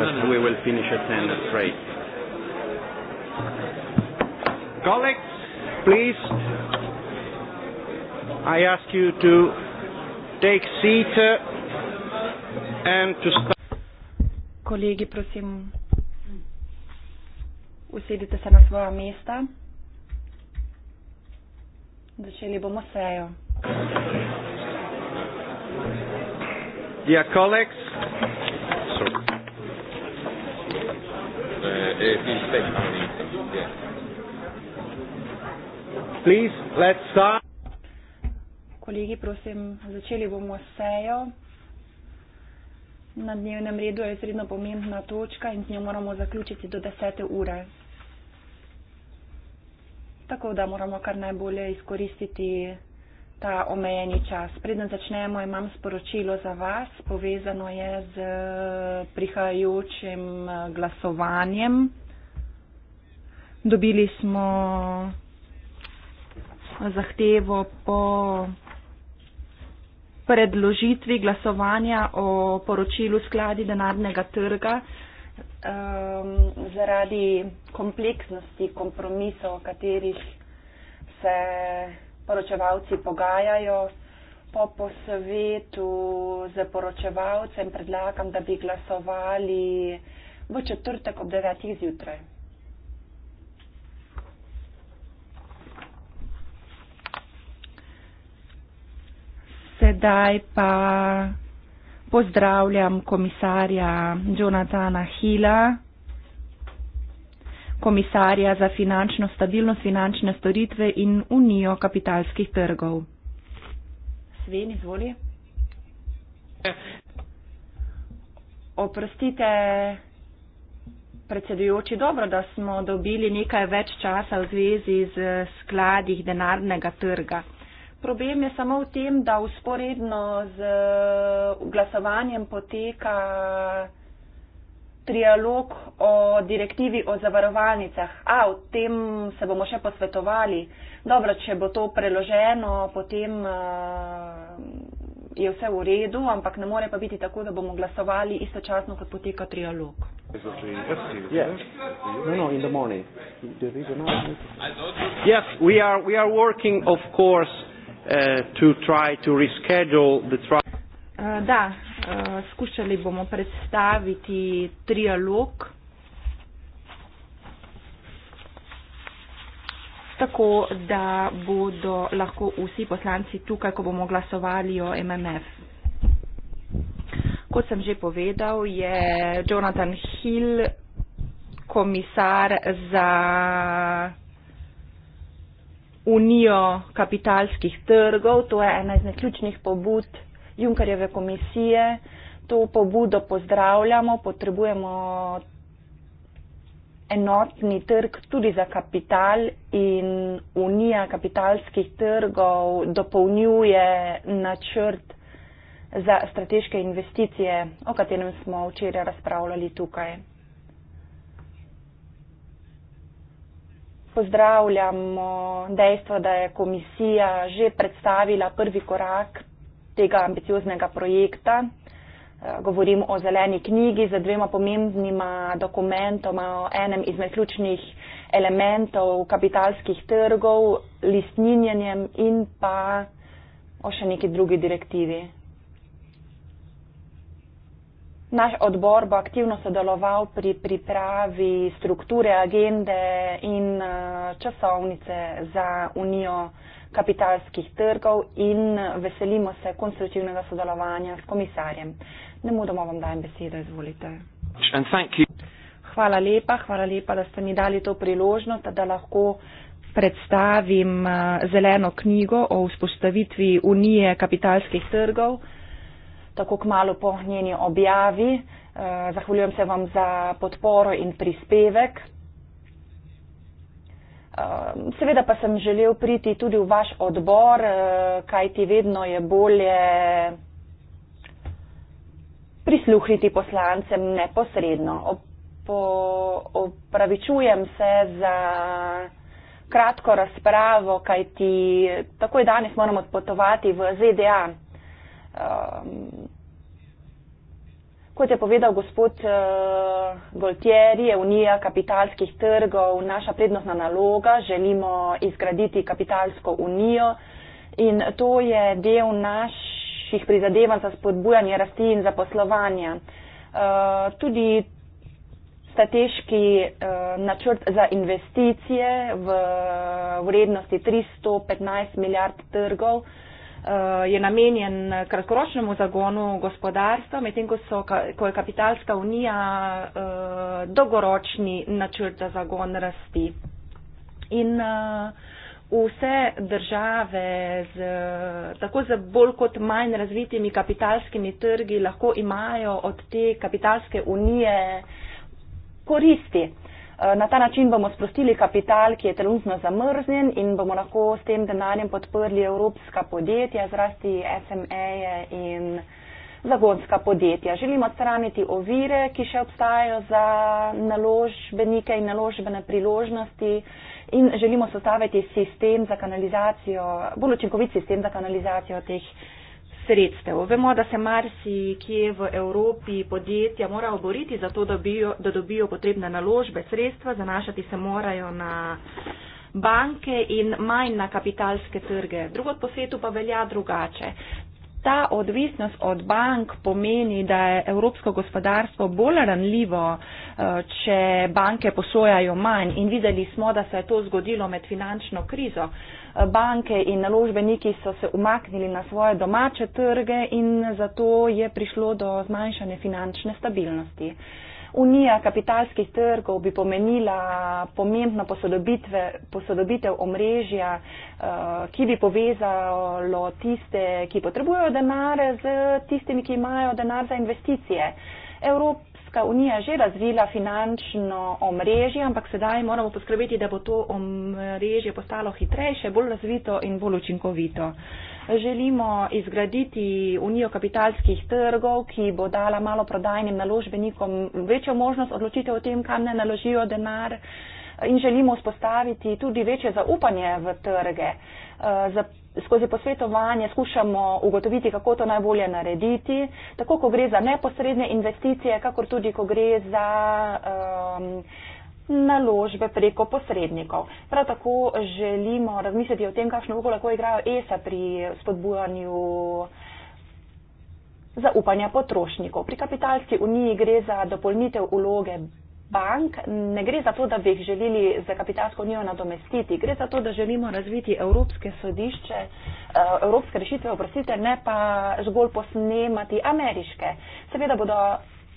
but we will finish at 10 straight. Colleagues, please, I ask you to take seat uh, and to start. Kolegi, prosim, usedite se na svoja mesta. Začeli bomo sejo. Dear colleagues, Kolegi, prosim, začeli bomo sejo. Na dnevnem redu je sredno pomembna točka in z njo moramo zaključiti do 10. ure. Tako da moramo kar najbolje izkoristiti ta omejeni čas. Preden začnemo, imam sporočilo za vas, povezano je z prihajajočim glasovanjem. Dobili smo zahtevo po predložitvi glasovanja o poročilu skladi denarnega trga um, zaradi kompleksnosti kompromisov, o katerih se poročevalci pogajajo po posvetu z poročevalcem, predlagam, da bi glasovali v četrtek ob 9. zjutraj. Sedaj pa pozdravljam komisarja Jonathana Hila komisarja za finančno stabilnost finančne storitve in unijo kapitalskih trgov. Sven, izvoli. Oprostite, predsedujoči, dobro, da smo dobili nekaj več časa v zvezi z skladih denarnega trga. Problem je samo v tem, da usporedno z glasovanjem poteka trialog o direktivi o zavarovalnicah. A, o tem se bomo še posvetovali. Dobro, če bo to preloženo, potem uh, je vse v redu, ampak ne more pa biti tako, da bomo glasovali istočasno, kot poteka trialog. Yes, no, no, we are, we are working, of course, uh, to try to reschedule the trial. Uh, da, Eh, skušali bomo predstaviti trialog. Tako, da bodo lahko vsi poslanci tukaj, ko bomo glasovali o MMF. Kot sem že povedal, je Jonathan Hill komisar za Unijo kapitalskih trgov. To je ena izmed ključnih pobud Junkarjeve komisije. To pobudo pozdravljamo, potrebujemo enotni trg tudi za kapital in Unija kapitalskih trgov dopolnjuje načrt za strateške investicije, o katerem smo včeraj razpravljali tukaj. Pozdravljamo dejstvo, da je komisija že predstavila prvi korak tega ambicioznega projekta. Eh, govorim o zeleni knjigi z dvema pomembnima dokumentoma o enem izmed ključnih elementov kapitalskih trgov, listninjenjem in pa o še neki drugi direktivi. Naš odbor bo aktivno sodeloval pri pripravi strukture, agende in eh, časovnice za unijo kapitalskih trgov in veselimo se konstruktivnega sodelovanja s komisarjem. Ne mudamo vam dajem besedo, izvolite. Hvala lepa, hvala lepa, da ste mi dali to priložnost, da lahko predstavim eh, zeleno knjigo o vzpostavitvi Unije kapitalskih trgov, tako kmalo po njeni objavi. Eh, zahvaljujem se vam za podporo in prispevek. Um, seveda pa sem želel priti tudi v vaš odbor, eh, kaj ti vedno je bolje prisluhniti poslancem neposredno. Opravičujem se za kratko razpravo, kaj ti takoj danes moram odpotovati v ZDA. Um, ehm, Kot je povedal gospod eh, Goltieri, je unija kapitalskih trgov naša prednostna naloga, želimo izgraditi kapitalsko unijo in to je del naših prizadevanj za spodbujanje rasti in zaposlovanja. Eh, tudi strateški eh, načrt za investicije v vrednosti 315 milijard trgov je namenjen kratkoročnemu zagonu gospodarstva, medtem ko, so, ko je kapitalska unija eh, dolgoročni načrt za zagon rasti. In eh, vse države z, tako z bolj kot manj razvitimi kapitalskimi trgi lahko imajo od te kapitalske unije koristi. Eh, na ta način bomo sprostili kapital, ki je trenutno zamrznjen in bomo lahko s tem denarjem podprli evropska podjetja, zrasti SME-je in zagonska podjetja. Želimo odstraniti ovire, ki še obstajajo za naložbenike in naložbene priložnosti in želimo sestaviti sistem za kanalizacijo, bolj učinkovit sistem za kanalizacijo teh sredstev. Vemo, da se marsi, ki je v Evropi podjetja, morajo boriti za to, da dobijo, da dobijo potrebne naložbe, sredstva, zanašati se morajo na banke in manj na kapitalske trge. Drugo po svetu pa velja drugače. Ta odvisnost od bank pomeni, da je evropsko gospodarstvo bolj ranljivo, eh, če banke posojajo manj. In videli smo, da se je to zgodilo med finančno krizo banke in naložbeniki so se umaknili na svoje domače trge in zato je prišlo do zmanjšanja finančne stabilnosti. Unija kapitalskih trgov bi pomenila pomembno posodobitev omrežja, eh, ki bi povezalo tiste, ki potrebujejo denar, z tistimi, ki imajo denar za investicije. Evropa Evropska unija že razvila finančno omrežje, ampak sedaj moramo poskrbeti, da bo to omrežje postalo hitrejše, bolj razvito in bolj učinkovito. Želimo izgraditi unijo kapitalskih trgov, ki bo dala malo prodajnim naložbenikom večjo možnost odločitev o tem, kam ne naložijo denar. In želimo vzpostaviti tudi večje zaupanje v trge. Eh, skozi posvetovanje skušamo ugotoviti, kako to najbolje narediti, tako ko gre za neposredne investicije, kakor tudi ko gre za um, naložbe preko posrednikov. Prav tako želimo razmisliti o tem, kakšno vlogo lahko igrajo ESA pri spodbujanju zaupanja potrošnikov. Pri kapitalski uniji gre za dopolnitev uloge bank ne gre za to, da bi jih želeli za kapitalsko unijo nadomestiti. Gre za to, da želimo razviti evropske sodišče, eh, evropske rešitve, oprostite, ne pa zgolj posnemati ameriške. Seveda bodo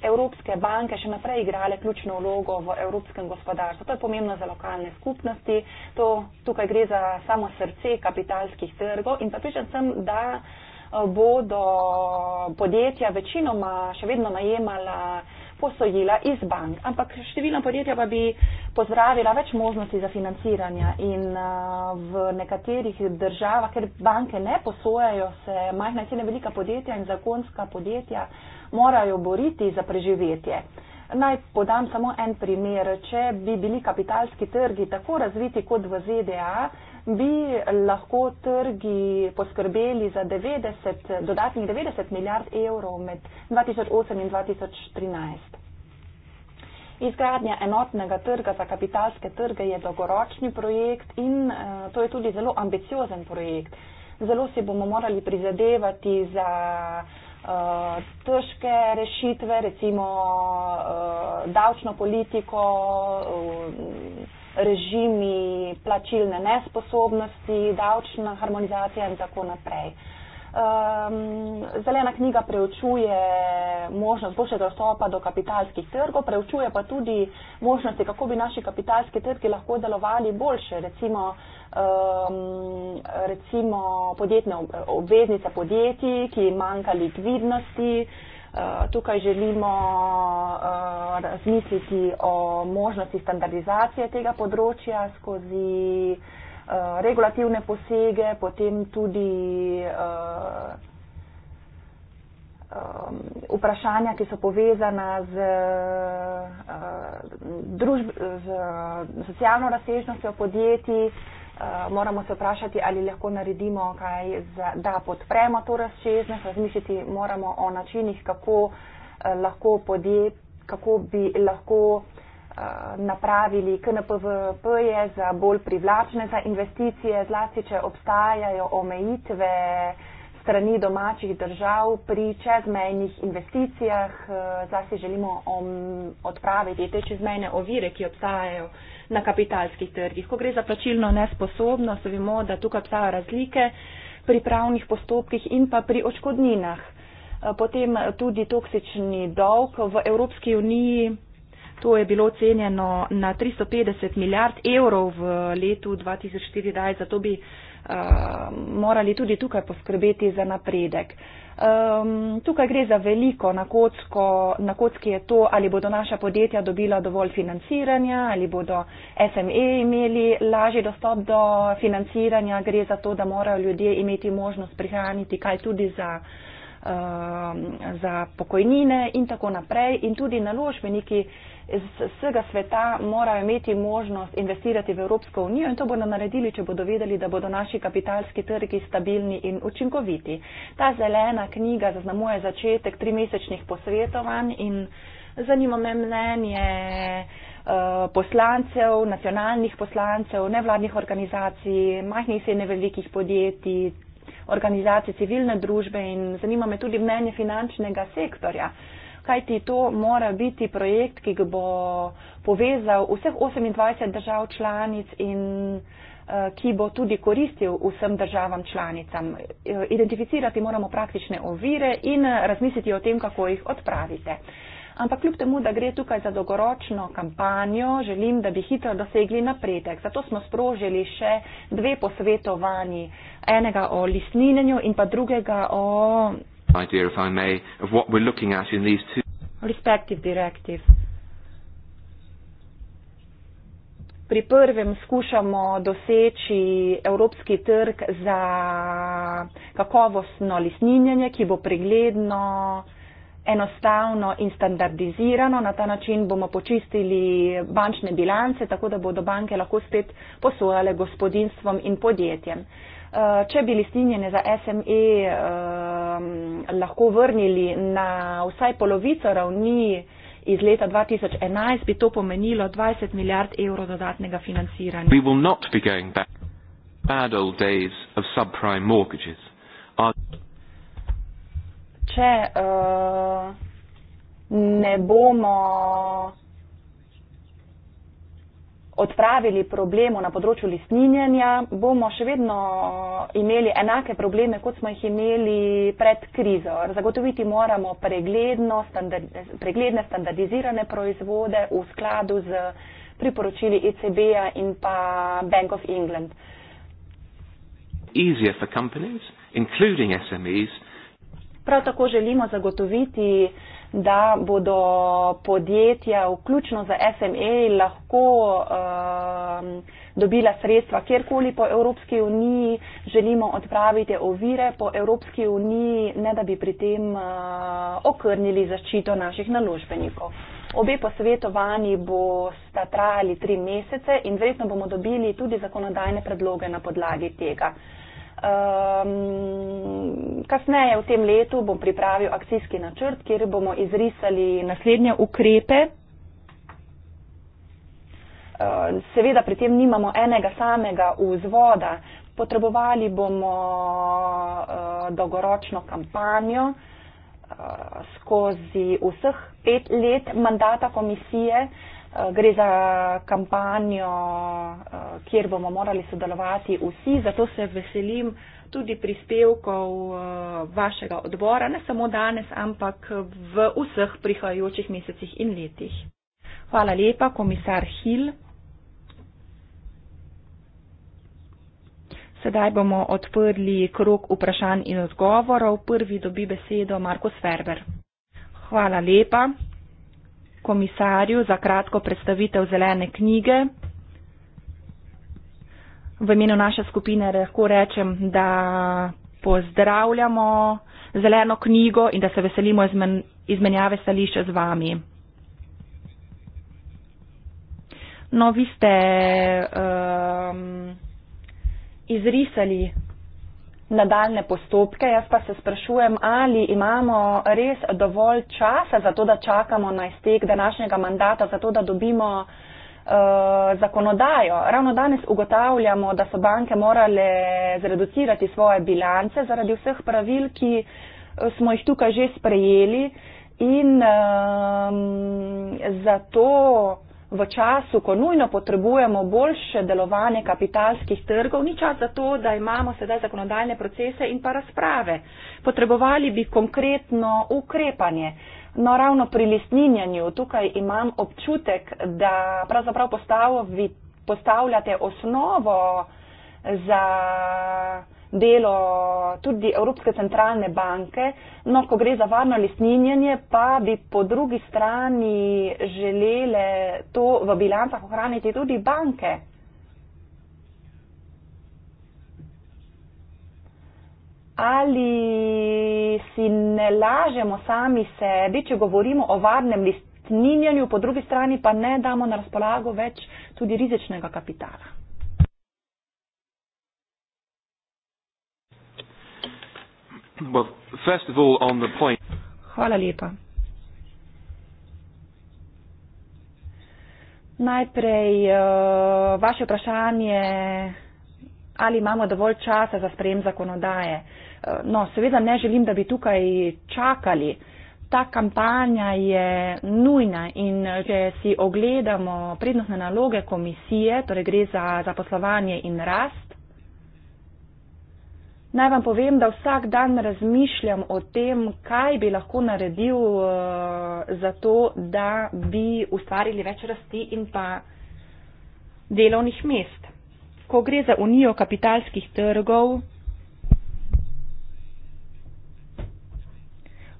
evropske banke še naprej igrale ključno vlogo v evropskem gospodarstvu. To je pomembno za lokalne skupnosti. To, tukaj gre za samo srce kapitalskih trgov in zapišen sem, da eh, bodo podjetja večinoma še vedno najemala posojila iz bank. Ampak številna podjetja pa bi pozdravila več možnosti za financiranje in eh, v nekaterih državah, ker banke ne posojajo, se majhna in srednja velika podjetja in zakonska podjetja morajo boriti za preživetje. Naj podam samo en primer. Če bi bili kapitalski trgi tako razviti kot v ZDA, bi lahko trgi poskrbeli za 90, dodatnih 90 milijard evrov med 2008 in 2013. Izgradnja enotnega trga za kapitalske trge je dolgoročni projekt in eh, to je tudi zelo ambiciozen projekt. Zelo si bomo morali prizadevati za eh, težke rešitve, recimo eh, davčno politiko, režimi plačilne nesposobnosti, davčna harmonizacija in tako naprej. Um, zelena knjiga preučuje možnost boljšega dostopa do kapitalskih trgov, preučuje pa tudi možnosti, kako bi naši kapitalski trgi lahko delovali boljše, recimo, um, recimo podjetne obveznice podjetij, ki manjka likvidnosti. Eh, tukaj želimo eh, razmisliti o možnosti standardizacije tega področja skozi eh, regulativne posege, potem tudi vprašanja, ki so povezana z, družb, z socialno razsežnostjo podjetij. Eh, moramo se vprašati, ali lahko naredimo kaj, za, da podpremo to razčeznost. Razmisliti moramo o načinih, kako, eh, lahko podje, kako bi lahko eh, napravili KNPVP-je za bolj privlačne za investicije, zlasti, če obstajajo omejitve strani domačih držav pri čezmejnih investicijah. Eh, Zdaj si želimo odpraviti te čezmejne ovire, ki obstajajo na kapitalskih trgih. Ko gre za plačilno nesposobnost, vemo, da tukaj obstajajo razlike pri pravnih postopkih in pa pri očkodninah. Eh, potem eh, tudi toksični dolg v Evropski uniji, to je bilo ocenjeno na 350 milijard evrov v letu 2014, zato bi uh, morali tudi tukaj poskrbeti za napredek. Uh, Um, tukaj gre za veliko na, kocko, na kocki je to, ali bodo naša podjetja dobila dovolj financiranja, ali bodo SME imeli lažji dostop do financiranja. Gre za to, da morajo ljudje imeti možnost prihraniti kaj tudi za, um, za pokojnine in tako naprej. In tudi naložbeniki uh, iz vsega sveta morajo imeti možnost investirati v Evropsko unijo in to bodo naredili, če bodo vedeli, da bodo naši kapitalski trgi stabilni in učinkoviti. Ta zelena knjiga zaznamuje začetek trimesečnih posvetovanj in zanima me mnenje eh, poslancev, nacionalnih poslancev, nevladnih organizacij, majhnih in srednje velikih podjetij, organizacij civilne družbe in zanima me tudi mnenje finančnega sektorja kajti to mora biti projekt, ki ga bo povezal vseh 28 držav članic in eh, ki bo tudi koristil vsem državam članicam. Eh, identificirati moramo praktične ovire in eh, razmisliti o tem, kako jih odpravite. Ampak kljub temu, da gre tukaj za dolgoročno kampanjo, želim, da bi hitro dosegli napredek. Zato smo sprožili še dve posvetovanji, enega o lisninjenju in pa drugega o idea, if I may, of what we're looking at in these two respective directives. Pri prvem skušamo doseči evropski trg za kakovostno lisninjenje, ki bo pregledno, enostavno in standardizirano. Na ta način bomo počistili bančne bilance, tako da bodo banke lahko spet posojale gospodinstvom in podjetjem. Eh, če bi listinjene za SME ehm, lahko vrnili na vsaj polovico ravni iz leta 2011, bi to pomenilo 20 milijard evrov dodatnega financiranja. Če uh, ne bomo odpravili problemov na področju lisninjenja, bomo še vedno imeli enake probleme, kot smo jih imeli pred krizo. Zagotoviti moramo pregledno, standardi, pregledne standardizirane proizvode v skladu z priporočili ECB-ja in pa Bank of England. Prav tako želimo zagotoviti da bodo podjetja, vključno za SME, lahko um, dobila sredstva kjerkoli po Evropski uniji. Želimo odpraviti ovire po Evropski uniji, ne da bi pri tem uh, okrnili zaščito naših naložbenikov. Obe posvetovanji bo sta trajali tri mesece in verjetno bomo dobili tudi zakonodajne predloge na podlagi tega um, kasneje v tem letu bom pripravil akcijski načrt, kjer bomo izrisali naslednje ukrepe. Ehm, seveda pri tem nimamo enega samega vzvoda. Potrebovali bomo eh, dolgoročno kampanjo eh, skozi vseh pet let mandata komisije, Eh, gre za kampanjo, eh, kjer bomo morali sodelovati vsi, zato se veselim tudi prispevkov eh, vašega odbora, ne samo danes, ampak v vseh prihajajočih mesecih in letih. Hvala lepa, komisar Hill. Sedaj bomo odprli krok vprašanj in odgovorov. Prvi dobi besedo Marko Sverber. Hvala lepa komisarju za kratko predstavitev zelene knjige. V imenu naše skupine lahko rečem, da pozdravljamo zeleno knjigo in da se veselimo izmen, izmenjave stališča z vami. No, vi ste um, izrisali nadaljne postopke. Jaz pa se sprašujem, ali imamo res dovolj časa za to, da čakamo na iztek današnjega mandata, za to, da dobimo eh, zakonodajo. Ravno danes ugotavljamo, da so banke morale zreducirati svoje bilance zaradi vseh pravil, ki eh, smo jih tukaj že sprejeli in um, zato v času, ko nujno potrebujemo boljše delovanje kapitalskih trgov, ni čas za to, da imamo sedaj zakonodajne procese in pa razprave. Potrebovali bi konkretno ukrepanje. No, ravno pri listninjanju tukaj imam občutek, da pravzaprav postavljate osnovo za delo tudi Evropske centralne banke. No, ko gre za varno lesninjenje, pa bi po drugi strani želele to v bilancah ohraniti tudi banke. Ali si ne lažemo sami sebi, če govorimo o varnem lesninjenju, po drugi strani pa ne damo na razpolago več tudi rizičnega kapitala? Well, first of all, on the point. Hvala lepa. Najprej uh, vaše vprašanje, ali imamo dovolj časa za sprejem zakonodaje. Uh, no, seveda ne želim, da bi tukaj čakali. Ta kampanja je nujna in eh, če si ogledamo prednostne naloge komisije, torej gre za zaposlovanje in rast, Naj vam povem, da vsak dan razmišljam o tem, kaj bi lahko naredil uh, za to, da bi ustvarili več rasti in pa delovnih mest. Ko gre za unijo kapitalskih trgov,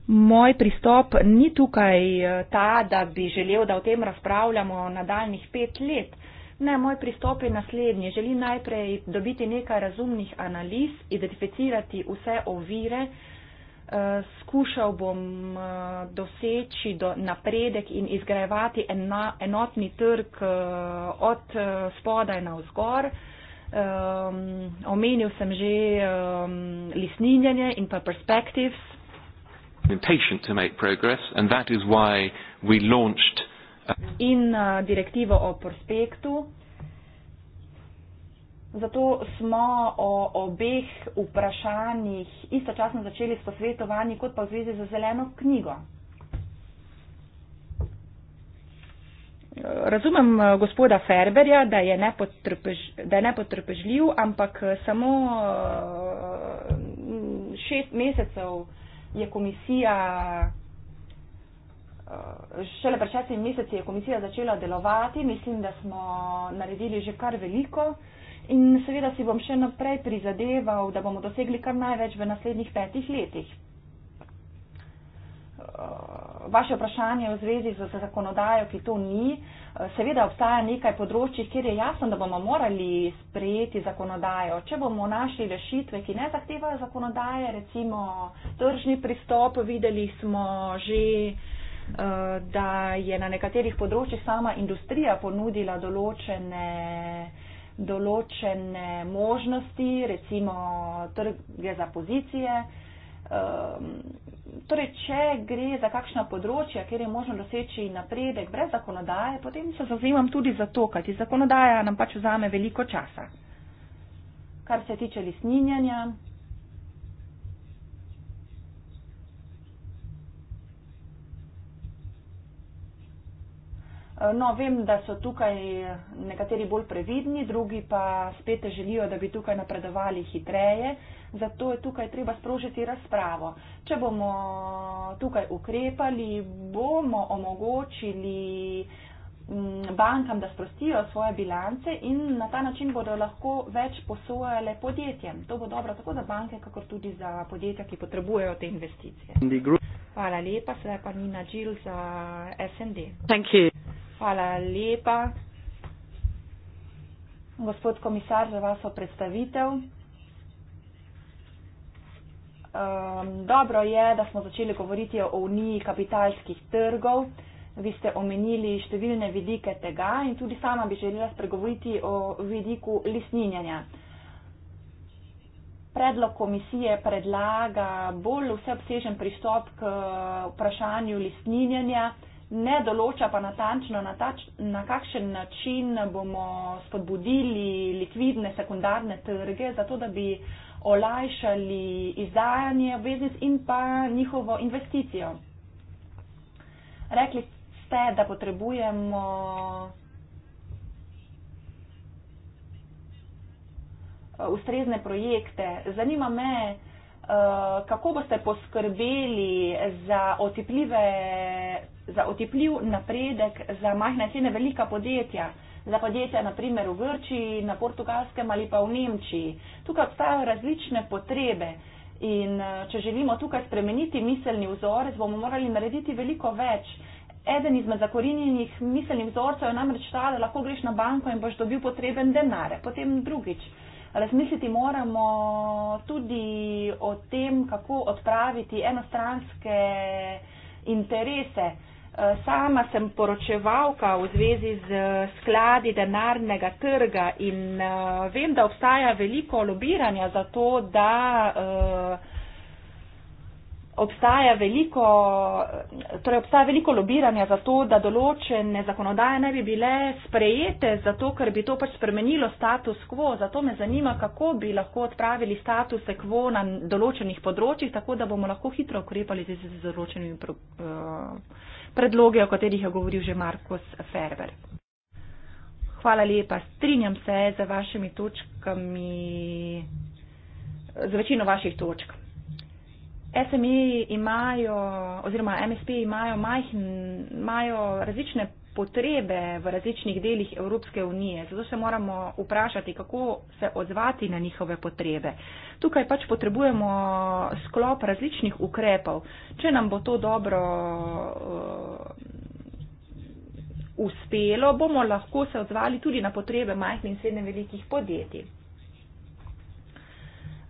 moj pristop ni tukaj eh, ta, da bi želel, da o tem razpravljamo nadaljnih pet let. Ne, moj pristop je naslednji. Želim najprej dobiti nekaj razumnih analiz, identificirati vse ovire, eh, skušal bom eh, doseči do napredek in izgrajevati enotni trg eh, od spodaj na vzgor. Um, omenil sem že um, ehm, lisninjanje in pa perspectives. impatient to make progress and that is why we launched in uh, direktivo o prospektu. Zato smo o obeh vprašanjih istočasno začeli s posvetovanji, kot pa v zvezi z zeleno knjigo. Razumem uh, gospoda Ferberja, da je, nepotrpež, da je nepotrpežljiv, ampak uh, samo uh, šest mesecev je komisija šele pred šestimi meseci je komisija začela delovati, mislim, da smo naredili že kar veliko in seveda si bom še naprej prizadeval, da bomo dosegli kar največ v naslednjih petih letih. Eh, vaše vprašanje v zvezi z zakonodajo, ki to ni, eh, seveda obstaja nekaj področjih, kjer je jasno, da bomo morali sprejeti zakonodajo. Če bomo našli rešitve, ki ne zahtevajo zakonodaje, recimo tržni pristop, videli smo že uh, Eh, da je na nekaterih področjih sama industrija ponudila določene, določene možnosti, recimo trge za pozicije. Ehm, torej, če gre za kakšna področja, kjer je možno doseči napredek brez zakonodaje, potem se zauzemam tudi za to, kajti zakonodaja nam pač vzame veliko časa. Kar se tiče lisninjanja, No, vem, da so tukaj nekateri bolj previdni, drugi pa spet želijo, da bi tukaj napredovali hitreje, zato je tukaj treba sprožiti razpravo. Če bomo tukaj ukrepali, bomo omogočili mm, bankam, da sprostijo svoje bilance in na ta način bodo lahko več posojale podjetjem. To bo dobro tako za banke, kakor tudi za podjetja, ki potrebujejo te investicije. Hvala lepa, sedaj pa Nina Džil za SND. Hvala lepa. Gospod komisar, za vašo predstavitev. Um, dobro je, da smo začeli govoriti o uniji kapitalskih trgov. Vi ste omenili številne vidike tega in tudi sama bi želela spregovoriti o vidiku lisninjanja. Predlog komisije predlaga bolj vseobsežen pristop k vprašanju lisninjanja. Uh, ne določa pa natančno, na, tač, na kakšen način bomo spodbudili likvidne sekundarne trge, zato da bi olajšali izdajanje obveznic in pa njihovo investicijo. Rekli ste, da potrebujemo. Ustrezne projekte. Zanima me, Eh, kako boste poskrbeli za otepljive, za otepljiv napredek za majhne cene velika podjetja, za podjetja naprimer v Grčiji, na Portugalskem ali pa v Nemčiji. Tukaj obstajajo različne potrebe in eh, če želimo tukaj spremeniti miselni vzorec, bomo morali narediti veliko več. Eden izmed zakorinjenih miselnih vzorcev je namreč ta, da lahko greš na banko in boš dobil potreben denar. Potem drugič. Razmisliti moramo tudi o tem, kako odpraviti enostranske interese. Eh, sama sem poročevalka v zvezi z eh, skladi denarnega trga in eh, vem, da obstaja veliko lobiranja za to, da. Uh, obstaja veliko, torej obstaja veliko lobiranja za to, da določene zakonodaje ne bi bile sprejete, zato ker bi to pač spremenilo status quo. Zato me zanima, kako bi lahko odpravili status quo na določenih področjih, tako da bomo lahko hitro ukrepali z določenimi eh, predloge, o katerih je govoril že Markus Ferber. Hvala lepa, strinjam se z vašimi točkami, z večino vaših točk. SMI imajo, oziroma MSP imajo majhn, imajo različne potrebe v različnih delih Evropske unije, zato se moramo vprašati, kako se odzvati na njihove potrebe. Tukaj pač potrebujemo sklop različnih ukrepov. Če nam bo to dobro uh, uspelo, bomo lahko se odzvali tudi na potrebe majhnih in srednje velikih podjetij.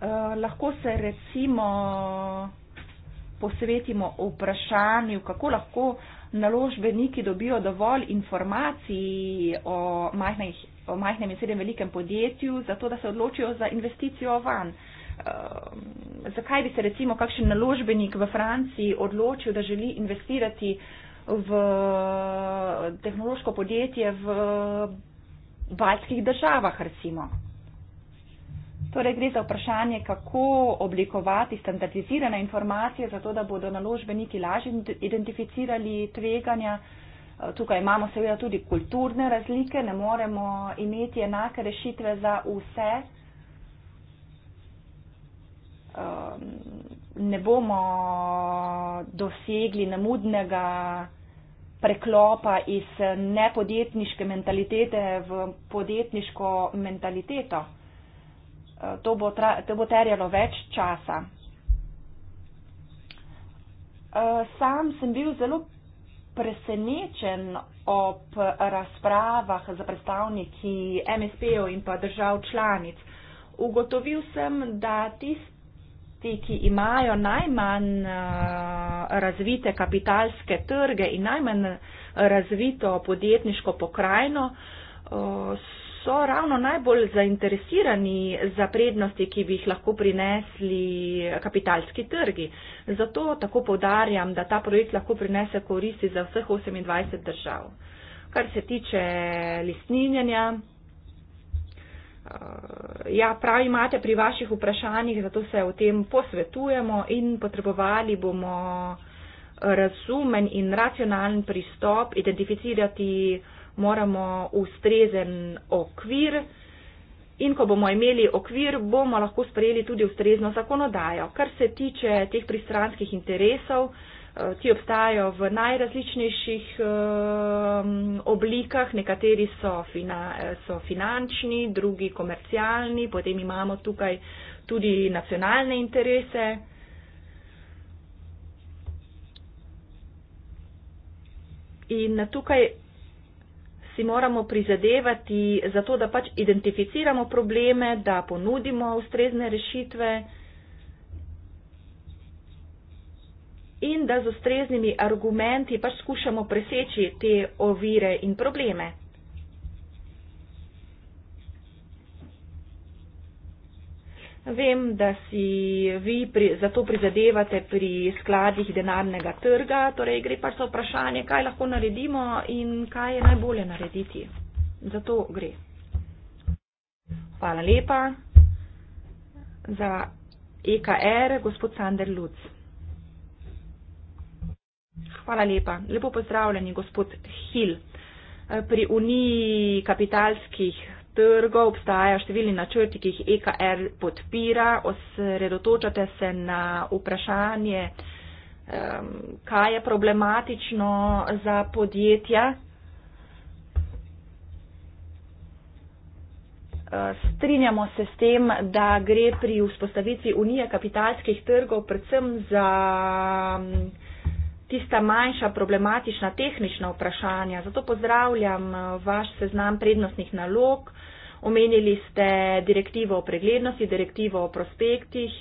Eh, lahko se recimo posvetimo vprašanju, kako lahko naložbeniki dobijo dovolj informacij o, majhnih, o majhnem in srednjem velikem podjetju, zato da se odločijo za investicijo van. Eh, zakaj bi se recimo kakšen naložbenik v Franciji odločil, da želi investirati v tehnološko podjetje v baltskih državah recimo? Torej gre za vprašanje, kako oblikovati standardizirane informacije, zato da bodo naložbeniki lažje identificirali tveganja. Eh, tukaj imamo seveda tudi kulturne razlike, ne moremo imeti enake rešitve za vse. Eh, ne bomo dosegli namudnega preklopa iz nepodjetniške mentalitete v podjetniško mentaliteto. Eh, to bo, to bo terjalo več časa. Eh, sam sem bil zelo presenečen ob razpravah za predstavniki MSP-ov in pa držav članic. Ugotovil sem, da tisti, ki imajo najmanj eh, razvite kapitalske trge in najmanj razvito podjetniško pokrajino, so ravno najbolj zainteresirani za prednosti, ki bi jih lahko prinesli kapitalski trgi. Zato tako povdarjam, da ta projekt lahko prinese koristi za vseh 28 držav. Kar se tiče listninjanja, eh, ja, prav imate pri vaših vprašanjih, zato se o tem posvetujemo in potrebovali bomo razumen in racionalen pristop identificirati moramo ustrezen okvir in ko bomo imeli okvir, bomo lahko sprejeli tudi ustrezno zakonodajo. Kar se tiče teh pristranskih interesov, eh, ti obstajajo v najrazličnejših eh, oblikah, nekateri so, fina, so finančni, drugi komercialni, potem imamo tukaj tudi nacionalne interese. In tukaj si moramo prizadevati za to, da pač identificiramo probleme, da ponudimo ustrezne rešitve in da z ustreznimi argumenti pač skušamo preseči te ovire in probleme. Vem, da si vi pri, za to prizadevate pri skladih denarnega trga, torej gre pač za vprašanje, kaj lahko naredimo in kaj je najbolje narediti. Za to gre. Hvala lepa. Za EKR, gospod Sander Luc. Hvala lepa. Lepo pozdravljeni, gospod Hill. Pri Uniji kapitalskih trgov, obstajajo številni načrti, ki jih EKR podpira, osredotočate se na vprašanje, kaj je problematično za podjetja. E, strinjamo se s tem, da gre pri vzpostavitvi Unije kapitalskih trgov predvsem za tista manjša problematična tehnična vprašanja. Zato pozdravljam eh, vaš seznam prednostnih nalog. Omenili ste direktivo o preglednosti, direktivo o prospektih.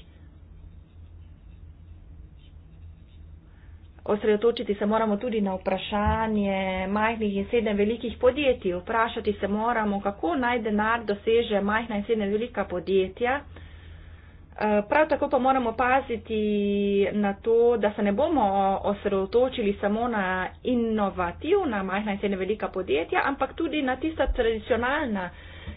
Osredotočiti se moramo tudi na vprašanje majhnih in sedem velikih podjetij. Vprašati se moramo, kako naj denar doseže majhna in sedem velika podjetja. Eh, prav tako pa moramo paziti na to, da se ne bomo osredotočili samo na inovativna majhna in srednje velika podjetja, ampak tudi na tista tradicionalna,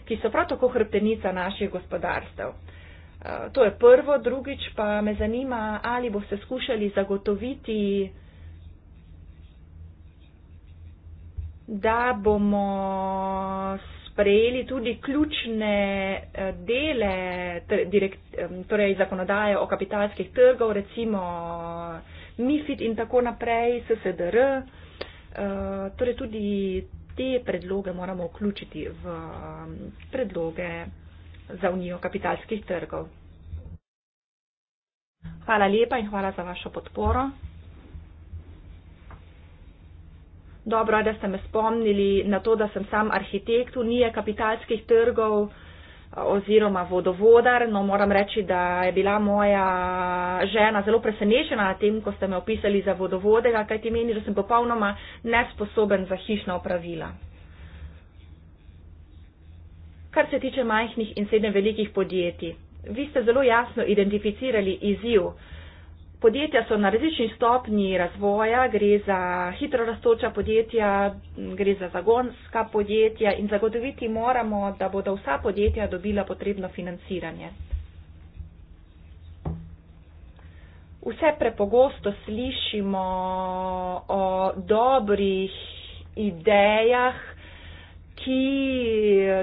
ki so prav tako hrbtenica naših gospodarstev. Eh, to je prvo, drugič pa me zanima, ali boste skušali zagotoviti, da bomo s sprejeli tudi ključne eh, dele direkt, torej zakonodaje o kapitalskih trgov, recimo MIFID in tako naprej, SSDR. Eh, torej tudi te predloge moramo vključiti v predloge za unijo kapitalskih trgov. Hvala lepa in hvala za vašo podporo. dobro, da ste me spomnili na to, da sem sam arhitekt v nije kapitalskih trgov eh, oziroma vodovodar. No, moram reči, da je bila moja žena zelo presenečena na tem, ko ste me opisali za vodovodega, kaj ti meni, da sem popolnoma nesposoben za hišna opravila. Kar se tiče majhnih in srednje velikih podjetij, vi ste zelo jasno identificirali izziv. Podjetja so na različni stopnji razvoja, gre za hitro raztoča podjetja, gre za zagonska podjetja in zagotoviti moramo, da bodo vsa podjetja dobila potrebno financiranje. Vse prepogosto slišimo o dobrih idejah, ki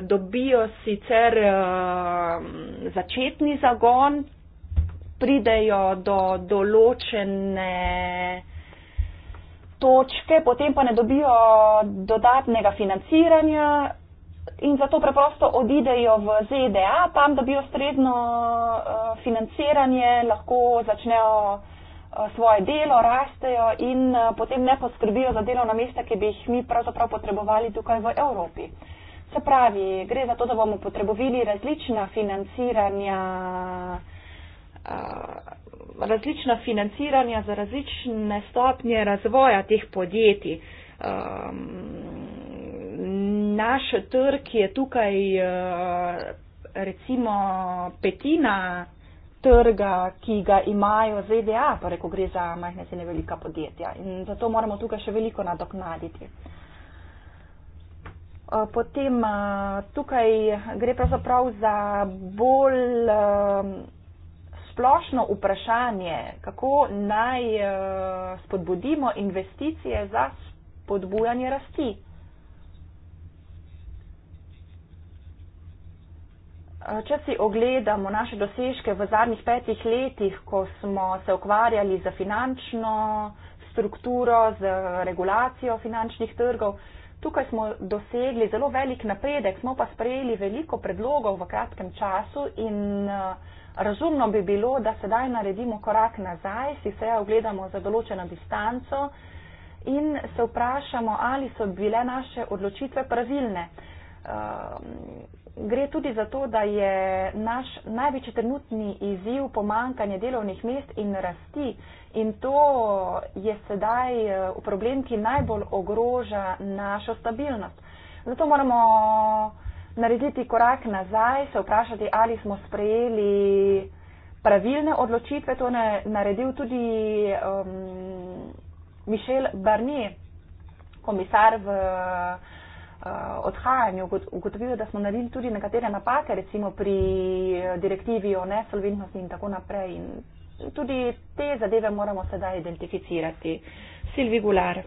dobijo sicer eh, začetni zagon, pridejo do določene točke, potem pa ne dobijo dodatnega financiranja in zato preprosto odidejo v ZDA, tam dobijo ustrezno eh, financiranje, lahko začnejo eh, svoje delo, rastejo in eh, potem ne poskrbijo za delovna mesta, ki bi jih mi pravzaprav potrebovali tukaj v Evropi. Se pravi, gre za to, da bomo potrebovali različna financiranja Eh, različna financiranja za različne stopnje razvoja teh podjetij. Ehm, naš trg je tukaj eh, recimo petina trga, ki ga imajo ZDA, torej ko gre za majhne cene velika podjetja. In zato moramo tukaj še veliko nadoknaditi. Eh, potem tukaj gre pravzaprav za bolj splošno vprašanje, kako naj eh, spodbudimo investicije za spodbujanje rasti. Eh, če si ogledamo naše dosežke v zadnjih petih letih, ko smo se ukvarjali z finančno strukturo, z regulacijo finančnih trgov, tukaj smo dosegli zelo velik napredek, smo pa sprejeli veliko predlogov v kratkem času in uh, Razumno bi bilo, da sedaj naredimo korak nazaj, si se ogledamo za določeno distanco in se vprašamo, ali so bile naše odločitve pravilne. Ehm, gre tudi za to, da je naš največji trenutni izziv pomankanje delovnih mest in rasti in to je sedaj e, problem, ki najbolj ogroža našo stabilnost. Zato moramo narediti korak nazaj, se vprašati, ali smo sprejeli pravilne odločitve. To je naredil tudi um, Mišel Barnier, komisar v uh, odhajanju ugotovijo, da smo naredili tudi nekatere napake, recimo pri direktivi o nesolventnosti in tako naprej. In tudi te zadeve moramo sedaj identificirati. Silvi Gular.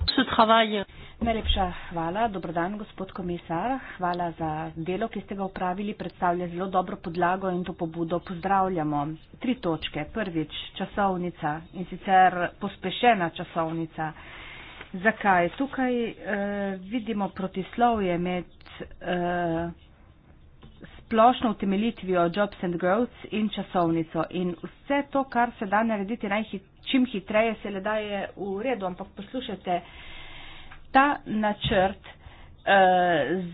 Najlepša hvala. Dobrodan, gospod komisar. Hvala za delo, ki ste ga upravili. Predstavlja zelo dobro podlago in to pobudo pozdravljamo. Tri točke. Prvič, časovnica in sicer pospešena časovnica. Zakaj? Tukaj eh, vidimo protislovje med eh, splošno utemelitvijo Jobs and Growth in časovnico. In vse to, kar se da narediti najhi, čim hitreje, se le da je v redu, ampak poslušajte ta načrt eh,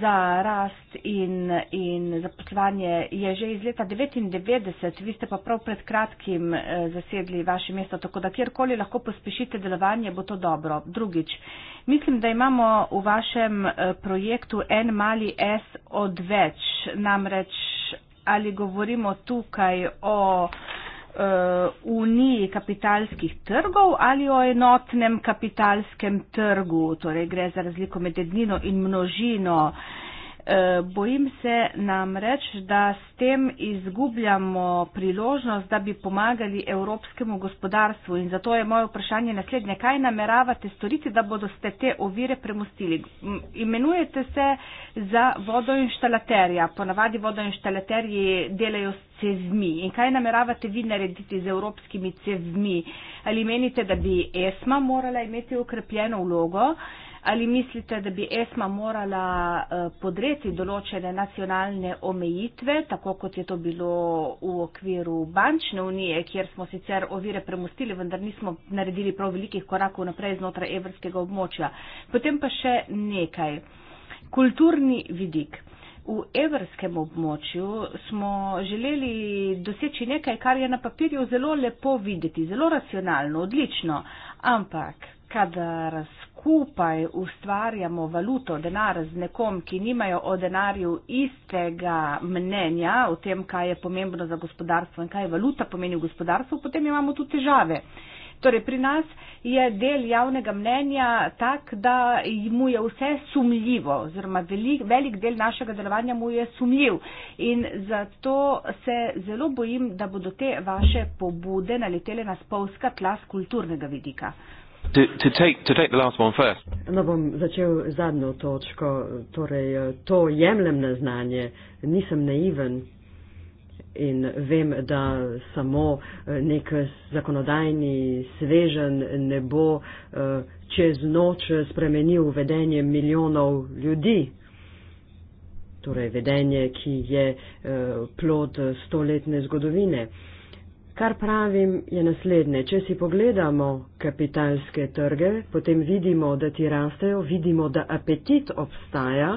za rast in, in zaposlovanje je že iz leta 1999, vi ste pa prav pred kratkim eh, zasedli vaše mesto, tako da kjerkoli lahko pospešite delovanje, bo to dobro. Drugič, mislim, da imamo v vašem eh, projektu en mali S odveč, namreč ali govorimo tukaj o uh, uniji kapitalskih trgov ali o enotnem kapitalskem trgu, torej gre za razliko med jednino in množino uh, E, bojim se namreč, da s tem izgubljamo priložnost, da bi pomagali evropskemu gospodarstvu. In zato je moje vprašanje naslednje. Kaj nameravate storiti, da bodo ste te ovire premustili? Imenujete se za vodoinštalaterja. Ponavadi vodoinštalaterji delajo s cezmi. In kaj nameravate vi narediti z evropskimi cezmi? Ali menite, da bi ESMA morala imeti ukrepljeno vlogo? Uh, Ali mislite, da bi ESMA morala eh, podreti določene nacionalne omejitve, tako kot je to bilo v okviru bančne unije, kjer smo sicer ovire premustili, vendar nismo naredili prav velikih korakov naprej znotraj evrskega območja. Potem pa še nekaj. Kulturni vidik. V evrskem območju smo želeli doseči nekaj, kar je na papirju zelo lepo videti, zelo racionalno, odlično, ampak kadar skupaj ustvarjamo valuto, denar z nekom, ki nimajo o denarju istega mnenja o tem, kaj je pomembno za gospodarstvo in kaj valuta pomeni v gospodarstvu, potem imamo tu težave. Torej, pri nas je del javnega mnenja tak, da mu je vse sumljivo, oziroma velik, velik del našega delovanja mu je sumljiv. In zato se zelo bojim, da bodo te vaše pobude naletele na spolska tla z kulturnega vidika. To, to, take, to take the last one first. No, bom začel zadnjo točko. Torej, to jemljem na znanje, nisem naiven in vem, da samo eh, nek zakonodajni svežen ne bo eh, čez noč spremenil vedenje milijonov ljudi. Torej, vedenje, ki je eh, plod stoletne zgodovine. Kar pravim je naslednje, če si pogledamo kapitalske trge, potem vidimo, da ti rastejo, vidimo, da apetit obstaja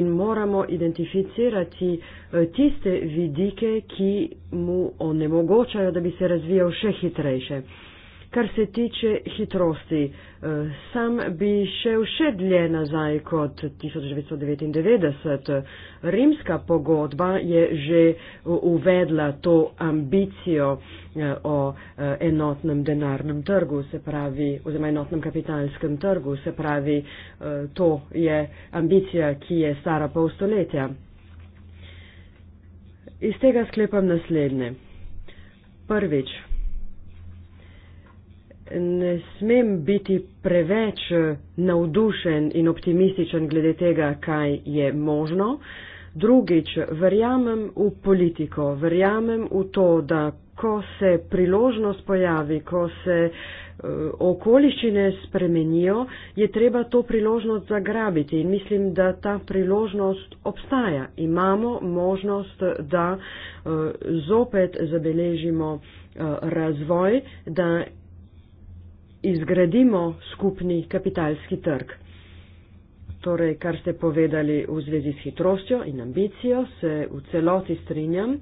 in moramo identificirati eh, tiste vidike, ki mu onemogočajo, da bi se razvijal še hitrejše kar se tiče hitrosti. Eh, sam bi šel še dlje nazaj kot 1999. Rimska pogodba je že uvedla to ambicijo eh, o eh, enotnem denarnem trgu, se pravi, oziroma enotnem kapitalskem trgu, se pravi, to je ambicija, ki je stara pol stoletja. Iz tega sklepam naslednje. Prvič, ne smem biti preveč eh, navdušen in optimističen glede tega, kaj je možno. Drugič, verjamem v politiko, verjamem v to, da ko se priložnost pojavi, ko se eh, okoliščine spremenijo, je treba to priložnost zagrabiti in mislim, da ta priložnost obstaja. Imamo možnost, da eh, zopet zabeležimo razvoj, da izgradimo skupni kapitalski trg. Torej, kar ste povedali v zvezi s hitrostjo in ambicijo, se v celoti strinjam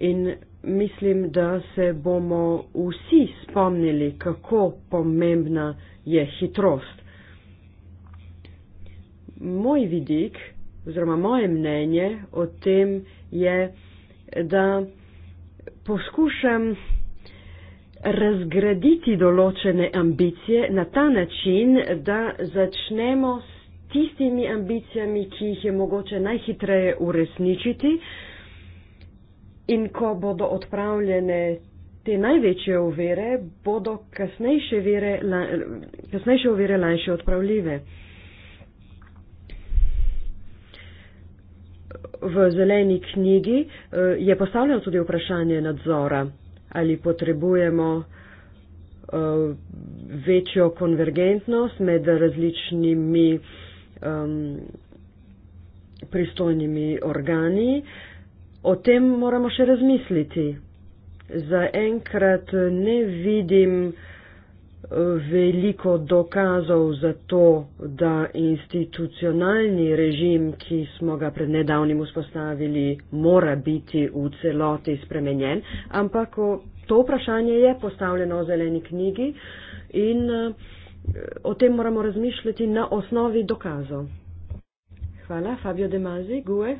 in mislim, da se bomo vsi spomnili, kako pomembna je hitrost. Moj vidik oziroma moje mnenje o tem je, da poskušam razgraditi določene ambicije na ta način, da začnemo s tistimi ambicijami, ki jih je mogoče najhitreje uresničiti in ko bodo odpravljene te največje uvere, bodo kasnejše, vere, la, kasnejše uvere lažje odpravljive. V zeleni knjigi eh, je postavljeno tudi vprašanje nadzora ali potrebujemo uh, večjo konvergentnost med različnimi um, pristojnimi organi. O tem moramo še razmisliti. Za enkrat ne vidim, uh, veliko dokazov za to, da institucionalni režim, ki smo ga pred nedavnim vzpostavili, mora biti v celoti spremenjen, ampak to vprašanje je postavljeno v zeleni knjigi in eh, o tem moramo razmišljati na osnovi dokazov. Hvala, Fabio De Mazi, Gue.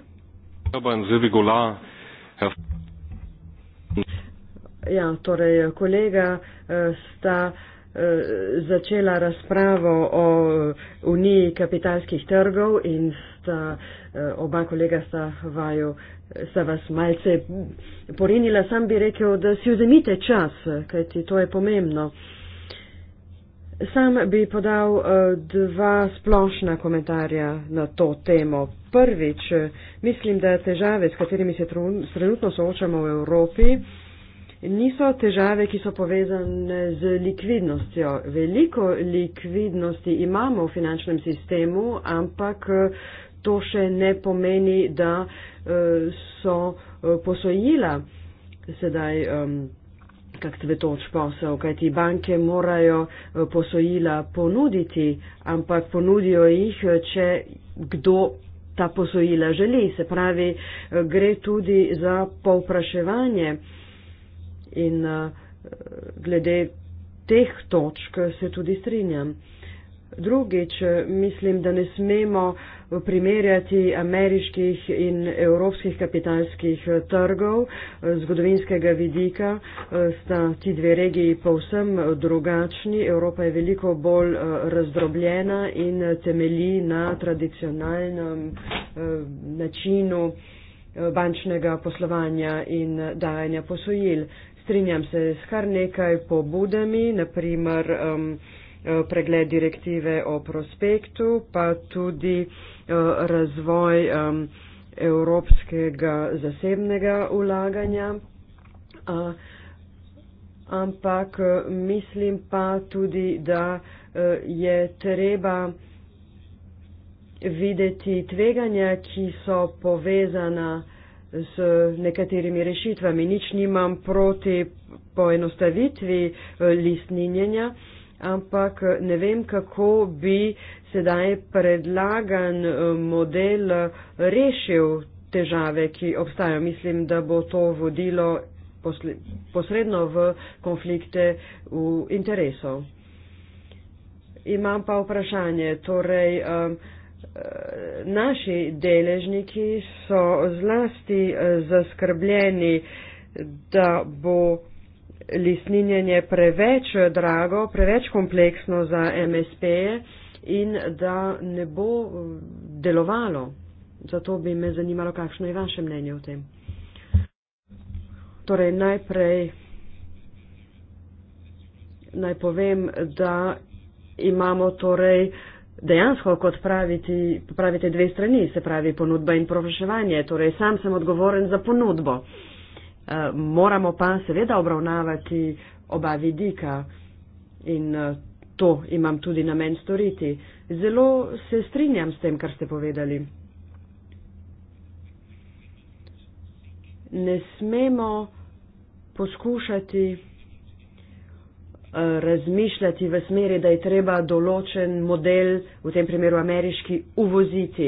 Ja, torej kolega eh, sta Eh, začela razpravo o Uniji kapitalskih trgov in sta, eh, oba kolega sta, vaju, sta vas malce porinila. Sam bi rekel, da si vzemite čas, kajti to je pomembno. Sam bi podal eh, dva splošna komentarja na to temo. Prvič, mislim, da težave, s katerimi se trenutno soočamo v Evropi, niso težave, ki so povezane z likvidnostjo. Veliko likvidnosti imamo v finančnem sistemu, ampak eh, to še ne pomeni, da eh, so eh, posojila sedaj kak cvetoč posel, kajti banke morajo posojila ponuditi, ampak ponudijo jih, če kdo ta posojila želi. Se pravi, gre tudi za povpraševanje in eh, glede teh točk se tudi strinjam. Drugič, mislim, da ne smemo primerjati ameriških in evropskih kapitalskih eh, trgov eh, zgodovinskega vidika. Sta ti dve regiji povsem drugačni. Evropa je veliko bolj razdrobljena in temelji na tradicionalnem načinu bančnega poslovanja in dajanja posojil strinjam se s kar nekaj pobudami, naprimer um, pregled direktive o prospektu, pa tudi uh, razvoj um, evropskega zasebnega ulaganja. Uh, ampak e, mislim pa tudi, da uh, je treba videti tveganja, ki so povezana z nekaterimi rešitvami. Nič nimam proti poenostavitvi eh, listninjenja, ampak eh, ne vem, kako bi sedaj predlagan eh, model rešil težave, ki obstajajo. Mislim, da bo to vodilo posredno v konflikte v interesov. Imam pa vprašanje. Torej, um, naši deležniki so zlasti eh, zaskrbljeni, da bo lisninjenje preveč drago, preveč kompleksno za MSP-je in da ne bo eh, delovalo. Zato bi me zanimalo, kakšno je vaše mnenje o tem. Torej, najprej naj povem, da imamo torej uh, dejansko, kot praviti, pravite dve strani, se pravi ponudba in proševanje, torej sam sem odgovoren za ponudbo. Eh, moramo pa seveda obravnavati oba vidika in eh, to imam tudi namen storiti. Zelo se strinjam s tem, kar ste povedali. Ne smemo poskušati Eh, razmišljati v smeri, da je treba določen model, v tem primeru ameriški, uvoziti.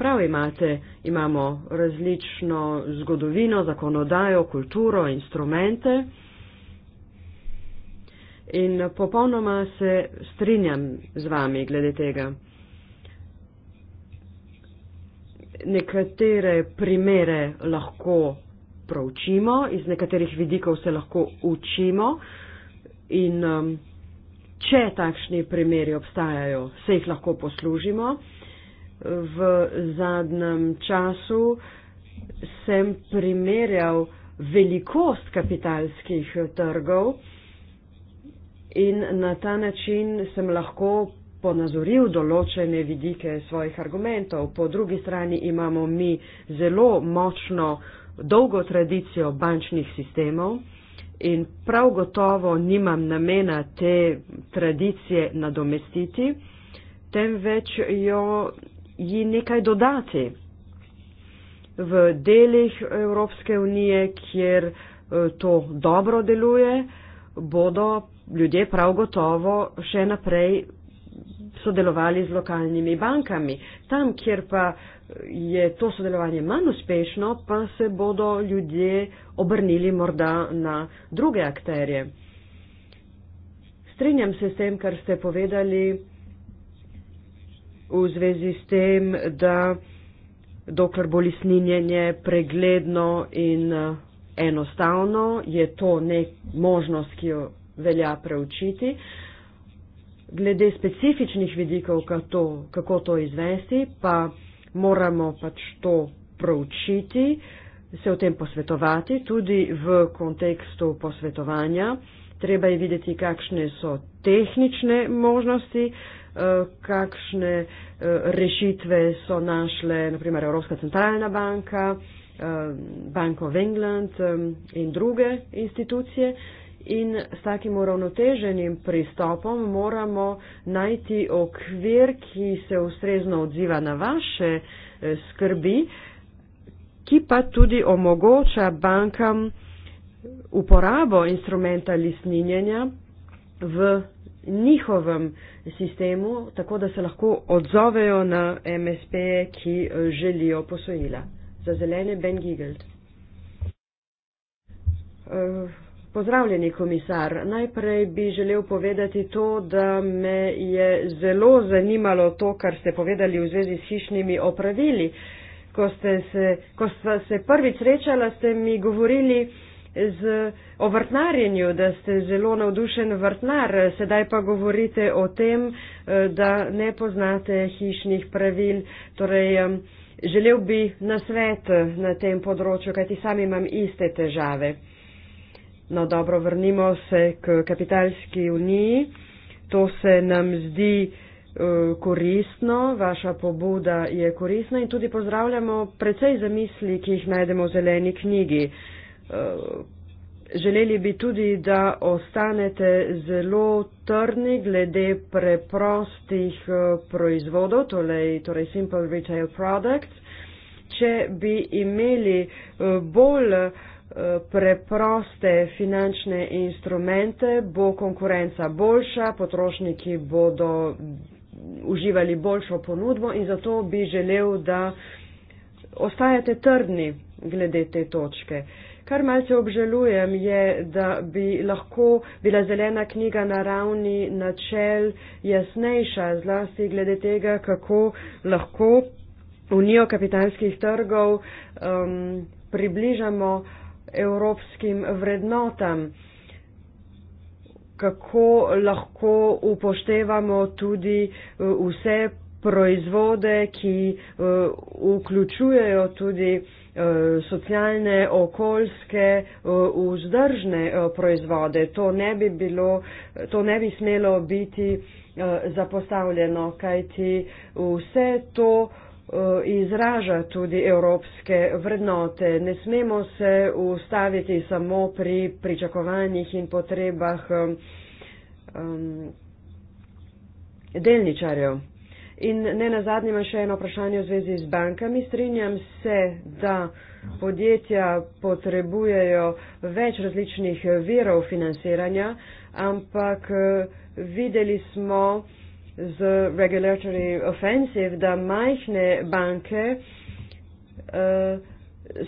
Prav imate, imamo različno zgodovino, zakonodajo, kulturo, instrumente in popolnoma se strinjam z vami glede tega. Nekatere primere lahko proučimo, iz nekaterih vidikov se lahko učimo, uh, in um, če takšni primeri obstajajo, se jih lahko poslužimo. V zadnjem času sem primerjal velikost kapitalskih trgov in na ta način sem lahko ponazoril določene vidike svojih argumentov. Po drugi strani imamo mi zelo močno dolgo tradicijo bančnih sistemov in prav gotovo nimam namena te tradicije nadomestiti, temveč jo ji nekaj dodati. V delih Evropske unije, kjer eh, to dobro deluje, bodo ljudje prav gotovo še naprej sodelovali z lokalnimi bankami. Tam, kjer pa uh, je to sodelovanje manj uspešno, pa se bodo ljudje obrnili morda na druge akterje. Strenjam se s tem, kar ste povedali v zvezi s tem, da dokler bo lisninjenje pregledno in eh, enostavno, je to nek možnost, ki jo velja preučiti. Glede specifičnih vidikov, kako to, kako to izvesti, pa moramo pač to proučiti, se o tem posvetovati, tudi v kontekstu posvetovanja. Treba je videti, kakšne so tehnične možnosti, eh, kakšne eh, rešitve so našle, naprimer, Evropska centralna banka, eh, Bank of England in druge institucije in s takim uravnoteženim pristopom moramo najti okvir, ki se ustrezno odziva na vaše eh, skrbi, ki pa tudi omogoča bankam uporabo instrumenta lisninjenja v njihovem sistemu, tako da se lahko odzovejo na MSP, ki eh, želijo posojila. Za zelene Ben Gigelt. Uh, Pozdravljeni, komisar. Najprej bi želel povedati to, da me je zelo zanimalo to, kar ste povedali v zvezi s hišnimi opravili. Ko ste se, ko sta se prvič srečala, ste mi govorili z, o vrtnarjenju, da ste zelo navdušen vrtnar, sedaj pa govorite o tem, da ne poznate hišnih pravil. Torej, želel bi nasvet na tem področju, kajti sami imam iste težave. No dobro, vrnimo se k kapitalski uniji. To se nam zdi uh, koristno, vaša pobuda je koristna in tudi pozdravljamo precej zamisli, ki jih najdemo v zeleni knjigi. Uh, želeli bi tudi, da ostanete zelo trdni glede preprostih uh, proizvodov, torej, torej Simple Retail Products. Če bi imeli uh, bolj uh, preproste finančne instrumente, bo konkurenca boljša, potrošniki bodo uživali boljšo ponudbo in zato bi želel, da ostajate trdni glede te točke. Kar malce obžalujem je, da bi lahko bila zelena knjiga na ravni načel jasnejša, zlasti glede tega, kako lahko unijo kapitalskih trgov um, približamo uh, evropskim vrednotam, kako lahko upoštevamo tudi eh, vse proizvode, ki eh, vključujejo tudi eh, socialne, okoljske, vzdržne proizvode. To ne bi, bilo, to ne bi smelo biti zapostavljeno, kajti vse to Eh, izraža tudi evropske vrednote. Ne smemo se ustaviti samo pri pričakovanjih in potrebah um, delničarjev. In ne na zadnje imam še eno vprašanje v zvezi z bankami. Strinjam se, da podjetja potrebujejo več različnih virov financiranja, ampak eh, videli smo, z regulatory offensive, da majhne banke eh,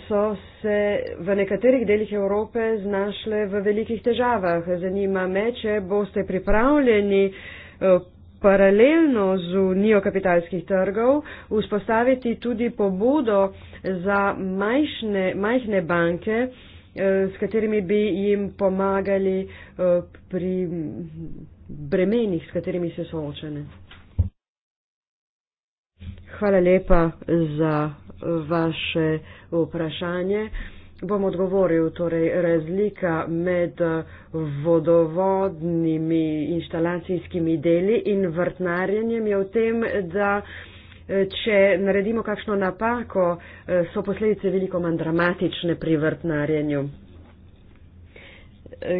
so se v nekaterih delih Evrope znašle v velikih težavah. Zanima me, če boste pripravljeni eh, paralelno z unijo kapitalskih trgov vzpostaviti tudi pobudo za majšne, majhne banke, eh, s katerimi bi jim pomagali pri bremenih, s katerimi so soočene. Hvala lepa za vaše vprašanje. Bom odgovoril, torej razlika med vodovodnimi inštalacijskimi deli in vrtnarjenjem je v tem, da eh, če naredimo kakšno napako, eh, so posledice veliko manj dramatične pri vrtnarjenju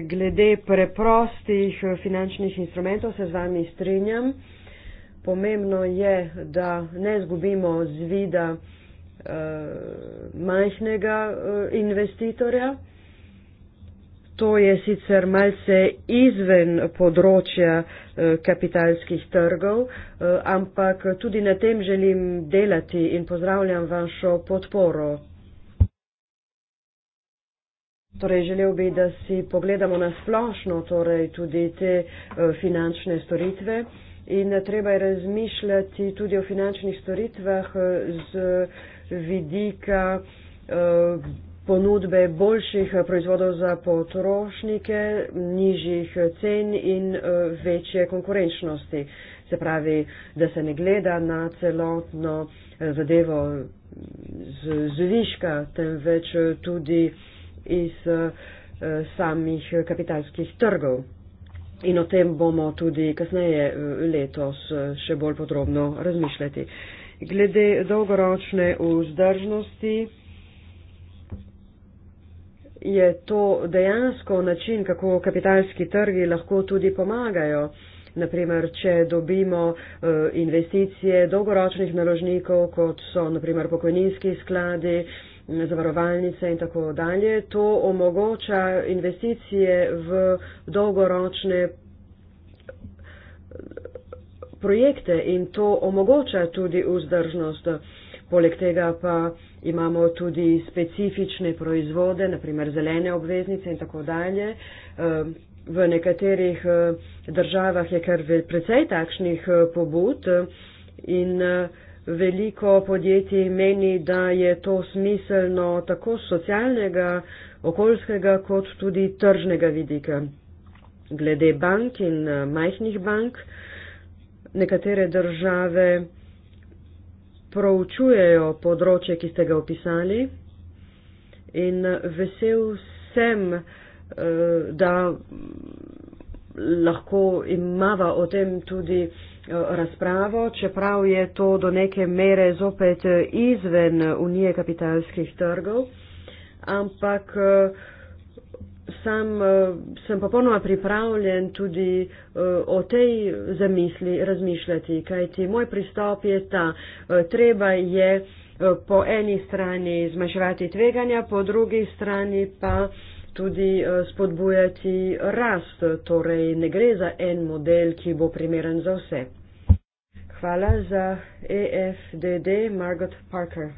glede preprostih eh, finančnih instrumentov se z vami strinjam. Pomembno je, da ne zgubimo z vida eh, majhnega eh, investitorja. To je sicer malce izven področja kapitalskih trgov, ampak tudi na tem želim delati in pozdravljam vašo podporo. Torej, želel bi, da si pogledamo na splošno torej, tudi te e, finančne storitve in eh, treba je razmišljati tudi o finančnih storitvah eh, z vidika e, ponudbe boljših proizvodov za potrošnike, nižjih cen in e, večje konkurenčnosti. Se pravi, da se ne gleda na celotno zadevo z, z viška, temveč tudi iz eh, samih kapitalskih trgov. In o tem bomo tudi kasneje eh, letos eh, še bolj podrobno razmišljati. Glede dolgoročne vzdržnosti je to dejansko način, kako kapitalski trgi lahko tudi pomagajo. Naprimer, če dobimo investicije dolgoročnih naložnikov, kot so naprimer pokojninski skladi, zavarovalnice in tako dalje. To omogoča investicije v dolgoročne projekte in to omogoča tudi vzdržnost. Poleg tega pa imamo tudi specifične proizvode, naprimer zelene obveznice in tako dalje. Ehm, v nekaterih eh, državah je kar precej takšnih eh, pobud eh, in Veliko podjetij meni, da je to smiselno tako z socialnega, okoljskega kot tudi tržnega vidika. Glede bank in eh, majhnih bank, nekatere države proučujejo področje, ki ste ga opisali in eh, vesel sem, eh, da lahko imava o tem tudi razpravo, čeprav je to do neke mere zopet eh, izven eh, unije kapitalskih trgov, ampak eh, sam sem popolnoma pripravljen tudi o tej zamisli razmišljati, kajti moj pristop je ta, treba je po eni strani zmanjševati tveganja, po drugi strani pa tudi spodbujati rast, torej ne gre za en model, ki bo primeren za vse. Hvala za EFDD, Margot Parker.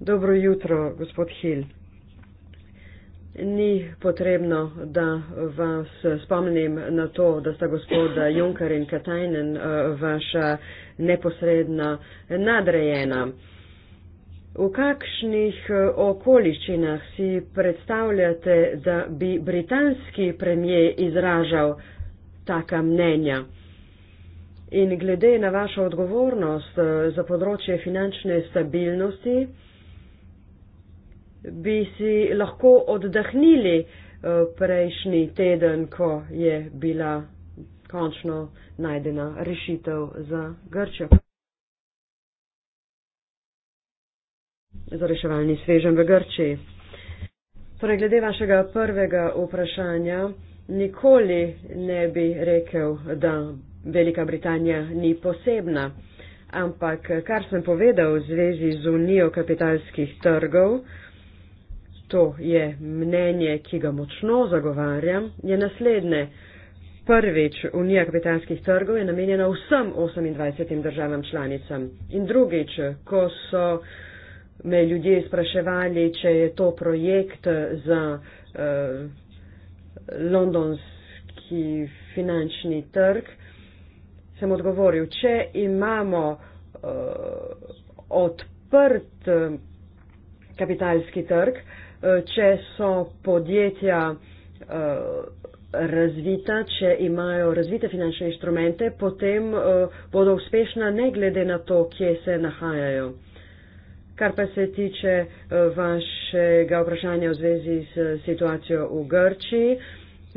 Dobro jutro, gospod Hill. Ni potrebno, da vas spomnim na to, da sta gospoda Juncker in Katajnen eh, vaša neposredna nadrejena. V kakšnih eh, okoliščinah si predstavljate, da bi britanski premije izražal taka mnenja. In glede na vašo odgovornost eh, za področje finančne stabilnosti, bi si lahko oddahnili eh, prejšnji teden, ko je bila končno najdena rešitev za Grčjo. Za reševalni svežen v Grčiji. Torej, glede vašega prvega vprašanja nikoli ne bi rekel, da Velika Britanija ni posebna, ampak kar sem povedal v zvezi z unijo kapitalskih trgov, to je mnenje, ki ga močno zagovarjam, je naslednje. Prvič, unija kapitalskih trgov je namenjena vsem 28 državam članicam. In drugič, ko so me ljudje spraševali, če je to projekt za. Uh, londonski finančni trg, sem odgovoril, če imamo uh, odprt uh, kapitalski trg, uh, če so podjetja uh, razvita, če imajo razvite finančne inštrumente, potem uh, bodo uspešna ne glede na to, kje se nahajajo. Kar pa se tiče eh, vašega vprašanja v zvezi s eh, situacijo v Grčiji,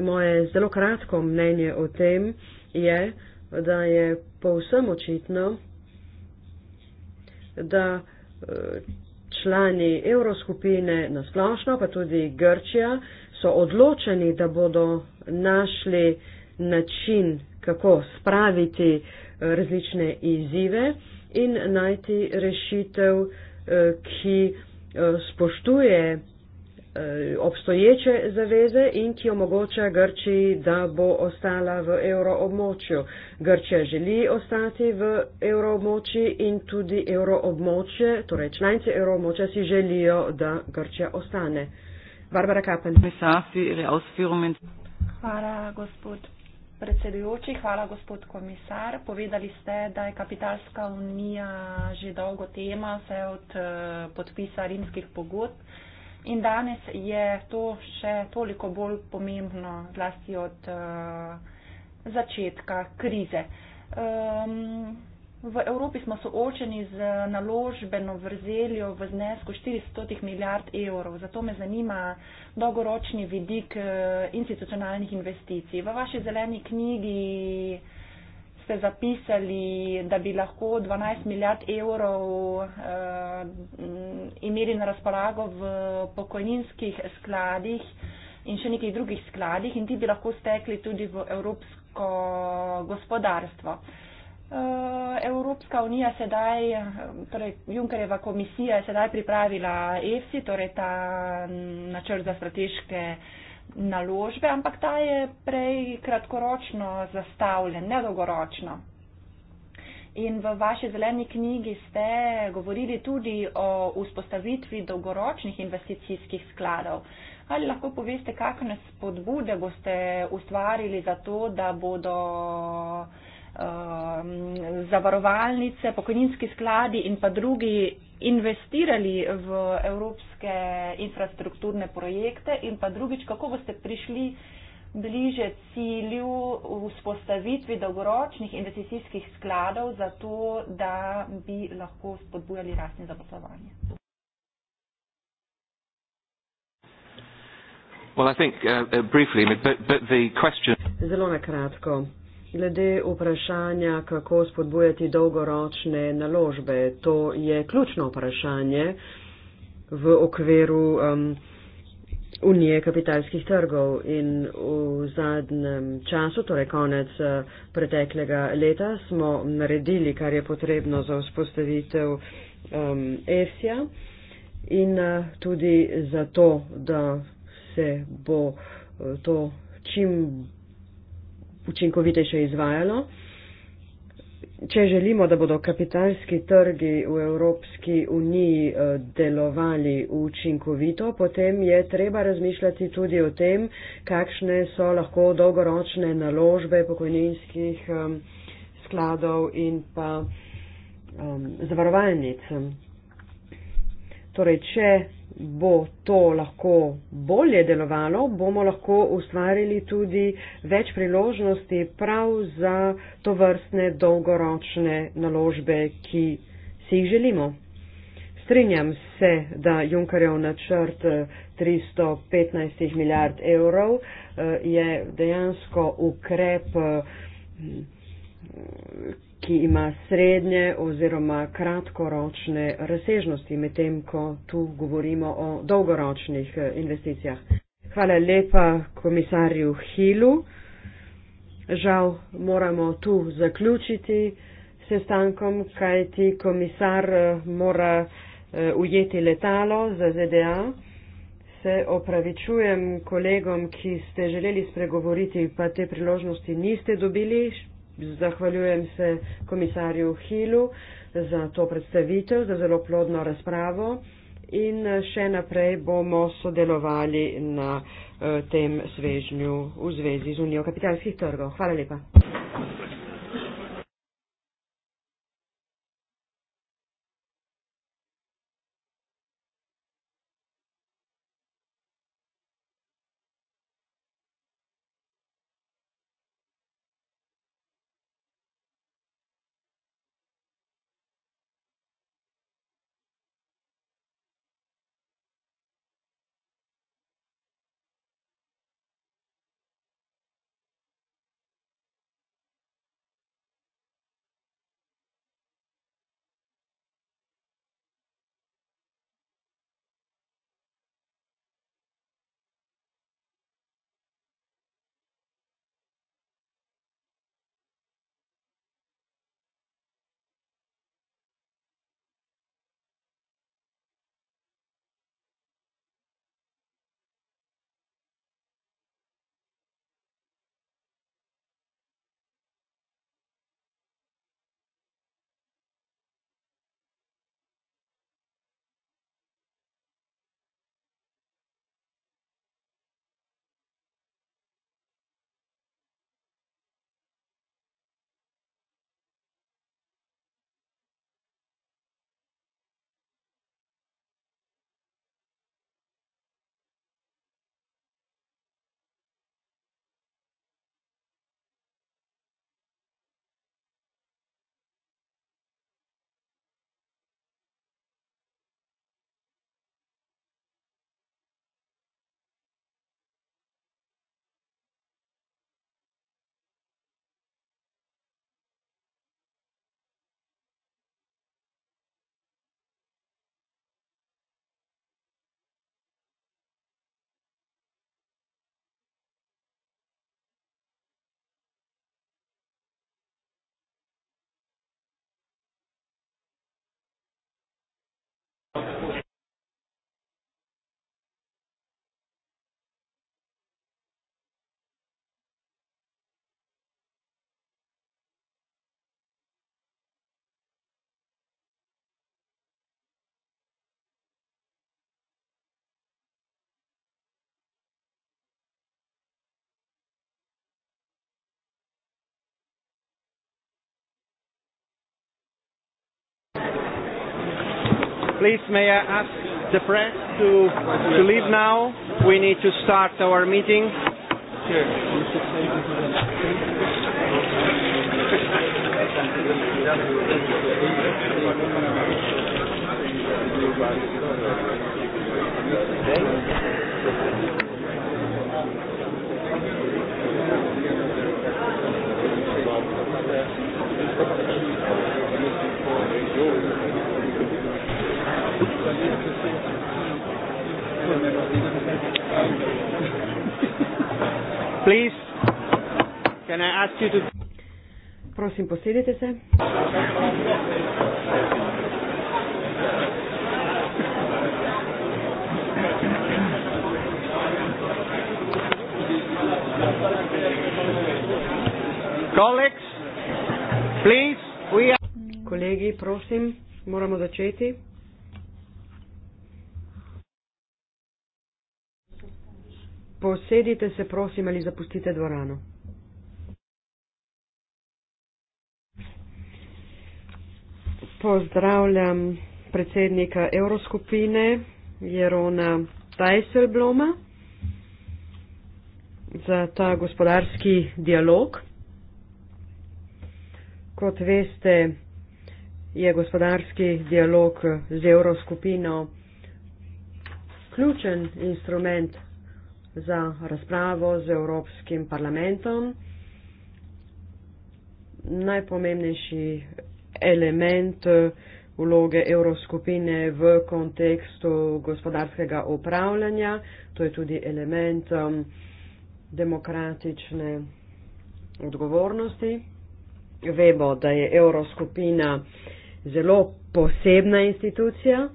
moje zelo kratko mnenje o tem je, da je povsem očitno, da eh, člani evroskupine nasplošno, pa tudi Grčija, so odločeni, da bodo našli način, kako spraviti različne izzive in najti rešitev, ki eh, spoštuje eh, obstoječe zaveze in ki omogoča Grčiji, da bo ostala v euroobmočju. Grčija želi ostati v euroobmočju in tudi euroobmočje, torej članice euroobmočja si želijo, da Grčija ostane. Barbara Kapen. Hvala, gospod Predsedujoči, hvala gospod komisar. Povedali ste, da je kapitalska unija že dolgo tema, vse od eh, podpisa rimskih pogodb. In danes je to še toliko bolj pomembno, zlasti od uh, začetka krize. Um, V Evropi smo soočeni z naložbeno vrzeljo v znesku 400 milijard evrov. Zato me zanima dolgoročni vidik eh, institucionalnih investicij. V vaši zeleni knjigi ste zapisali, da bi lahko 12 milijard evrov eh, imeli na razpolago v pokojninskih skladih in še nekih drugih skladih in ti bi lahko stekli tudi v evropsko gospodarstvo. Eh, Evropska unija sedaj, torej Junkerjeva komisija je sedaj pripravila EFSI, torej ta načrt za strateške naložbe, ampak ta je prej kratkoročno zastavljen, ne dolgoročno. In v vaši zeleni knjigi ste govorili tudi o vzpostavitvi dolgoročnih investicijskih skladov. Ali lahko poveste, kakšne spodbude boste ustvarili za to, da bodo Um, zavarovalnice, pokojninski skladi in pa drugi investirali v evropske infrastrukturne projekte in pa drugič, kako boste prišli bliže cilju vzpostavitvi dolgoročnih investicijskih skladov za to, da bi lahko spodbujali rastne zaposlovanje. Well, I think uh, uh briefly, but, but the question. Zelo na kratko. Glede vprašanja, kako spodbujati dolgoročne naložbe, to je ključno vprašanje v okviru um, Unije kapitalskih trgov in v zadnjem času, torej konec uh, preteklega leta, smo naredili, kar je potrebno za vzpostavitev um, ESIA in uh, tudi zato, da se bo uh, to čim bolj učinkovitejše izvajalo. Če želimo, da bodo kapitalski trgi v Evropski uniji eh, delovali učinkovito, potem je treba razmišljati tudi o tem, kakšne so lahko dolgoročne naložbe pokojninskih eh, skladov in pa eh, zavarovalnic. Torej, če bo to lahko bolje delovalo, bomo lahko ustvarili tudi več priložnosti prav za to vrstne dolgoročne naložbe, ki si jih želimo. Strinjam se, da Junkarjev načrt 315 milijard evrov eh, je dejansko ukrep, eh, ki ima srednje oziroma kratkoročne razsežnosti, medtem ko tu govorimo o dolgoročnih eh, investicijah. Hvala lepa komisarju Hilu. Žal moramo tu zaključiti sestankom, kaj ti komisar eh, mora eh, ujeti letalo za ZDA. Se opravičujem kolegom, ki ste želeli spregovoriti, pa te priložnosti niste dobili. Zahvaljujem se komisarju Hilu za to predstavitev, za zelo plodno razpravo in eh, še naprej bomo sodelovali na eh, tem svežnju v zvezi z Unijo kapitalskih trgov. Hvala lepa. please may I ask the press to to leave now? We need to start our meeting. Sure. Please, can I ask you to... Prosim, posedite se. Colleagues, please, we are... Kolegi, prosim, moramo začeti. posedite se prosim ali zapustite dvorano. Pozdravljam predsednika Euroskupine Jerona Tajselbloma za ta gospodarski dialog. Kot veste, je gospodarski dialog z Euroskupino ključen instrument za razpravo z Evropskim parlamentom. Najpomembnejši element eh, vloge Evroskupine v kontekstu gospodarskega upravljanja, to je tudi element eh, demokratične odgovornosti. Vemo, da je Evroskupina zelo posebna institucija,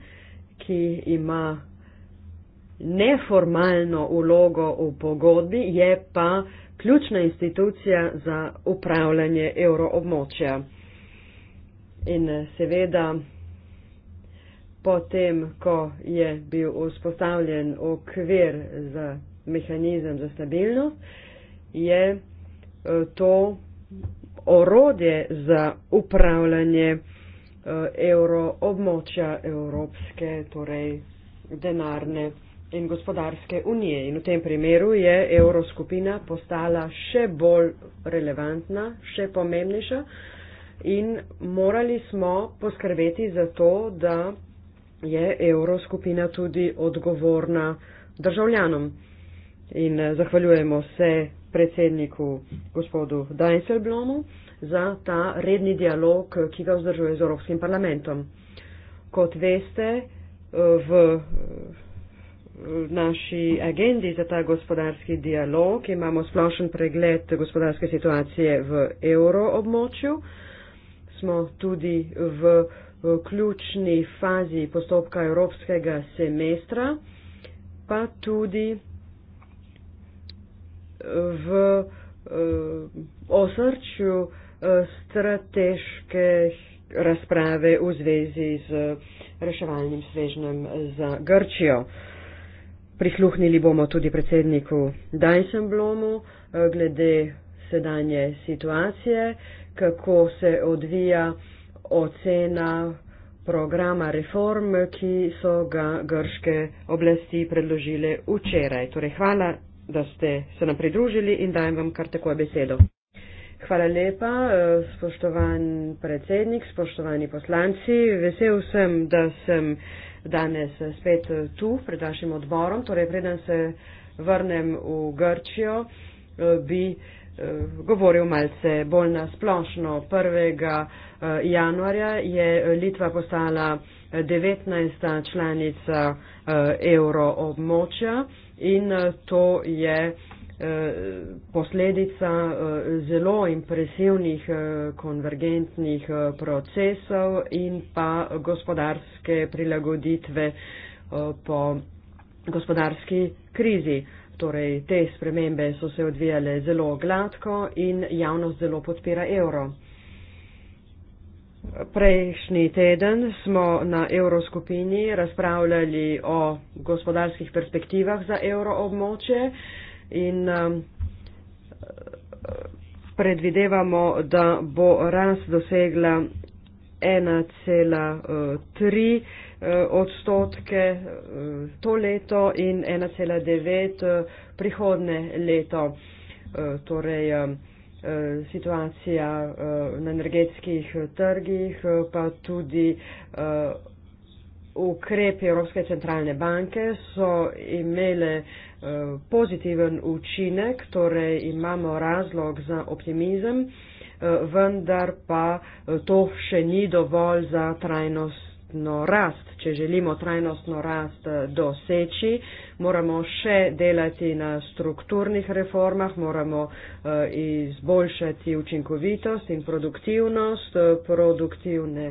ki ima neformalno ulogo v pogodbi, je pa ključna institucija za upravljanje evroobmočja. In eh, seveda, potem, ko je bil vzpostavljen okvir za mehanizem za stabilnost, je eh, to orodje za upravljanje eh, evroobmočja evropske, torej denarne in gospodarske unije. In v tem primeru je evroskupina postala še bolj relevantna, še pomembnejša in morali smo poskrbeti za to, da je evroskupina tudi odgovorna državljanom. In eh, zahvaljujemo se predsedniku gospodu Dajselblomu za ta redni dialog, ki ga vzdržuje z Evropskim parlamentom. Kot veste, eh, v v naši agendi za ta gospodarski dialog imamo splošen pregled gospodarske situacije v euroobmočju. Smo tudi v, v ključni fazi postopka evropskega semestra, pa tudi v, v eh, osrčju eh, strateške razprave v zvezi z reševalnim svežnjem za Grčijo. Prisluhnili bomo tudi predsedniku Dajnšemblomu eh, glede sedanje situacije, kako se odvija ocena programa reform, ki so ga grške oblasti predložile včeraj. Torej, hvala, da ste se nam pridružili in dajem vam kar takoj besedo. Hvala lepa, eh, spoštovan predsednik, spoštovani poslanci. Vesel sem, da sem danes eh, spet eh, tu pred vašim odborom. Torej, preden se vrnem v Grčijo, eh, bi govoril malce bolj na splošno. 1. januarja je Litva postala 19. članica evroobmočja in to je. Eh, posledica eh, zelo impresivnih eh, konvergentnih procesov in pa gospodarske prilagoditve po gospodarski krizi. Torej, te spremembe so se odvijale zelo gladko in javnost zelo podpira evro. Prejšnji teden smo na evroskupini razpravljali o gospodarskih perspektivah za evroobmočje in um, predvidevamo, da bo rast dosegla 1,3 uh, uh, odstotke uh, to leto in 1,9 prihodne leto. Torej, um, situacija na energetskih trgih, pa tudi ukrepi Evropske centralne banke so imele pozitiven učinek, torej imamo razlog za optimizem, vendar pa eh, to še ni dovolj za trajnostno rast. Če želimo trajnostno rast eh, doseči, moramo še delati na strukturnih reformah, moramo eh, izboljšati učinkovitost in produktivnost, produktivne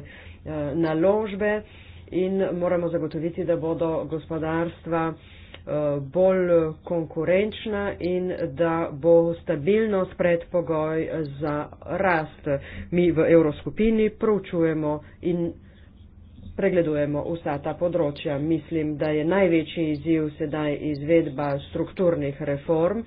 naložbe in moramo zagotoviti, da bodo gospodarstva Eh, bolj konkurenčna in da bo stabilnost predpogoj za rast. Mi v Evroskupini proučujemo in pregledujemo vsa ta področja. Mislim, da je največji izziv sedaj izvedba strukturnih reform.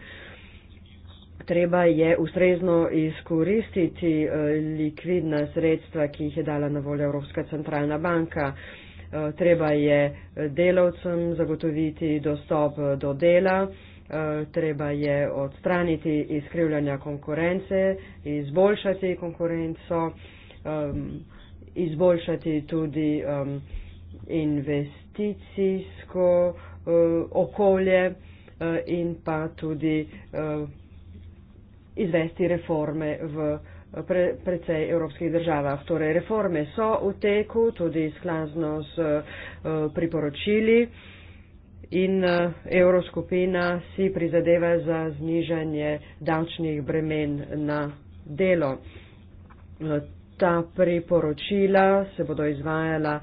Treba je ustrezno izkoristiti eh, likvidna sredstva, ki jih je dala na voljo Evropska centralna banka. Uh, treba je eh, delavcem zagotoviti dostop eh, do dela, eh, treba je odstraniti izkrivljanja konkurence, izboljšati konkurenco, ehm, izboljšati tudi ehm, investicijsko okolje in pa tudi izvesti reforme v pre, precej evropskih državah. Torej, reforme so v teku, tudi sklazno s uh, eh, priporočili in uh, evroskupina si prizadeva za znižanje davčnih bremen na delo. No, ta priporočila se bodo izvajala eh,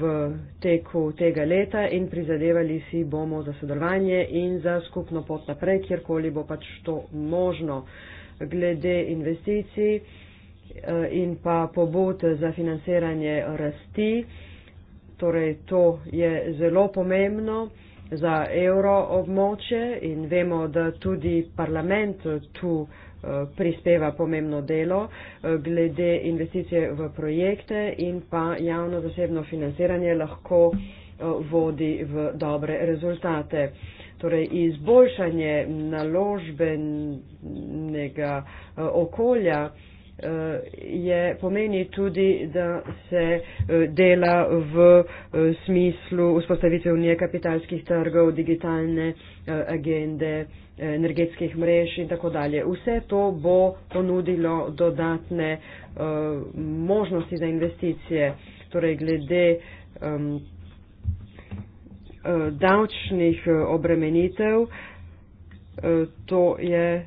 v teku tega leta in prizadevali si bomo za sodelovanje in za skupno pot naprej, kjerkoli bo pač to možno. Uh, glede investicij eh, in pa pobud za financiranje rasti. Torej, to je zelo pomembno za evro območje in vemo, da tudi parlament tu eh, prispeva pomembno delo eh, glede investicije v projekte in pa javno zasebno financiranje lahko vodi v dobre rezultate torej izboljšanje naložbenega eh, okolja eh, je pomeni tudi, da se eh, dela v smislu vzpostavitve unije kapitalskih trgov, digitalne agende, energetskih mrež in tako dalje. Vse to bo ponudilo dodatne možnosti za investicije, torej glede Eh, davčnih eh, obremenitev, eh, to je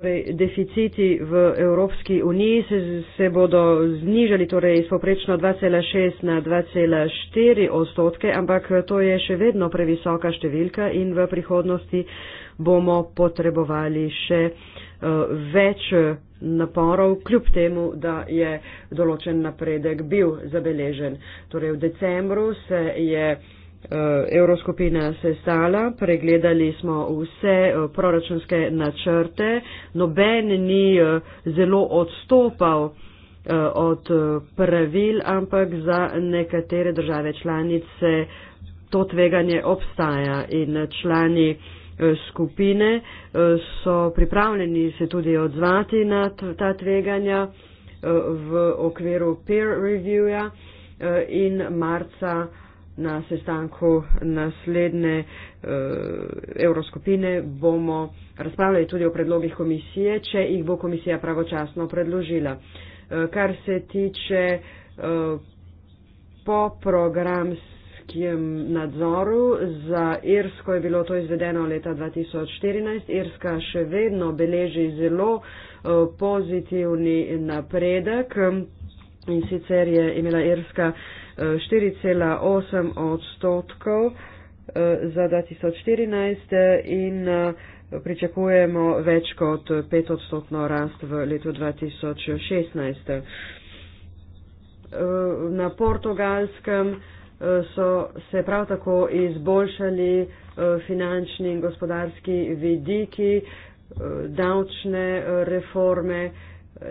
torej, deficiti v Evropski uniji se, se bodo znižali torej izpoprečno 2,6 na 2,4 odstotke, ampak to je še vedno previsoka številka in v prihodnosti bomo potrebovali še uh, več naporov, kljub temu, da je določen napredek bil zabeležen. Torej v decembru se je eh, Evroskupina se stala, pregledali smo vse eh, proračunske načrte, noben ni eh, zelo odstopal od pravil, ampak za nekatere države članice to tveganje obstaja in člani skupine eh, so pripravljeni se tudi odzvati na ta tveganja eh, v okviru peer reviewja eh, in marca na sestanku naslednje evroskupine bomo razpravljali tudi o predlogih komisije, če jih bo komisija pravočasno predložila. Kar se tiče po programs irskem nadzoru. Za Irsko je bilo to izvedeno leta 2014. Irska še vedno beleži zelo eh, pozitivni napredek. In sicer je imela Irska 4,8 eh, odstotkov eh, za 2014 in pričakujemo več kot petodstotno rast v letu 2016. Na portugalskem so se prav tako izboljšali eh, finančni in gospodarski vidiki, eh, davčne eh, reforme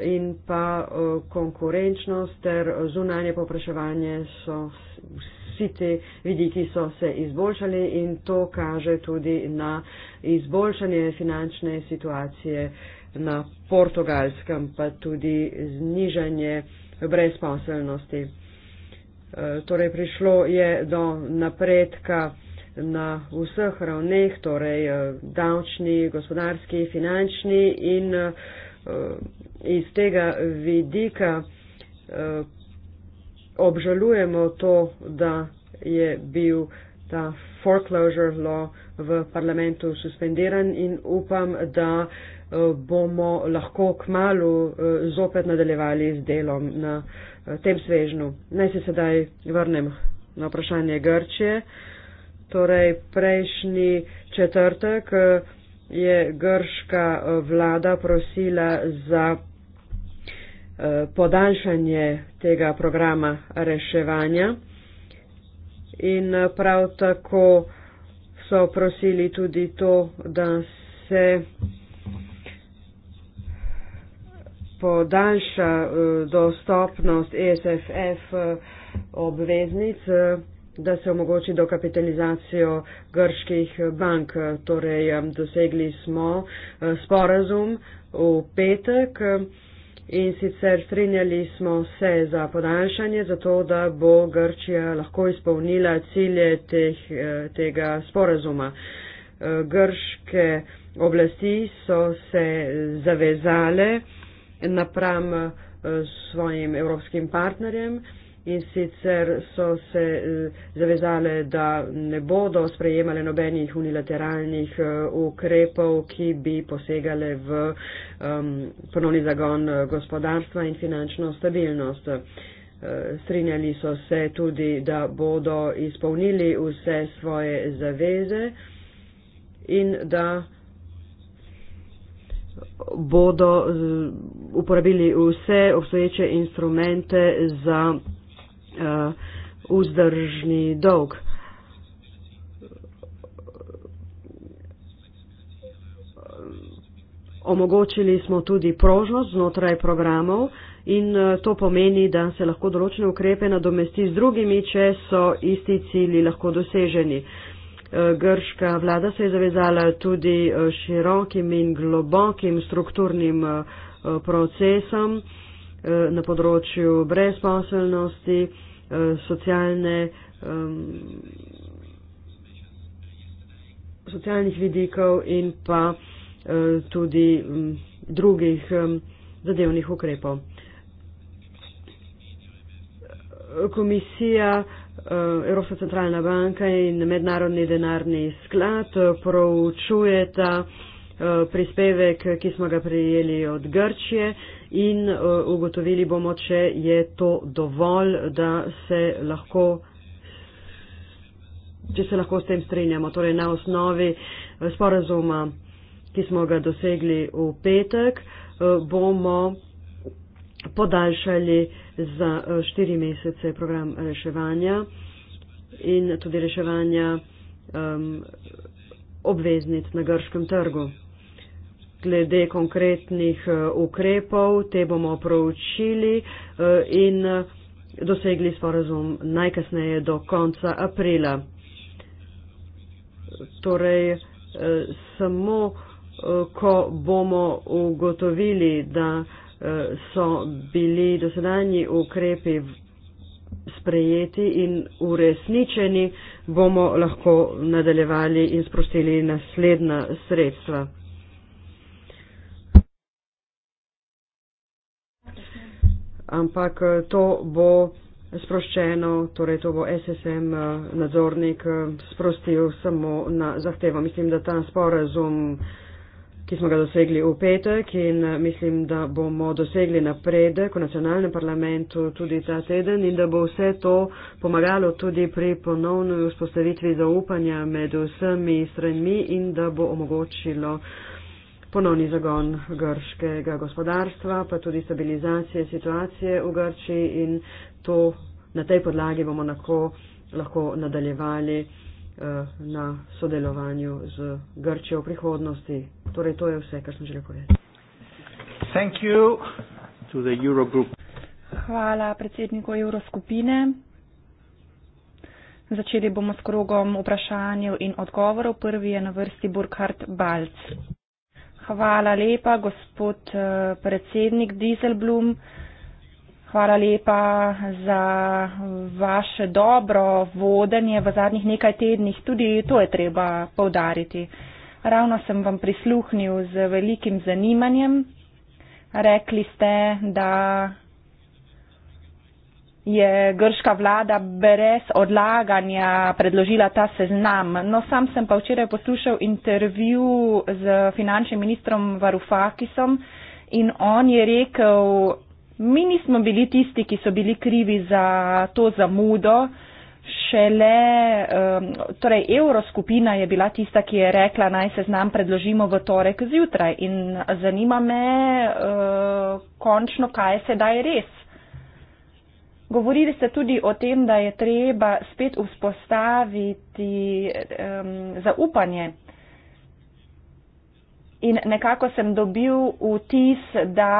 in pa konkurenčnost ter zunanje popraševanje so vsi ti vidiki so se izboljšali in to kaže tudi na izboljšanje finančne situacije na portugalskem pa tudi znižanje brezposelnosti. Eh, torej prišlo je do napredka na vseh ravneh, torej eh, davčni, gospodarski, finančni in eh, iz tega vidika obžalujemo to, da je bil ta foreclosure law v parlamentu suspendiran in upam, da bomo lahko k malu zopet nadaljevali z delom na parlamentu. Eh, tem svežnju. Naj se sedaj vrnem na vprašanje Grčije. Torej, prejšnji četrtek eh, je grška eh, vlada prosila za podaljšanje tega programa reševanja in prav tako so prosili tudi to, da se podaljša eh, dostopnost ESFF eh, obveznic, eh, da se omogoči dokapitalizacijo grških bank. Torej, dosegli smo sporazum v petek in sicer strinjali smo se za podaljšanje, zato da bo Grčija lahko izpolnila cilje teh, tega sporazuma. Grške oblasti so se zavezale, napram eh, svojim evropskim partnerjem in sicer so se eh, zavezale, da ne bodo sprejemale nobenih unilateralnih eh, ukrepov, ki bi posegale v ponovni zagon gospodarstva in finančno stabilnost. Strinjali so se tudi, da bodo izpolnili vse svoje zaveze in da bodo eh, uporabili vse obstoječe instrumente za eh, vzdržni dolg. Omogočili smo tudi prožnost znotraj programov in eh, to pomeni, da se lahko določene ukrepe nadomesti z drugimi, če so isti cilji lahko doseženi. Grška vlada se je zavezala tudi eh, širokim in globokim strukturnim eh, procesom eh, na področju brezposelnosti, socialne, socialnih vidikov in pa tudi drugih zadevnih ukrepov. Komisija Eh, Evropska centralna banka in mednarodni denarni sklad eh, proučujeta eh, prispevek, ki smo ga prijeli od Grčije in ugotovili bomo, če je to dovolj, da se lahko, če se lahko s tem strinjamo, torej na osnovi sporazuma, ki smo ga dosegli v petek, bomo podaljšali uh, za eh, štiri mesece program reševanja in tudi reševanja um, obveznic na grškem trgu. Glede konkretnih eh, ukrepov, te bomo proučili eh, in dosegli sporazum najkasneje do konca aprila. Torej, samo ko bomo ugotovili, da so bili dosedanji ukrepi sprejeti in uresničeni, bomo lahko nadaljevali in sprostili naslednja sredstva. Ampak eh, to bo sproščeno, torej to bo SSM eh, nadzornik eh, sprostil samo na zahtevo. Mislim, da ta sporazum uh, ki smo ga dosegli v petek in eh, mislim, da bomo dosegli napredek v nacionalnem parlamentu tudi ta teden in da bo vse to pomagalo tudi pri ponovni vzpostavitvi zaupanja med vsemi stranmi in da bo omogočilo ponovni zagon grškega gospodarstva, pa tudi stabilizacije situacije v Grčiji in to na tej podlagi bomo lahko, lahko nadaljevali. Eh, na sodelovanju z Grčijo v prihodnosti. Torej, to je vse, kar sem želel povedati. Thank you to the Eurogroup. Hvala predsedniku Euroskupine. Začeli bomo s krogom vprašanj in odgovorov. Prvi je na vrsti Burkhard Balc. Hvala lepa, gospod eh, predsednik Dieselblum. Hvala lepa za vaše dobro vodenje v zadnjih nekaj tednih. Tudi to je treba povdariti. Ravno sem vam prisluhnil z velikim zanimanjem. Rekli ste, da je grška vlada brez odlaganja predložila ta seznam. No, sam sem pa včeraj poslušal intervju z finančnim ministrom Varufakisom in on je rekel, Mi nismo bili tisti, ki so bili krivi za to zamudo, šele um, torej evroskupina je bila tista, ki je rekla, naj se znam predložimo v torek zjutraj. In zanima me uh, končno, kaj je sedaj res. Govorili ste tudi o tem, da je treba spet vzpostaviti um, zaupanje. In nekako sem dobil vtis, da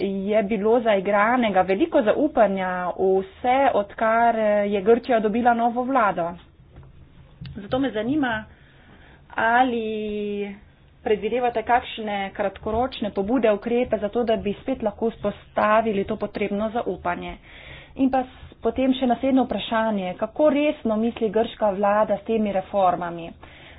je bilo zaigranega veliko zaupanja vse, odkar je Grčija dobila novo vlado. Zato me zanima, ali predvidevate kakšne kratkoročne pobude, ukrepe za to, da bi spet lahko spostavili to potrebno zaupanje. In pa potem še naslednje vprašanje, kako resno misli grška vlada s temi reformami?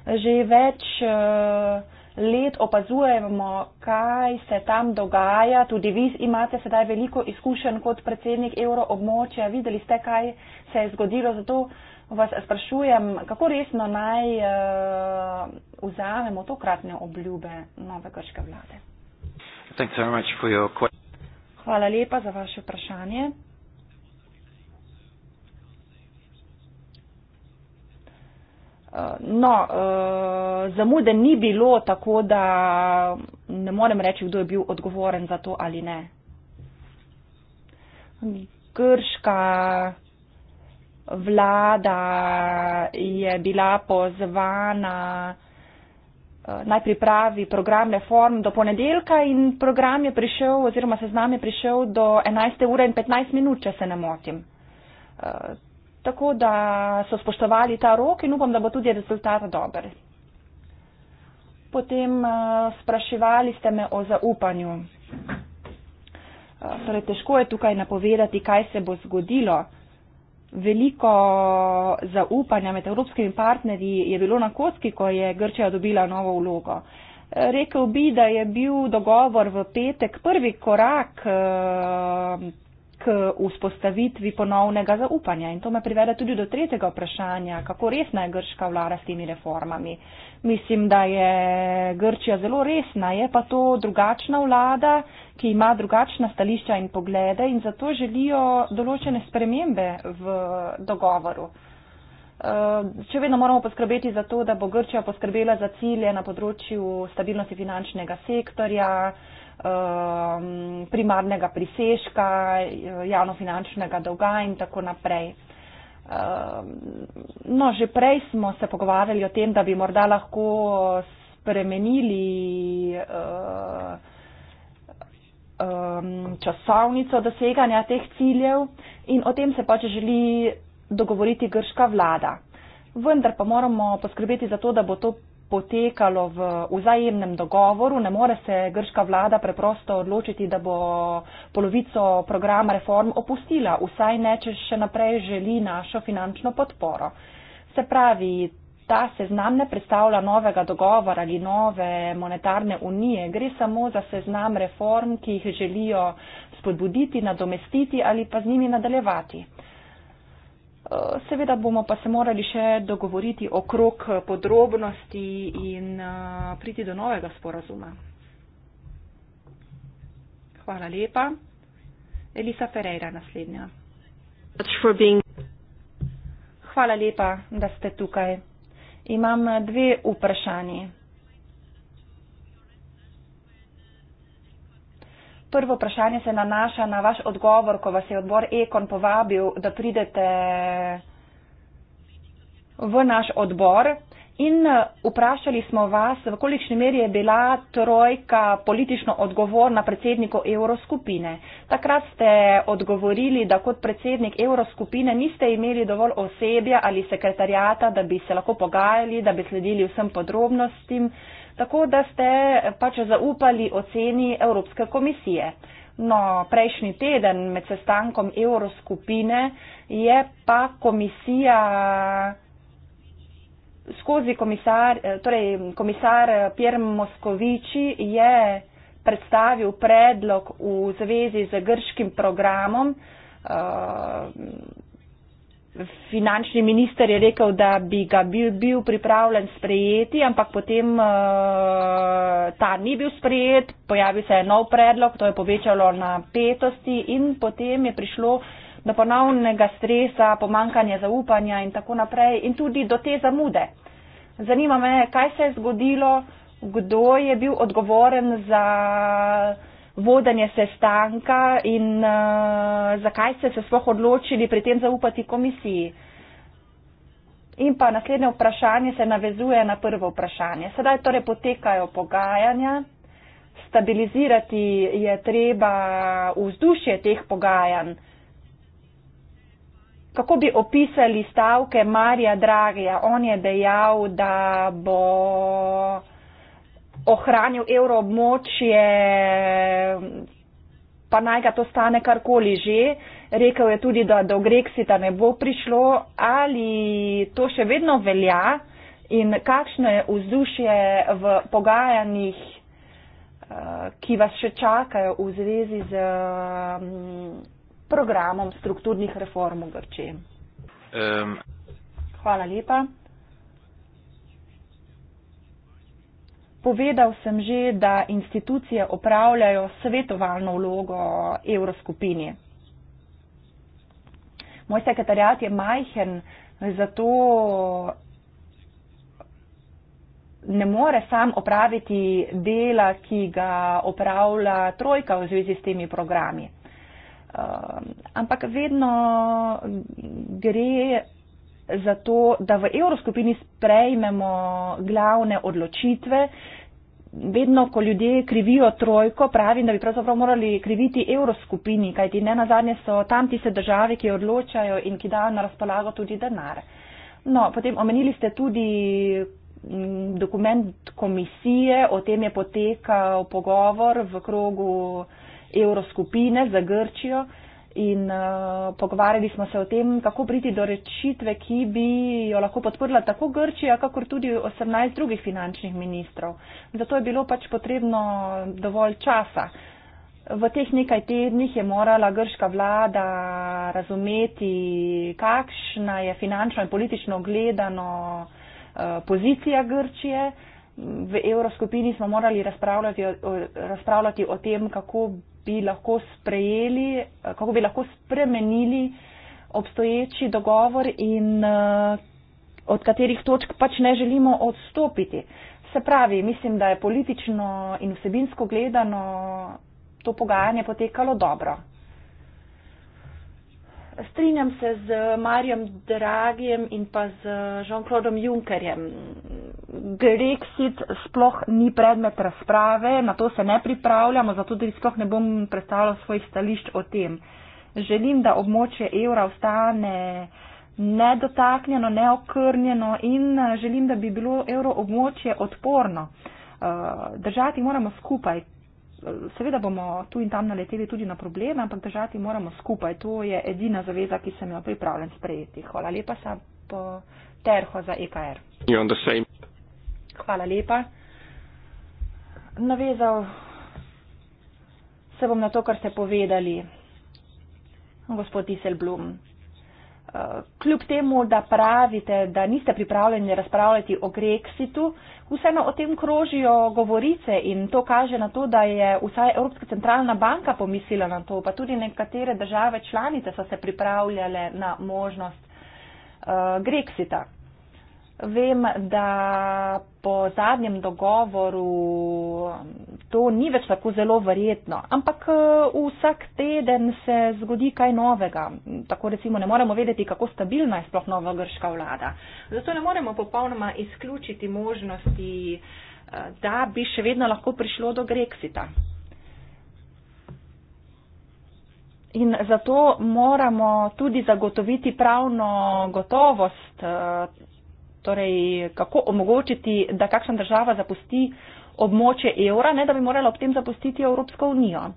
Že več. Uh, let opazujemo, kaj se tam dogaja. Tudi vi imate sedaj veliko izkušenj kot predsednik evroobmočja. Videli ste, kaj se je zgodilo. Zato vas sprašujem, kako resno naj uh, vzamemo tokratne obljube nove grške vlade. Hvala lepa za vaše vprašanje. No, eh, zamude ni bilo, tako da ne morem reči, kdo je bil odgovoren za to ali ne. Grška vlada je bila pozvana eh, naj pripravi program reform do ponedeljka in program je prišel oziroma seznam je prišel do 11. ure in 15 minut, če se ne motim. Eh, tako da so spoštovali ta rok in upam, da bo tudi rezultat dober. Potem uh, spraševali ste me o zaupanju. Eh, torej, težko je tukaj napovedati, kaj se bo zgodilo. Veliko zaupanja med evropskimi partnerji je bilo na kocki, ko je Grčija dobila novo vlogo. Eh, rekel bi, da je bil dogovor v petek prvi korak k vzpostavitvi ponovnega zaupanja. In to me privede tudi do tretjega vprašanja, kako resna je grška vlada s temi reformami. Mislim, da je Grčija zelo resna, je pa to drugačna vlada, ki ima drugačna stališča in poglede in zato želijo določene spremembe v dogovoru. Če eh, vedno moramo poskrbeti za to, da bo Grčija poskrbela za cilje na področju stabilnosti finančnega sektorja, Um, primarnega priseška, javnofinančnega dolga in tako naprej. Um, no, že prej smo se pogovarjali o tem, da bi morda lahko spremenili uh, um, časovnico doseganja teh ciljev in o tem se pač želi dogovoriti grška vlada. Vendar pa moramo poskrbeti za to, da bo to potekalo v vzajemnem dogovoru. Ne more se grška vlada preprosto odločiti, da bo polovico programa reform opustila, vsaj ne, če še naprej želi našo finančno podporo. Se pravi, ta seznam ne predstavlja novega dogovora ali nove monetarne unije, gre samo za seznam reform, ki jih želijo spodbuditi, nadomestiti ali pa z njimi nadaljevati. Eh, seveda bomo pa se morali še dogovoriti okrog eh, podrobnosti in eh, priti do novega sporazuma. Hvala lepa. Elisa Ferreira naslednja. Hvala lepa, da ste tukaj. Imam dve vprašanje. Prvo vprašanje se nanaša na vaš odgovor, ko vas je odbor Ekon povabil, da pridete v naš odbor. In eh, vprašali smo vas, v kolikšni meri je bila trojka politično odgovorna predsedniku Euroskupine. Takrat ste odgovorili, da kot predsednik Euroskupine niste imeli dovolj osebja ali sekretarjata, da bi se lahko pogajali, da bi sledili vsem podrobnostim tako da ste pač zaupali oceni Evropske komisije. No, prejšnji teden med sestankom Euroskupine je pa komisija skozi komisar, torej komisar Pier Moskovici je predstavil predlog v zvezi z grškim programom. Uh, finančni minister je rekel, da bi ga bil, bil pripravljen sprejeti, ampak potem uh, ta ni bil sprejet, pojavi se je nov predlog, to je povečalo napetosti in potem je prišlo do ponovnega stresa, pomankanja zaupanja in tako naprej in tudi do te zamude. Zanima me, kaj se je zgodilo, kdo je bil odgovoren za vodenje sestanka in uh, zakaj ste se sploh odločili pri tem zaupati komisiji. In pa naslednje vprašanje se navezuje na prvo vprašanje. Sedaj torej potekajo pogajanja. Stabilizirati je treba vzdušje teh pogajanj. Kako bi opisali stavke Marija Dragija? On je dejal, da bo ohranil evro območje, pa naj ga to stane karkoli že. Rekel je tudi, da do Grexita ne bo prišlo. Ali to še vedno velja in kakšno je vzdušje v pogajanjih, eh, ki vas še čakajo v zvezi z mm, programom strukturnih reform v Grčiji? Um. Hvala lepa. Povedal sem že, da institucije opravljajo svetovalno vlogo evroskupini. Moj sekretarjat je majhen, zato ne more sam opraviti dela, ki ga opravlja trojka v zvezi s temi programi. Ehm, ampak vedno gre zato, da v Evroskupini sprejmemo glavne odločitve. Vedno, ko ljudje krivijo trojko, pravim, da bi pravzaprav morali kriviti Evroskupini, kajti ne na zadnje so tam tiste države, ki odločajo in ki dajo na razpolago tudi denar. No, potem omenili ste tudi mm, dokument komisije, o tem je potekal pogovor v krogu Evroskupine za Grčijo. Uh, in uh, pogovarjali smo se o tem, kako priti do rešitve, ki bi jo lahko podprla tako Grčija, kakor tudi 18 drugih finančnih ministrov. Zato je bilo pač potrebno dovolj časa. V teh nekaj tednih je morala grška vlada razumeti, kakšna je finančno in politično gledano eh, pozicija Grčije. V evroskupini smo morali razpravljati, razpravljati o tem, kako bi lahko sprejeli, eh, kako bi lahko spremenili obstoječi dogovor in eh, od katerih točk pač ne želimo odstopiti. Se pravi, mislim, da je politično in vsebinsko gledano to pogajanje potekalo dobro strinjam se z Marjem Dragijem in pa z Jean-Claude Junckerjem. Brexit sploh ni predmet razprave, na to se ne pripravljamo, zato tudi sploh ne bom predstavljal svojih stališč o tem. Želim, da območje evra ostane nedotaknjeno, neokrnjeno in eh, želim, da bi bilo evro območje odporno. Eh, držati moramo skupaj, seveda bomo tu in tam naleteli tudi na probleme, ampak držati moramo skupaj. To je edina zaveza, ki sem jo pripravljen sprejeti. Hvala lepa, Sab Terho za EKR. Hvala lepa. Navezal se bom na to, kar ste povedali, gospod Iselblum kljub temu, da pravite, da niste pripravljeni razpravljati o Grexitu, vseeno o tem krožijo govorice in to kaže na to, da je vsaj Evropska centralna banka pomislila na to, pa tudi nekatere države članice so se pripravljale na možnost uh, Grexita. Vem, da po zadnjem dogovoru to ni več tako zelo verjetno, ampak eh, vsak teden se zgodi kaj novega. Tako recimo ne moremo vedeti, kako stabilna je sploh nova grška vlada. Zato ne moremo popolnoma izključiti možnosti, eh, da bi še vedno lahko prišlo do Grexita. In zato moramo tudi zagotoviti pravno gotovost eh, torej kako omogočiti, da kakšna država zapusti območje evra, ne da bi morala ob tem zapustiti Evropsko unijo. Eh,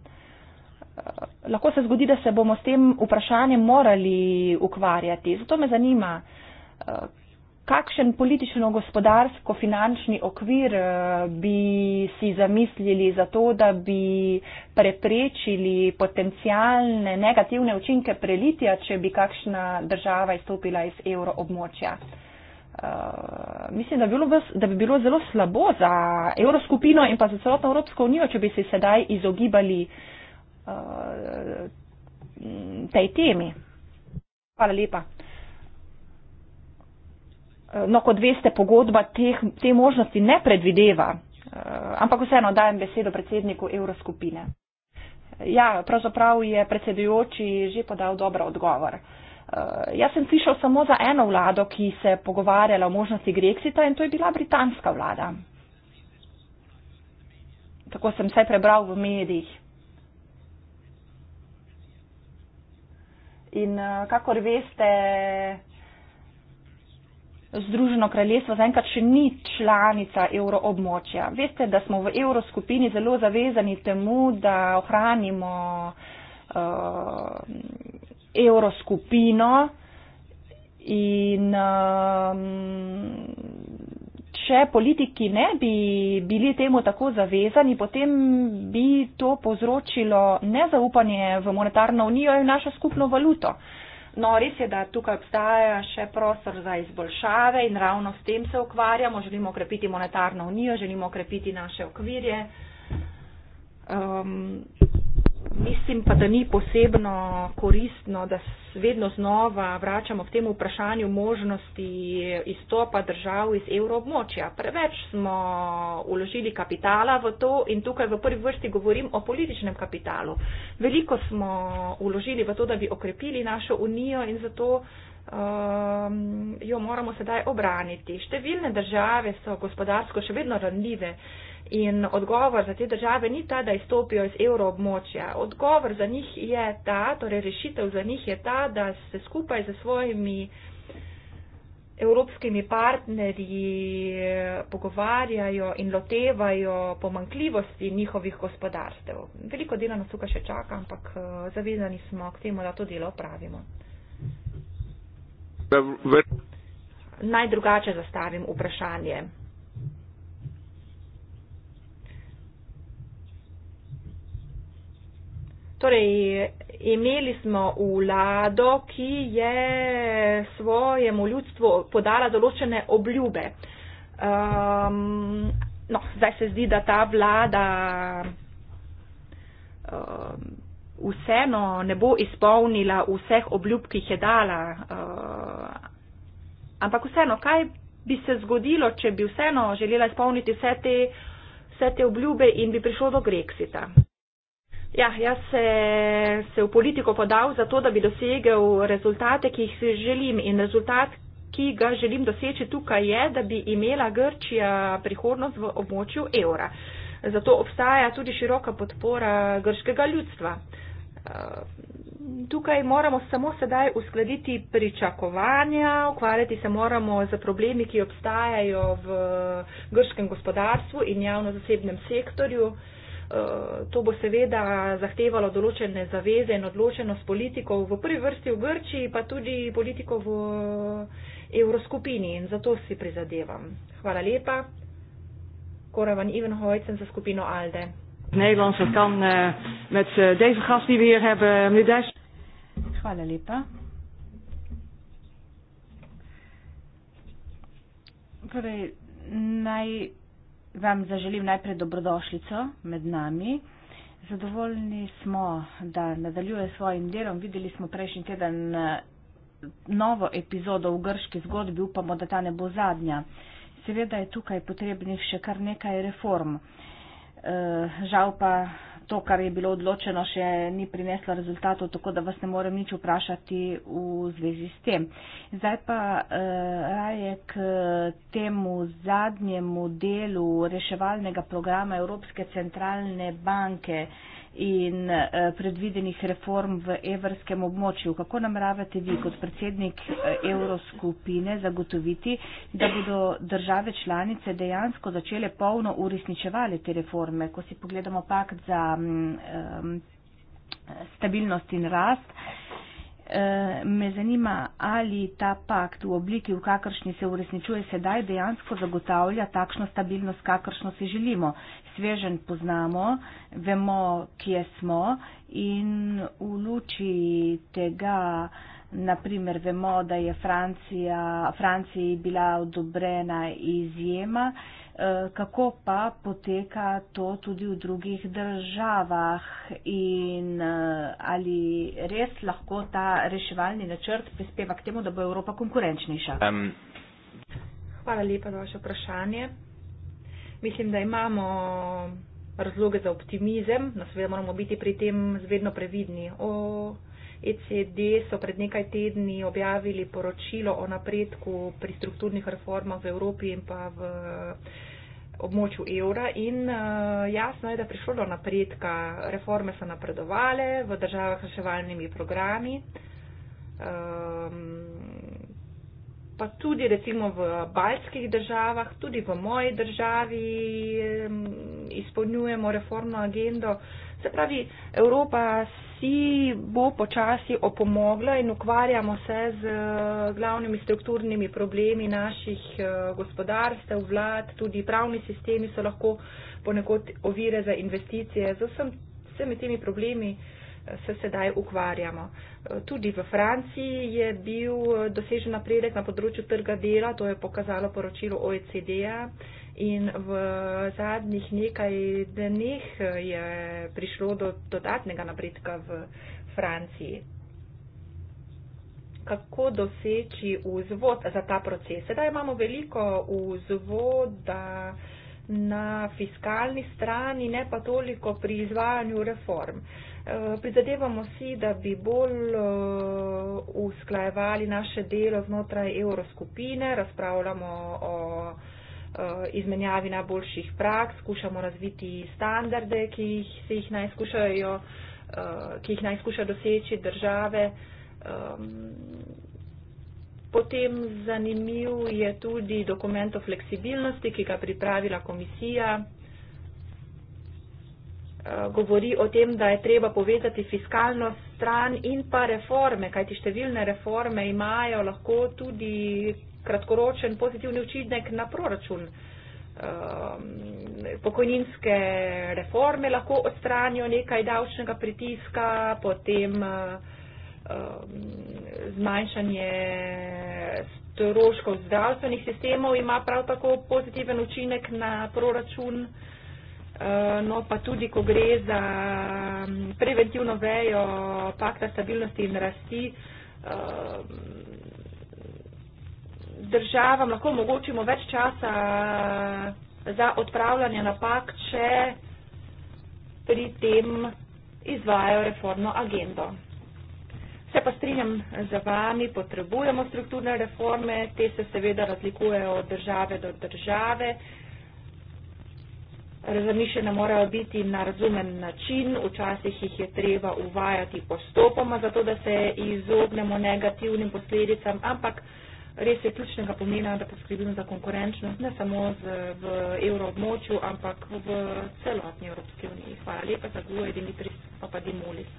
lahko se zgodi, da se bomo s tem vprašanjem morali ukvarjati. Zato me zanima, eh, kakšen politično-gospodarsko-finančni okvir eh, bi si zamislili za to, da bi preprečili potencijalne negativne učinke prelitja, če bi kakšna država izstopila iz evroobmočja. Eh, mislim, da bi, bilo, da bi bilo zelo slabo za Evroskupino in pa za celotno Evropsko unijo, če bi se sedaj izogibali uh, tej temi. Hvala lepa. Eh, no, kot veste, pogodba teh, te možnosti ne predvideva, ampak vseeno dajem besedo predsedniku Evroskupine. Ja, pravzaprav je predsedujoči že podal dobro odgovor. Eh, jaz sem slišal samo za eno vlado, ki se je pogovarjala o možnosti Grexita in to je bila britanska vlada. Tako sem vse prebral v medijih. In eh, kakor veste, Združeno kraljestvo zaenkrat še ni članica evroobmočja. Veste, da smo v evroskupini zelo zavezani temu, da ohranimo uh, evroskupino in um, če politiki ne bi bili temu tako zavezani, potem bi to povzročilo nezaupanje v monetarno unijo in našo skupno valuto. No, res je, da tukaj obstaja še prostor za izboljšave in ravno s tem se ukvarjamo. Želimo okrepiti monetarno unijo, želimo okrepiti naše okvirje. Um, mislim pa, da ni posebno koristno, da vedno znova vračamo k temu vprašanju možnosti izstopa držav iz evroobmočja. Preveč smo uložili kapitala v to in tukaj v prvi vrsti govorim o političnem kapitalu. Veliko smo uložili v to, da bi okrepili našo unijo in zato um, jo moramo sedaj obraniti. Številne države so gospodarsko še vedno ranljive. In odgovor za te države ni ta, da izstopijo iz evroobmočja. Odgovor za njih je ta, torej rešitev za njih je ta, da se skupaj z svojimi evropskimi partnerji eh, pogovarjajo in lotevajo pomankljivosti njihovih gospodarstev. Veliko dela nas tukaj še čaka, ampak eh, zavezani smo k temu, da to delo opravimo. Naj drugače zastavim vprašanje. Torej, imeli smo vlado, ki je svojemu ljudstvu podala določene obljube. Um, no, zdaj se zdi, da ta vlada um, vseeno ne bo izpolnila vseh obljub, ki jih je dala. Um, ampak vseeno, kaj bi se zgodilo, če bi vseeno želela izpolniti vse te, vse te obljube in bi prišlo do Brexita? Ja, jaz se, se v politiko podal zato, da bi dosegel rezultate, ki jih si želim. In rezultat, ki ga želim doseči tukaj, je, da bi imela Grčija prihodnost v območju evra. Zato obstaja tudi široka podpora grškega ljudstva. Tukaj moramo samo sedaj uskladiti pričakovanja, ukvarjati se moramo z problemi, ki obstajajo v grškem gospodarstvu in javno-zasebnem sektorju. Eh, to bo seveda zahtevalo določene zaveze in odločenost politikov v prvi vrsti v Grčiji, pa tudi politikov v eh, Evroskupini in zato si prizadevam. Hvala lepa. Koravan Ivenhojcen za skupino ALDE. Eh, Hvala lepa. Torej, naj vam zaželim najprej dobrodošlico med nami. Zadovoljni smo, da nadaljuje svojim delom. Videli smo prejšnji teden eh, novo epizodo v grški zgodbi, upamo, da ta ne bo zadnja. Seveda je tukaj potrebnih še kar nekaj reform. Eh, žal pa to, kar je bilo odločeno, še ni prineslo rezultatov, tako da vas ne morem nič vprašati v zvezi s tem. Zdaj pa eh, raje k temu zadnjemu delu reševalnega programa Evropske centralne banke. Eh, in eh, predvidenih reform v evrskem območju. Kako nameravate vi kot predsednik eh, evroskupine zagotoviti, da bodo države članice dejansko začele polno uresničevali te reforme? Ko si pogledamo pakt za um, stabilnost in rast, uh, Eh, me zanima, ali ta pakt v obliki, v kakršni se uresničuje sedaj, dejansko zagotavlja takšno stabilnost, kakršno si želimo. Svežen poznamo, vemo, kje smo in v luči tega, naprimer, vemo, da je Francija, Franciji bila odobrena izjema. Uh, Eh, kako pa poteka to tudi v drugih državah in eh, ali res lahko ta reševalni načrt prispeva k temu, da bo Evropa konkurenčnejša? Um. Hvala lepa za vaše vprašanje. Mislim, da imamo razloge za optimizem, nas seveda moramo biti pri tem zvedno previdni. O ECD so pred nekaj tedni objavili poročilo o napredku pri strukturnih reformah v Evropi in pa v območju evra in uh, jasno je, da prišlo do napredka. Reforme so napredovale v državah s reševalnimi programi, um, pa tudi recimo v baljskih državah, tudi v moji državi um, izpolnjujemo reformno agendo. Uh, Se pravi, Evropa si bo počasi opomogla in ukvarjamo se z eh, glavnimi strukturnimi problemi naših eh, gospodarstev, vlad, tudi pravni sistemi so lahko ponekod ovire za investicije. Z vsem, vsemi temi problemi eh, se sedaj ukvarjamo. Tudi v Franciji je bil dosežen napredek na področju trga dela, to je pokazalo poročilo OECD-a in v zadnjih nekaj dneh je prišlo do dodatnega napredka v Franciji. Kako doseči vzvod za ta proces? Sedaj imamo veliko vzvoda na fiskalni strani, ne pa toliko pri izvajanju reform. E, prizadevamo si, da bi bolj e, usklajevali naše delo znotraj evroskupine, razpravljamo o Eh, izmenjavi najboljših praks, skušamo razviti standarde, ki jih, se jih naj skušajo, eh, ki jih naj skuša doseči države. Potem zanimiv je tudi dokument o fleksibilnosti, ki ga pripravila komisija. Eh, govori o tem, da je treba povezati fiskalno stran in pa reforme, kajti številne reforme imajo lahko tudi kratkoročen pozitivni učinek na proračun. Ehm, pokojninske reforme lahko odstranijo nekaj davčnega pritiska, potem ehm, zmanjšanje stroškov zdravstvenih sistemov ima prav tako pozitiven učinek na proračun. Ehm, no pa tudi, ko gre za preventivno vejo pakta stabilnosti in rasti, državam lahko omogočimo več časa eh, za odpravljanje napak, če pri tem izvajajo reformno agendo. Se pa strinjam z vami, potrebujemo strukturne reforme, te se seveda razlikujejo od države do države. Razmišljene morajo biti na razumen način, včasih jih je treba uvajati postopoma, zato da se izognemo negativnim posledicam, ampak res je ključnega pomena, da poskrbimo za konkurenčnost ne samo z, v evroobmočju, ampak v celotni Evropski uniji. Hvala lepa za zelo edini pristop, pa Dimulis.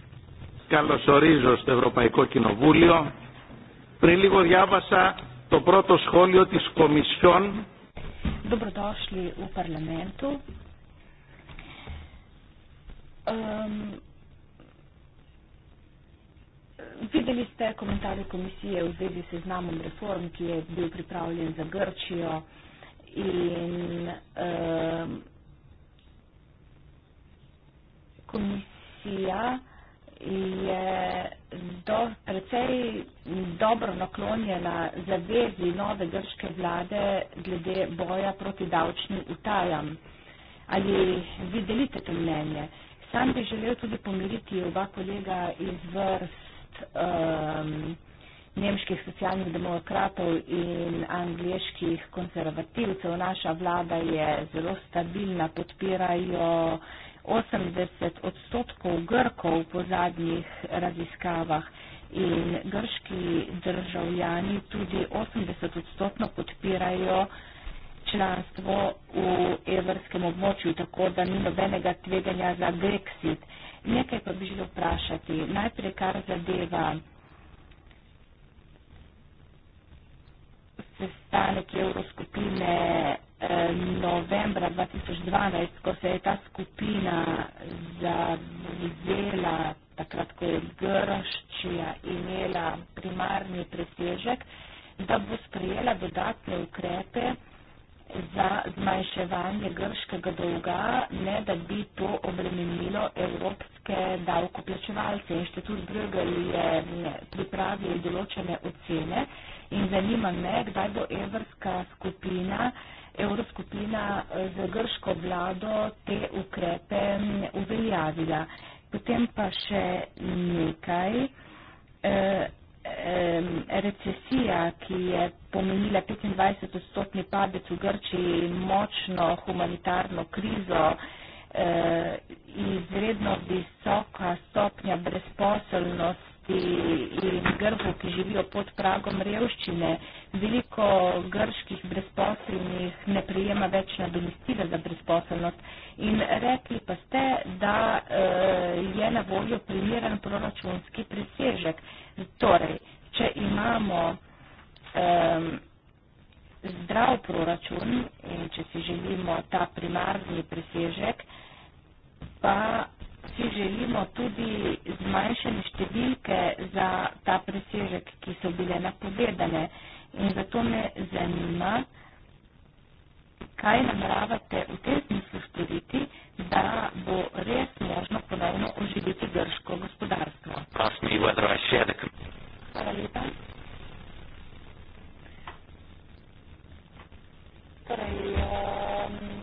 Καλώ ορίζωστε, Ευρωπαϊκό Κοινοβούλιο. Πριν λίγο διάβασα το πρώτο σχόλιο της Κομισιόν. Добродошли у парламенту. Videli ste komentarje komisije v zvezi s seznamom reform, ki je bil pripravljen za Grčijo in um, komisija je do, precej dobro naklonjena zavezi nove grške vlade glede boja proti davčnim utajam. Ali vi delite to mnenje? Sam bi želel tudi pomiriti oba kolega iz vrst um, nemških socialnih demokratov in angliških konzervativcev. Naša vlada je zelo stabilna, podpirajo 80 odstotkov Grkov po zadnjih raziskavah in grški državljani tudi 80 odstotno podpirajo članstvo v evrskem območju, tako da ni nobenega tveganja za Brexit. Uh, Nekaj pa bi želel vprašati. Najprej, kar zadeva sestanek Evroskupine eh, novembra 2012, ko se je ta skupina zavzela, takrat, ko je Grščija imela primarni presežek, da bo sprejela dodatne ukrepe za zmanjševanje grškega dolga, ne da bi to obremenilo evropske davkoplačevalce. Inštitut Brügel je pripravil določene ocene in zanima me, kdaj bo evropska skupina, evroskupina eh, z grško vlado te ukrepe mm, uveljavila. Potem pa še nekaj. E, recesija, ki je pomenila 25-stotni padec v Grčiji, močno humanitarno krizo, eh, izredno visoka stopnja brezposelnosti, in Grkov, ki živijo pod pragom revščine. Veliko grških brezposelnih ne prijema več nadomestila za brezposelnost. In rekli pa ste, da eh, je na voljo primeren proračunski presežek. Torej, če imamo eh, zdrav proračun in če si želimo ta primarni presežek, pa si želimo tudi zmanjšane številke za ta presežek, ki so bile napovedane. In zato me zanima, kaj nameravate v tem smislu storiti, da bo res možno ponovno oživiti grško gospodarstvo. Hvala lepa. Torej, um,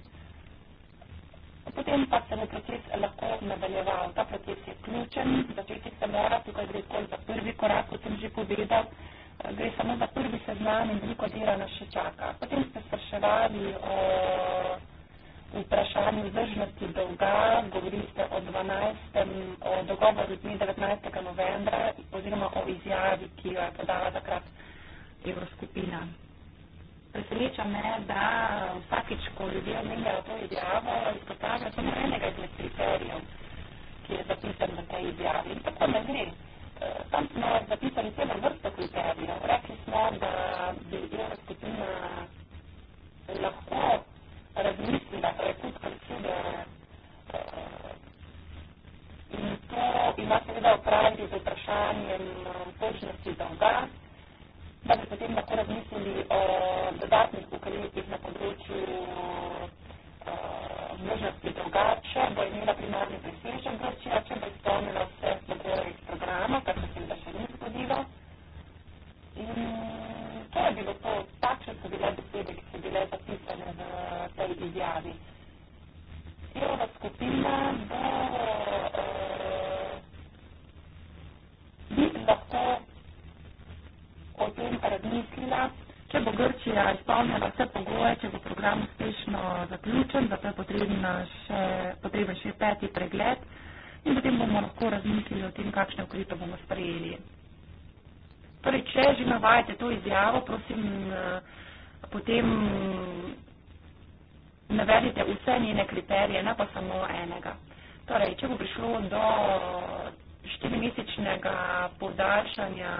Potem pa se bo proces lahko nadaljeval. Ta proces je ključen, začeti se mora, tukaj gre zgolj za prvi korak, kot sem že povedal, gre samo za prvi seznam in veliko dela nas še čaka. Potem ste spraševali o vprašanju vzdržnosti dolga, govorili ste o, 12, o dogovoru dne 19. novembra oziroma o izjavi, ki jo je podala takrat Evroskupina prepriča me, da vsakič, ko ljudje omenjajo to izjavo, izpostavlja samo enega izmed kriterijev, ki je zapisan v tej izjavi. In tako ne gre. Eh, tam smo zapisali celo vrsto kriterijev. Rekli smo, da bi delovna skupina lahko razmislila prekut kolektive eh, in to ima seveda opraviti z vprašanjem eh, točnosti dolga da bi potem lahko razmislili o dodatnih ukrepih na področju uh, možnosti drugače, bo imela primarni presežek Grčija, če bo izpolnila vse pogoje iz programa, kar se seveda še ni zgodilo. In to je bilo to, takšne so bile besede, ki so bile zapisane v tej izjavi. Cijela skupina bo uh, bi lahko mislila, če bo Grčija izpolnila vse pogoje, če bo program uspešno zaključen, da je še, potreben še peti pregled in potem bomo lahko razmislili o tem, kakšne ukrepe bomo sprejeli. Torej, če že navajate to izjavo, prosim, eh, potem navedite vse njene kriterije, ne pa samo enega. Torej, če bo prišlo do štirimesečnega podaljšanja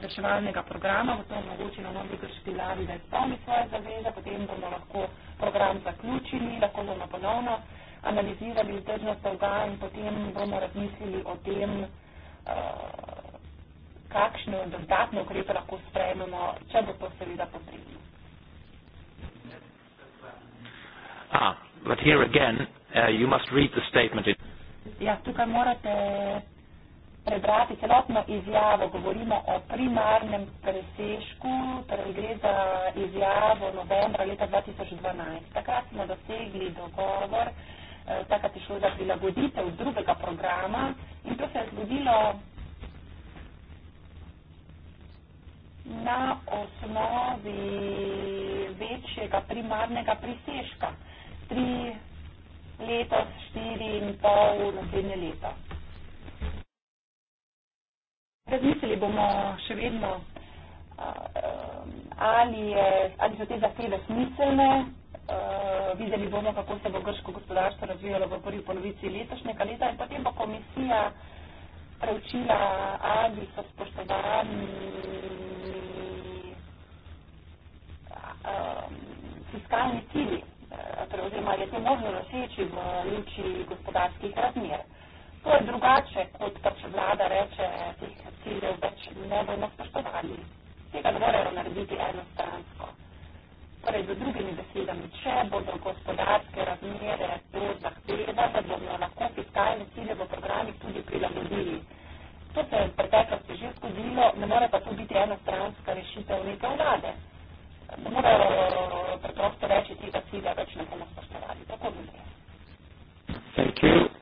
reševalnega programa, bo to omogočilo novi kršiti lavi, da izpolni svoje zaveze, potem bomo lahko program zaključili, lahko bomo ponovno analizirali vzdržnost dolga in potem bomo razmislili o tem, eh, kakšne dodatne ukrepe lahko sprejmemo, če bo to seveda potrebno. Ah, but here again, uh, you must read the statement. Ja, tukaj morate prebrati celotno izjavo, govorimo o primarnem presežku, torej gre za izjavo novembra leta 2012. Takrat smo dosegli dogovor, eh, takrat je šlo za prilagoditev drugega programa in to se je zgodilo na osnovi večjega primarnega presežka. Tri letos, štiri in pol, naslednje leto. Razmislili bomo še vedno, ali, je, ali so te zahteve smiselne. Videli bomo, kako se bo grško gospodarstvo razvijalo v prvi polovici letošnjega leta in potem bo komisija preučila, ali so spoštovani fiskalni cilji, torej oziroma je to možno doseči v luči gospodarskih razmer. To je drugače, kot pač vlada reče, teh ciljev več ne bomo spoštovali. Tega ne morejo narediti enostransko. Torej, z drugimi besedami, če bodo gospodarske razmere to zahtevale, bomo lahko fiskalne cilje v programih tudi prilagodili. To se je v preteklosti že zgodilo, ne more pa to biti enostranska rešitev neke vlade. Morajo preprosto reči, tega cilja več ne bomo spoštovali. Tako bi bilo. Thank you.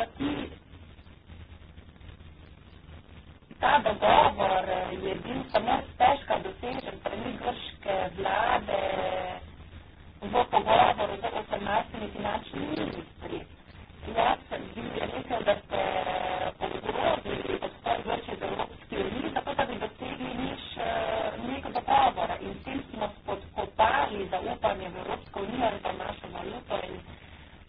ta dogovor je bil samo težka dosežen strani grške vlade v pogovoru z 18 finančnimi ministri. Jaz sem bil je rekel, da ste ogrozili odstoj vrče z Evropske unije, zato da bi dosegli niš eh, nek dogovor. In s tem smo spodkopali zaupanje v Evropsko unijo in pa našo valuto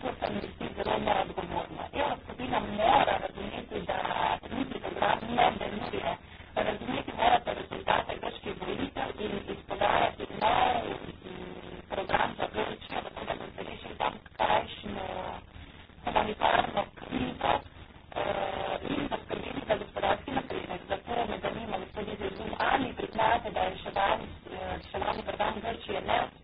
to se mi zdi zelo neodgovorno. E-skupina mora razumeti, da trenutni program ne deluje. Razumeti morate rezultate grških volitev in izpodajati nov mm, program za Grčijo, tako da boste rešili tam krajšnjo humanitarno krizo eh, in poskrbeli za gospodarski napredek. Zato me zanima, gospod Izrezum, ali priznate, da je še eh, lani program Grčije neuspešen?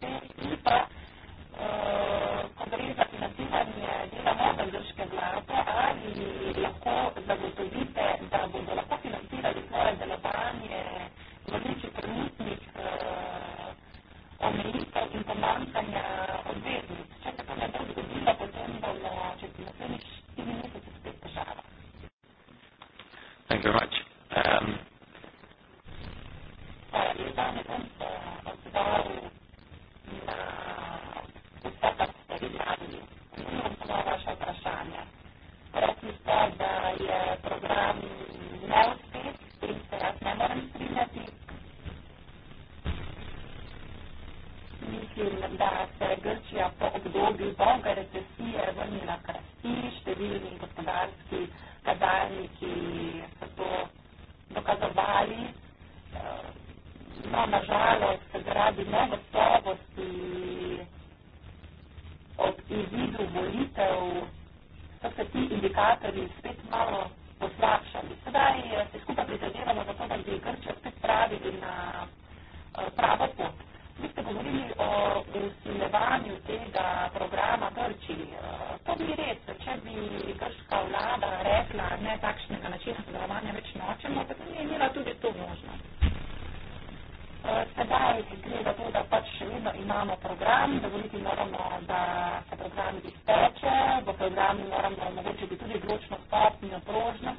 spravili na eh, pravo pot. Vi ste govorili o usiljevanju tega programa Grčiji. Eh, to bi res, če bi grška vlada rekla, ne takšnega načina sodelovanja več nočemo, pa bi imela tudi to možnost. Eh, sedaj gre za to, da pač še vedno imamo program, dovoliti moramo, da se program izteče, v programu moramo omogočiti tudi določno stopnjo prožnosti.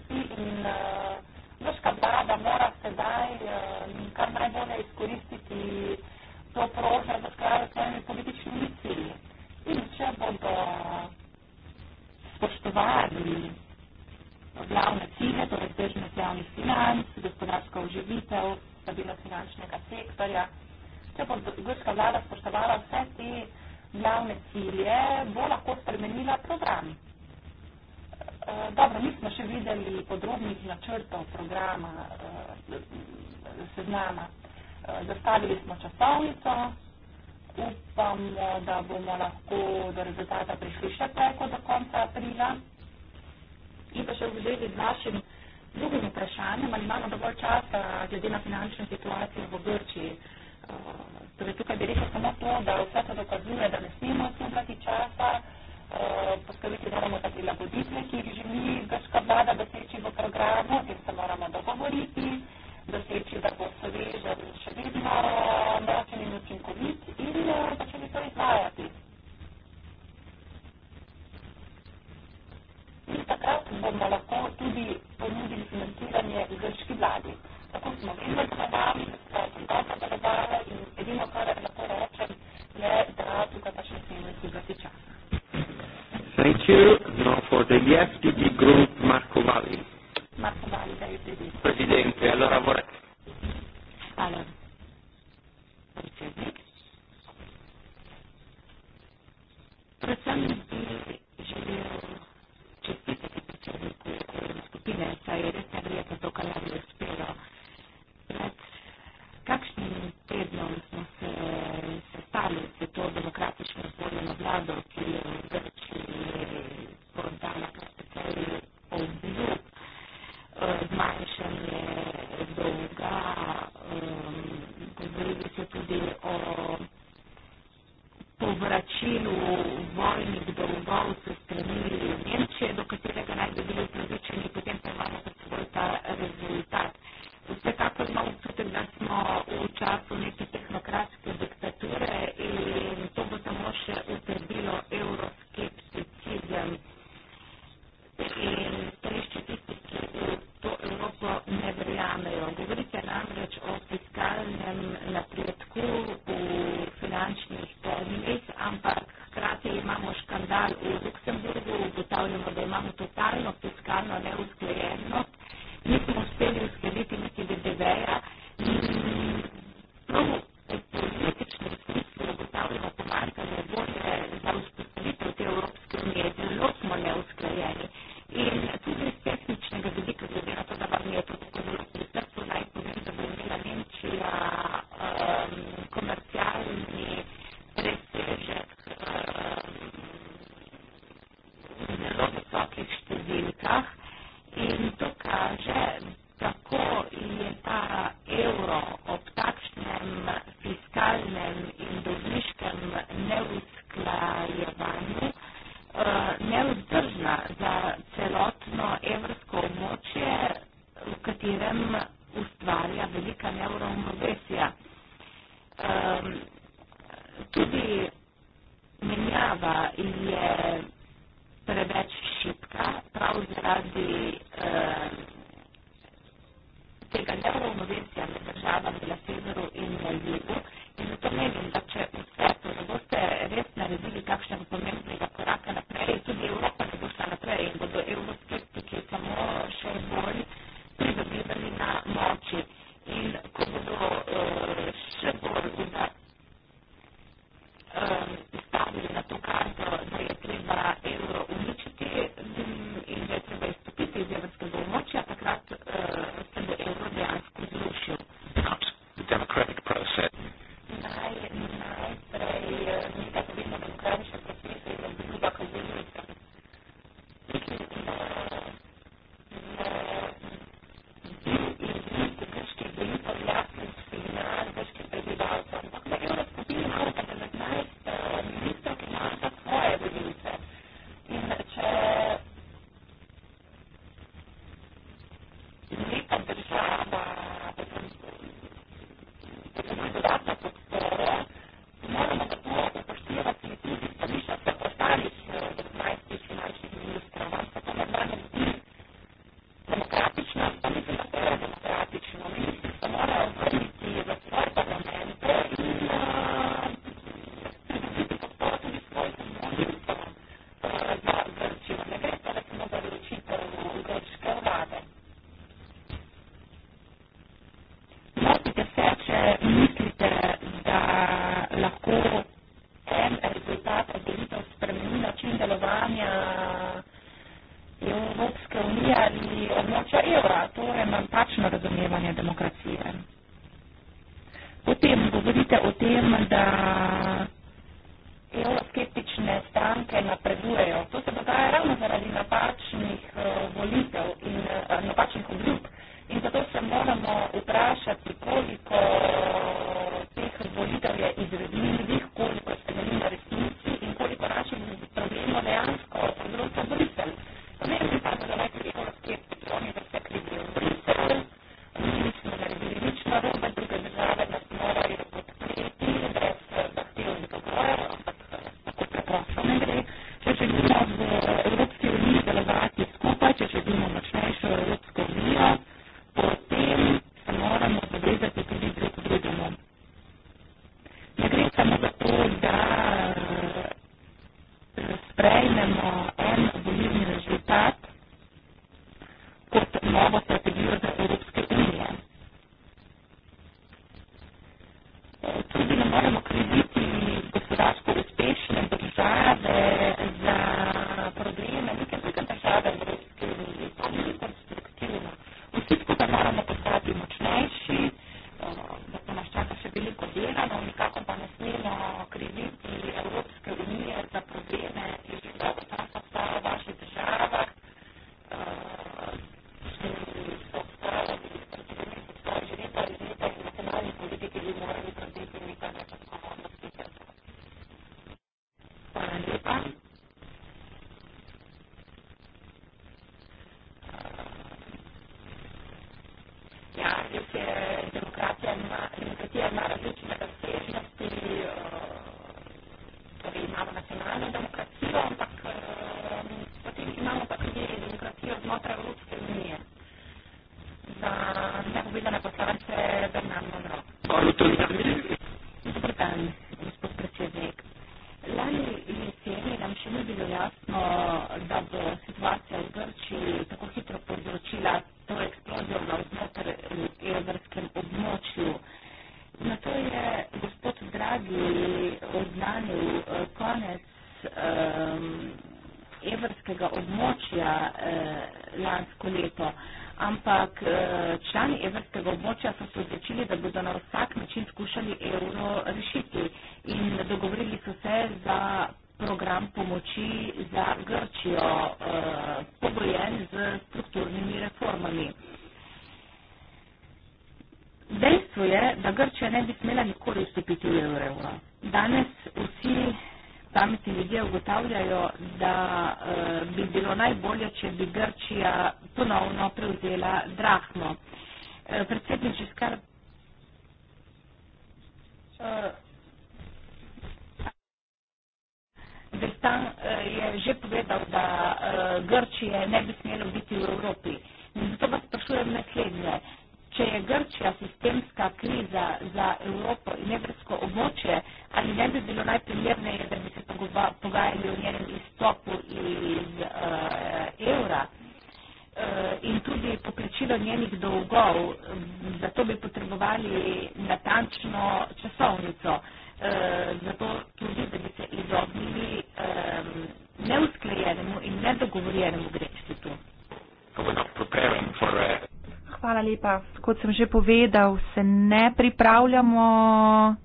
sem že povedal, se ne pripravljamo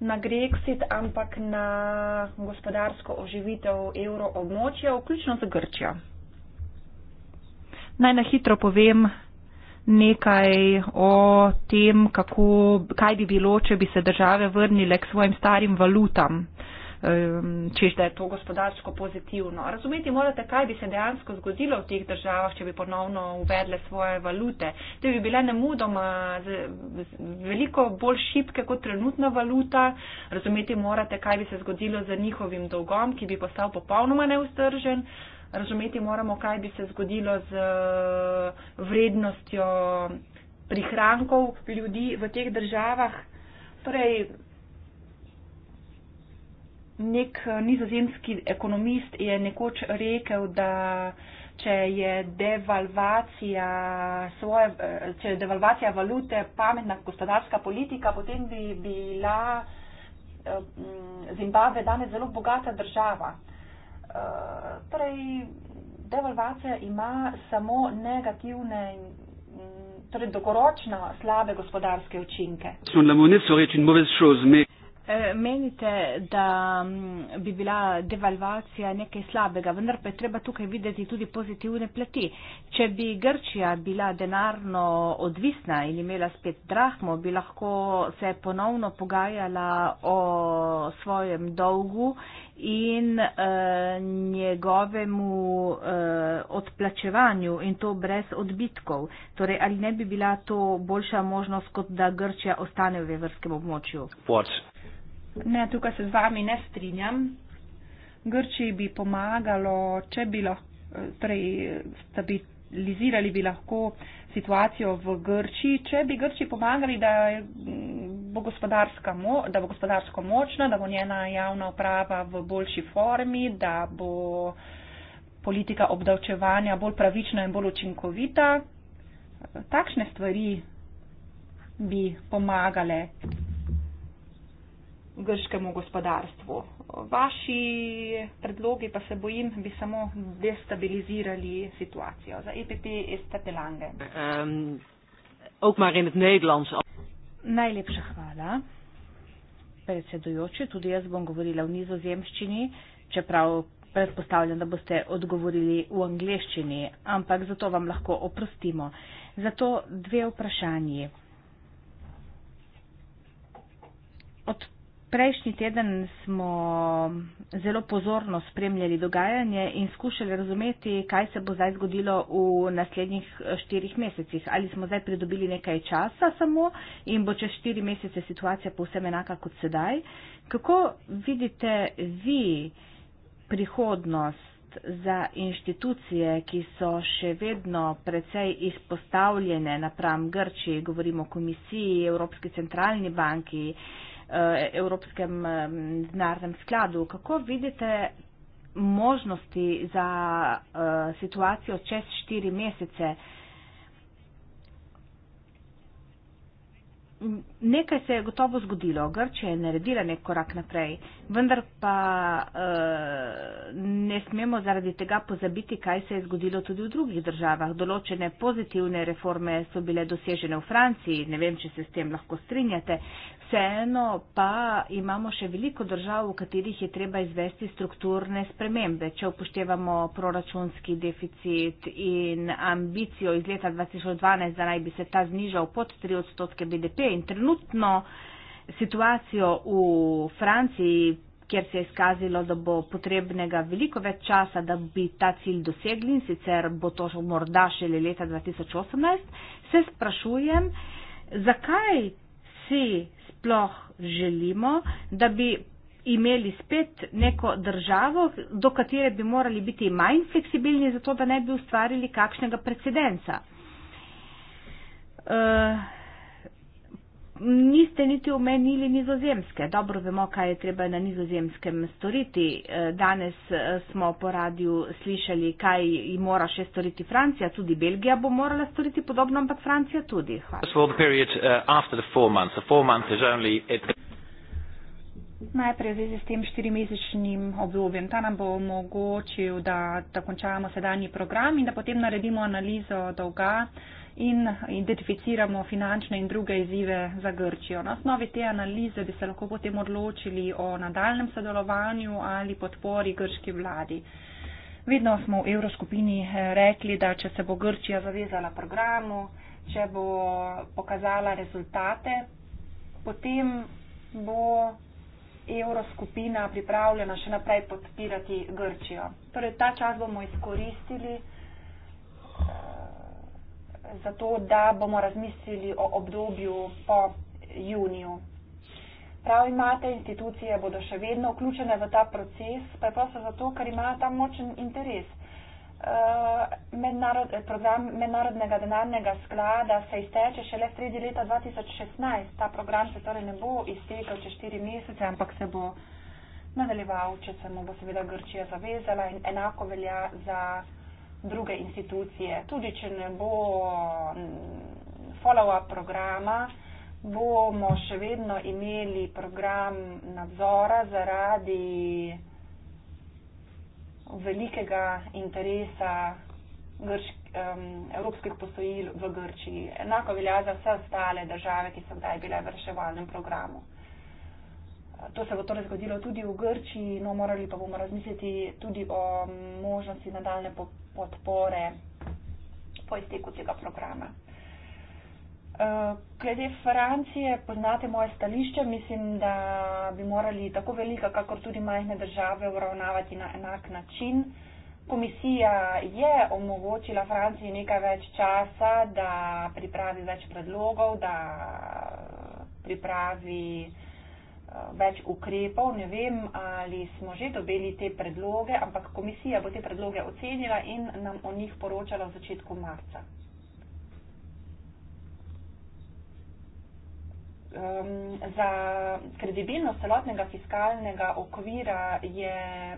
na Grexit, ampak na gospodarsko oživitev euroobmočja, vključno z Grčjo. Naj na hitro povem nekaj o tem, kako, kaj bi bilo, če bi se države vrnile k svojim starim valutam. Ehm, češ da je to gospodarsko pozitivno. Razumeti morate, kaj bi se dejansko zgodilo v teh državah, če bi ponovno uvedle svoje valute. Te bi bile nemudoma veliko bolj šipke kot trenutna valuta. Razumeti morate, kaj bi se zgodilo z njihovim dolgom, ki bi postal popolnoma neustržen. Razumeti moramo, kaj bi se zgodilo z eh, vrednostjo prihrankov ljudi v teh državah. Torej, Nek eh, nizozemski ekonomist je nekoč rekel, da če je devalvacija, svoje, eh, če je devalvacija valute pametna gospodarska politika, potem bi bila eh, mm, Zimbabve danes zelo bogata država. Torej, devalvacija ima samo negativne. Mm, torej, dolgoročno slabe gospodarske učinke. Eh, menite, da mm, bi bila devalvacija nekaj slabega, vendar pa je treba tukaj videti tudi pozitivne plati. Če bi Grčija bila denarno odvisna in imela spet drahmo, bi lahko se ponovno pogajala o svojem dolgu in eh, njegovemu eh, odplačevanju in to brez odbitkov. Torej, ali ne bi bila to boljša možnost, kot da Grčija ostane v evrskem območju? What? Ne, tukaj se z vami ne strinjam. Grčiji bi pomagalo, če bi lahko, torej stabilizirali bi lahko situacijo v Grčiji, če bi Grčiji pomagali, da bo, da bo gospodarsko močna, da bo njena javna uprava v boljši formi, da bo politika obdavčevanja bolj pravična in bolj učinkovita. Takšne stvari bi pomagale grškemu gospodarstvu. Vaši predlogi pa se bojim, bi samo destabilizirali situacijo. Za EPP ste pelange. Um, Najlepša hvala. Predsedujoče, tudi jaz bom govorila v nizozemščini, čeprav predpostavljam, da boste odgovorili v angleščini, ampak zato vam lahko oprostimo. Zato dve vprašanji. Od Prejšnji teden smo zelo pozorno spremljali dogajanje in skušali razumeti, kaj se bo zdaj zgodilo v naslednjih eh, štirih mesecih. Ali smo zdaj pridobili nekaj časa samo in bo čez štiri mesece situacija povsem enaka kot sedaj. Kako vidite vi prihodnost za inštitucije, ki so še vedno precej izpostavljene napram Grči, govorimo o komisiji, Evropski centralni banki, Eh, Evropskem eh, denarnem skladu. Kako vidite možnosti za eh, situacijo čez štiri mesece? Nekaj se je gotovo zgodilo, Grčija je naredila nek korak naprej, vendar pa ne smemo zaradi tega pozabiti, kaj se je zgodilo tudi v drugih državah. Določene pozitivne reforme so bile dosežene v Franciji, ne vem, če se s tem lahko strinjate, vseeno pa imamo še veliko držav, v katerih je treba izvesti strukturne spremembe. Če upoštevamo proračunski deficit in ambicijo iz leta 2012, da naj bi se ta znižal pod 3 odstotke BDP in trenutno situacijo v Franciji, kjer se je skazilo, da bo potrebnega veliko več časa, da bi ta cilj dosegli in sicer bo to morda šele leta 2018, se sprašujem, zakaj si sploh želimo, da bi imeli spet neko državo, do katere bi morali biti manj fleksibilni, zato da ne bi ustvarili kakšnega precedenca. Uh, eh, niste niti omenili nizozemske. Dobro vemo, kaj je treba na nizozemskem storiti. E, danes e, smo po radiju slišali, kaj mora še storiti Francija, tudi Belgija bo morala storiti podobno, ampak Francija tudi. E, Najprej v zvezi s tem štirimesečnim obdobjem. Ta nam bo omogočil, da, da končamo sedanji program in da potem naredimo analizo dolga in identificiramo finančne in druge izzive za Grčijo. Na osnovi te analize bi se lahko potem odločili o nadaljem sodelovanju ali podpori grški vladi. Vedno smo v Evroskupini eh, rekli, da če se bo Grčija zavezala programu, če bo pokazala rezultate, potem bo Evroskupina pripravljena še naprej podpirati Grčijo. Torej, ta čas bomo izkoristili eh, zato, da bomo razmislili o obdobju po juniju. Prav imate, institucije bodo še vedno vključene v ta proces, preprosto zato, ker imajo tam močen interes. Eh, mednarod, program Mednarodnega denarnega sklada se izteče šele v sredi leta 2016. Ta program se torej ne bo iztekel čez štiri mesece, ampak se bo nadaljeval, če se mu bo seveda Grčija zavezala in enako velja za druge institucije. Tudi, če ne bo follow-up programa, bomo še vedno imeli program nadzora zaradi velikega interesa grš, um, evropskih posojil v Grčiji. Enako velja za vse ostale države, ki so zdaj bile v reševalnem programu. To se bo torej zgodilo tudi v Grčiji, no morali pa bomo razmisliti tudi o možnosti nadaljne podpore po izteku tega programa. Eh, glede Francije, poznate moje stališče, mislim, da bi morali tako velika, kakor tudi majhne države uravnavati na enak način. Komisija je omogočila Franciji nekaj več časa, da pripravi več predlogov, da pripravi uh, več ukrepov. Ne vem, ali smo že dobili te predloge, ampak komisija bo te predloge ocenila in nam o njih poročala v začetku marca. Um, za kredibilnost celotnega fiskalnega okvira je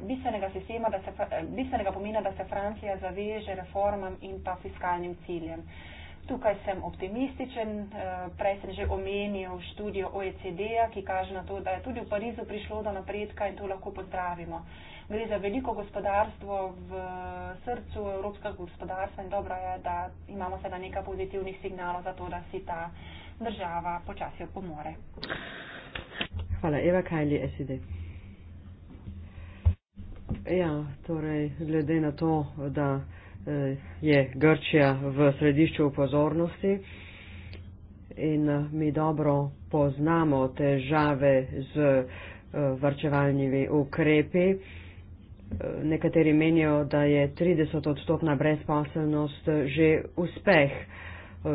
bistvenega, sistema, da se, eh, bistvenega pomena, da se Francija zaveže reformam in pa fiskalnim ciljem. Uh, Tukaj sem optimističen. Eh, prej sem že omenil študijo OECD-ja, ki kaže na to, da je tudi v Parizu prišlo do napredka in to lahko pozdravimo. Gre za veliko gospodarstvo v srcu evropskega gospodarstva in dobro je, da imamo sedaj nekaj pozitivnih signalov za to, da si ta država počasi opomore. Hvala, Eva Kajli, SED. Ja, torej, glede na to, da. Eh, je Grčija v središču pozornosti in eh, mi dobro poznamo težave z eh, varčevalnimi ukrepi. Nekateri menijo, da je 30 odstotna brezposelnost že uspeh.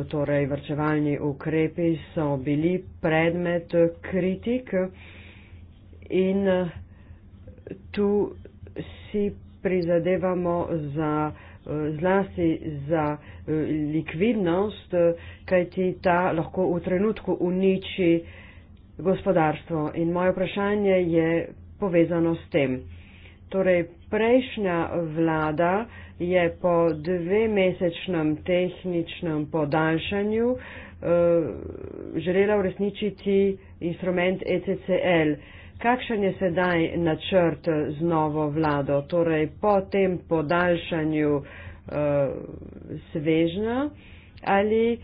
Torej, vrčevalni ukrepi so bili predmet kritik in tu si prizadevamo za uh, zlasti za eh, likvidnost, kajti ta lahko v trenutku uniči gospodarstvo. In moje vprašanje je povezano s tem. Torej, prejšnja vlada je po dvemesečnem tehničnem podaljšanju uh, želela uresničiti instrument ECCL. Uh, kakšen je sedaj načrt z novo vlado, torej po tem podaljšanju uh, eh, svežna ali eh,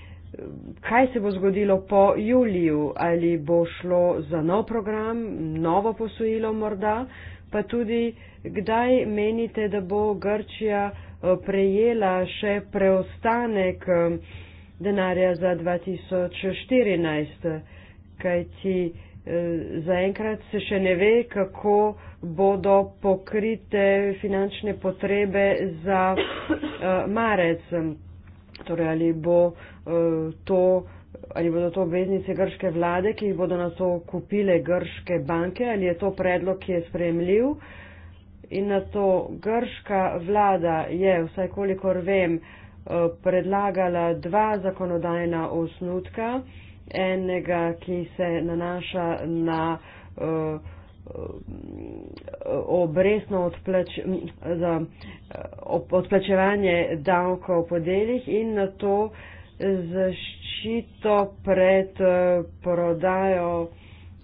kaj se bo zgodilo po juliju, ali bo šlo za nov program, novo posojilo morda, pa tudi kdaj menite, da bo Grčija eh, prejela še preostanek denarja za 2014, kajti E, zaenkrat se še ne ve, kako bodo pokrite finančne potrebe za e, marec. Torej, ali, bo e, to, ali bodo to obveznice grške vlade, ki jih bodo na to kupile grške banke, ali je to predlog, ki je spremljiv. In na to grška vlada je, vsaj kolikor vem, predlagala dva zakonodajna osnutka, enega, ki se nanaša na uh, eh, eh, obresno odpleč, za, eh, odplačevanje davkov po delih in na to zaščito pred uh, prodajo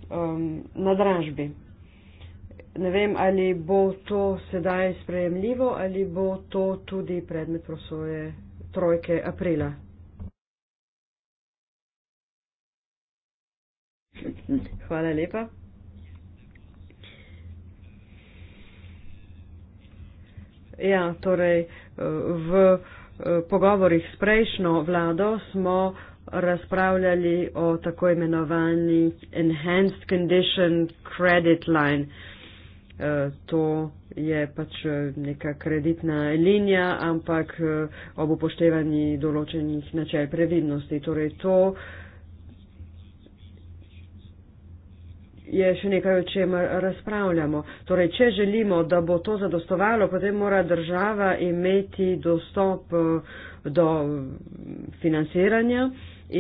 um, na dražbi. Ne vem, ali bo to sedaj sprejemljivo, ali bo to tudi predmet prosoje trojke aprila. Hvala lepa. Ja, torej v pogovorih s prejšnjo vlado smo razpravljali o tako imenovani Enhanced Condition Credit Line. To je pač neka kreditna linija, ampak ob upoštevanju določenih načel previdnosti. Torej to, je še nekaj, o čemer razpravljamo. Torej, če želimo, da bo to zadostovalo, potem mora država imeti dostop eh, do financiranja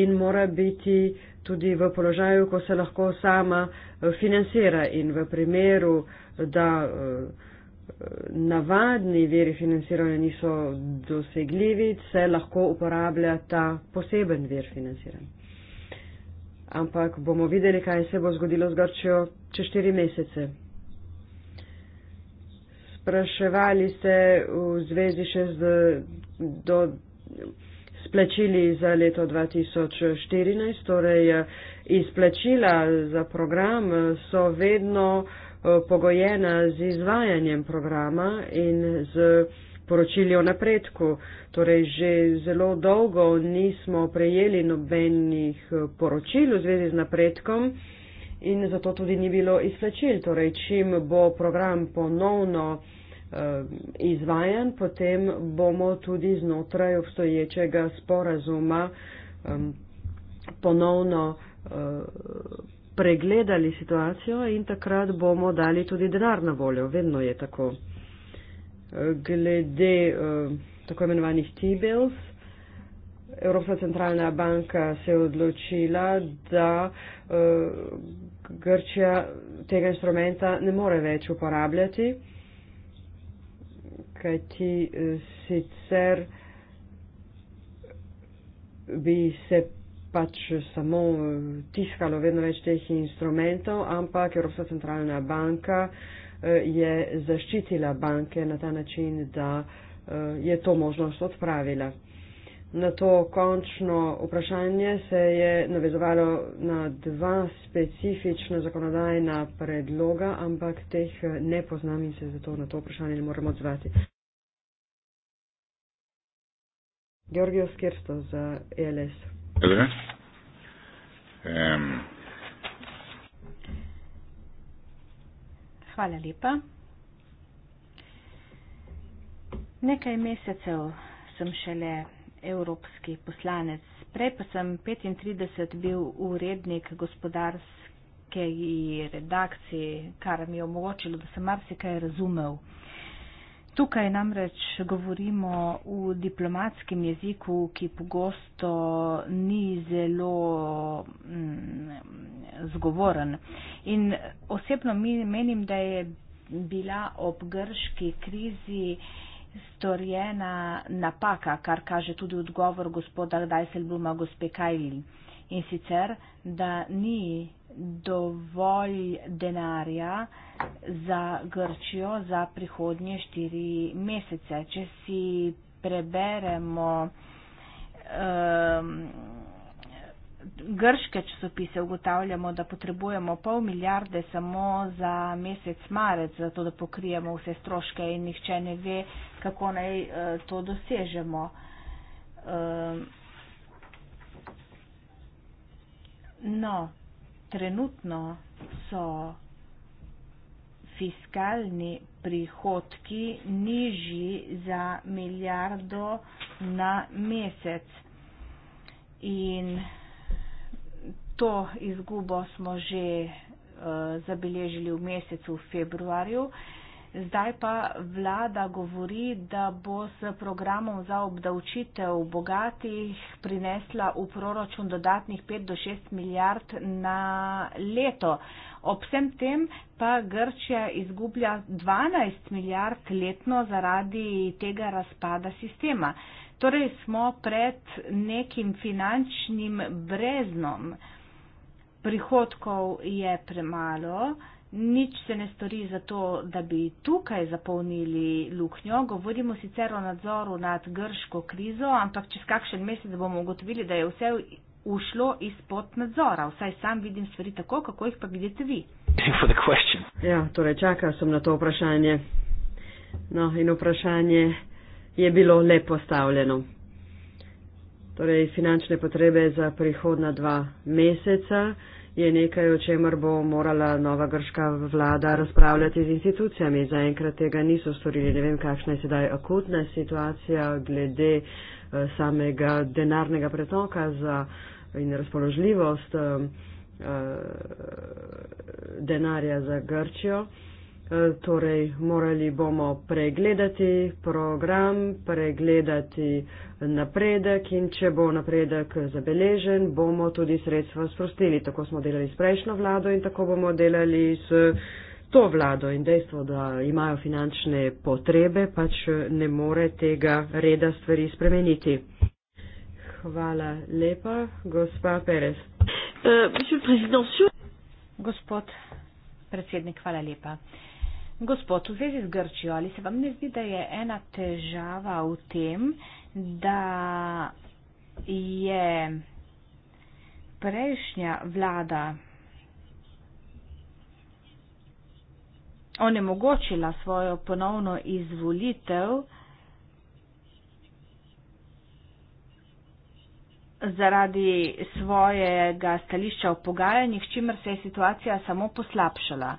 in mora biti tudi v položaju, ko se lahko sama eh, financira in v primeru, da eh, navadni veri financiranja niso dosegljivi, se lahko uporablja ta poseben ver financiranja ampak bomo videli, kaj se bo zgodilo z Grčijo čez štiri mesece. Spraševali ste v zvezi še z do, splačili za leto 2014, torej eh, izplačila za program eh, so vedno eh, pogojena z izvajanjem programa in z poročili o napredku. Torej, že zelo dolgo nismo prejeli nobenih eh, poročil v zvezi z napredkom in zato tudi ni bilo izplačil. Torej, čim bo program ponovno eh, izvajan, potem bomo tudi znotraj obstoječega sporazuma eh, ponovno. Eh, pregledali situacijo in takrat bomo dali tudi denar na voljo. Vedno je tako glede eh, tako imenovanih T-bills. Evropska centralna banka se je odločila, da eh, Grčija tega instrumenta ne more več uporabljati, kajti eh, sicer bi se pač samo tiskalo vedno več teh instrumentov, ampak Evropska centralna banka uh, Eh, je zaščitila banke na ta način, da eh, je to možnost odpravila. Na to končno vprašanje se je navezovalo na dva specifična zakonodajna predloga, ampak teh eh, ne poznam in se zato na to vprašanje ne moremo odzvati. Georgios Kirsto za ELS. Hvala. Um. Hvala lepa. Nekaj mesecev sem šele evropski poslanec. Prej pa sem 35 bil urednik gospodarske redakcije, kar mi je omogočilo, da sem marsikaj razumel. Tukaj namreč govorimo v diplomatskem jeziku, ki pogosto ni zelo mm, zgovoren. In osebno menim, da je bila ob grški krizi storjena napaka, kar kaže tudi odgovor gospoda Dajselbluma gospe Kajli. In sicer, da ni dovolj denarja za Grčijo za prihodnje štiri mesece. Če si preberemo um, grške časopise, ugotavljamo, da potrebujemo pol milijarde samo za mesec marec, zato da pokrijemo vse stroške in nihče ne ve, kako naj uh, to dosežemo. Um, no trenutno so fiskalni prihodki nižji za milijardo na mesec. In to izgubo smo že uh, zabeležili v mesecu februarju. Uh, Zdaj pa vlada govori, da bo s programom za obdavčitev bogatih prinesla v proračun dodatnih 5 do 6 milijard na leto. Ob vsem tem pa Grčija izgublja 12 milijard letno zaradi tega razpada sistema. Torej smo pred nekim finančnim breznom. Prihodkov je premalo nič se ne stori za to, da bi tukaj zapolnili luknjo. Govorimo sicer o nadzoru nad grško krizo, ampak čez kakšen mesec bomo ugotovili, da je vse ušlo izpod nadzora. Vsaj sam vidim stvari tako, kako jih pa vidite vi. Ja, torej čakal sem na to vprašanje. No, in vprašanje je bilo lepo postavljeno. Torej, finančne potrebe za prihodna dva meseca je nekaj, o čemer bo morala nova grška vlada razpravljati z institucijami. Zaenkrat tega niso storili. Ne vem, kakšna je sedaj akutna situacija glede eh, samega denarnega pretoka za in razpoložljivost eh, eh, denarja za Grčijo. E, torej morali bomo pregledati program, pregledati napredek in če bo napredek zabeležen, bomo tudi sredstva sprostili. Tako smo delali s prejšnjo vlado in tako bomo delali s to vlado in dejstvo, da imajo finančne potrebe, pač ne more tega reda stvari spremeniti. Hvala lepa, gospa Perez. Uh, gospod predsednik, hvala lepa. Uh, Gospod, v zvezi z Grčijo, ali se vam ne zdi, da je ena težava v tem, da je prejšnja vlada onemogočila svojo ponovno izvolitev zaradi svojega stališča v pogajanjih, čimer se je situacija samo poslabšala.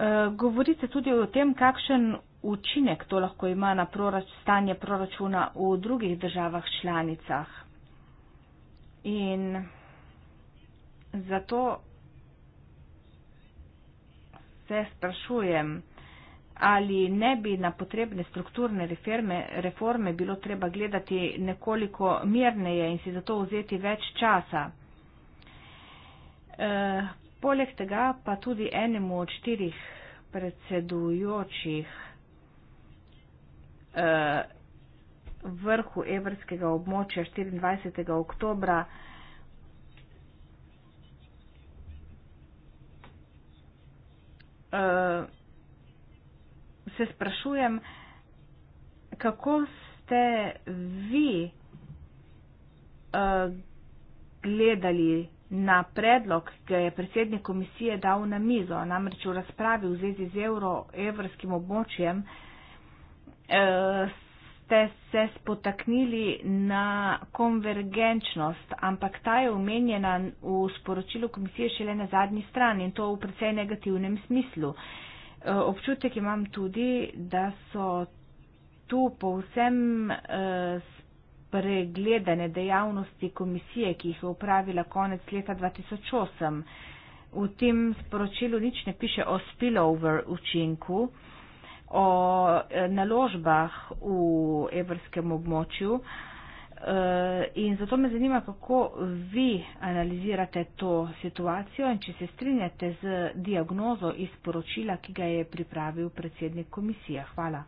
Eh, govorite tudi o tem, kakšen učinek to lahko ima na proračun, stanje proračuna v drugih državah članicah. In zato se sprašujem, ali ne bi na potrebne strukturne reforme, reforme bilo treba gledati nekoliko mirneje in si zato vzeti več časa. Eh, Poleg tega pa tudi enemu od štirih predsedujočih eh, vrhu evrskega območja 24. oktobra eh, se sprašujem, kako ste vi eh, gledali Na predlog ga je predsednik komisije dal na mizo, namreč v razpravi v zvezi z evroevrskim območjem eh, ste se spotaknili na konvergenčnost, ampak ta je omenjena v sporočilu komisije šele na zadnji strani in to v precej negativnem smislu. Eh, občutek imam tudi, da so tu povsem eh, pregledane dejavnosti komisije, ki jih je upravila konec leta 2008. V tem sporočilu nič ne piše o spillover učinku, o eh, naložbah v evrskem območju. Eh, in zato me zanima, kako vi analizirate to situacijo in če se strinjate z diagnozo iz poročila, ki ga je pripravil predsednik komisije. Hvala.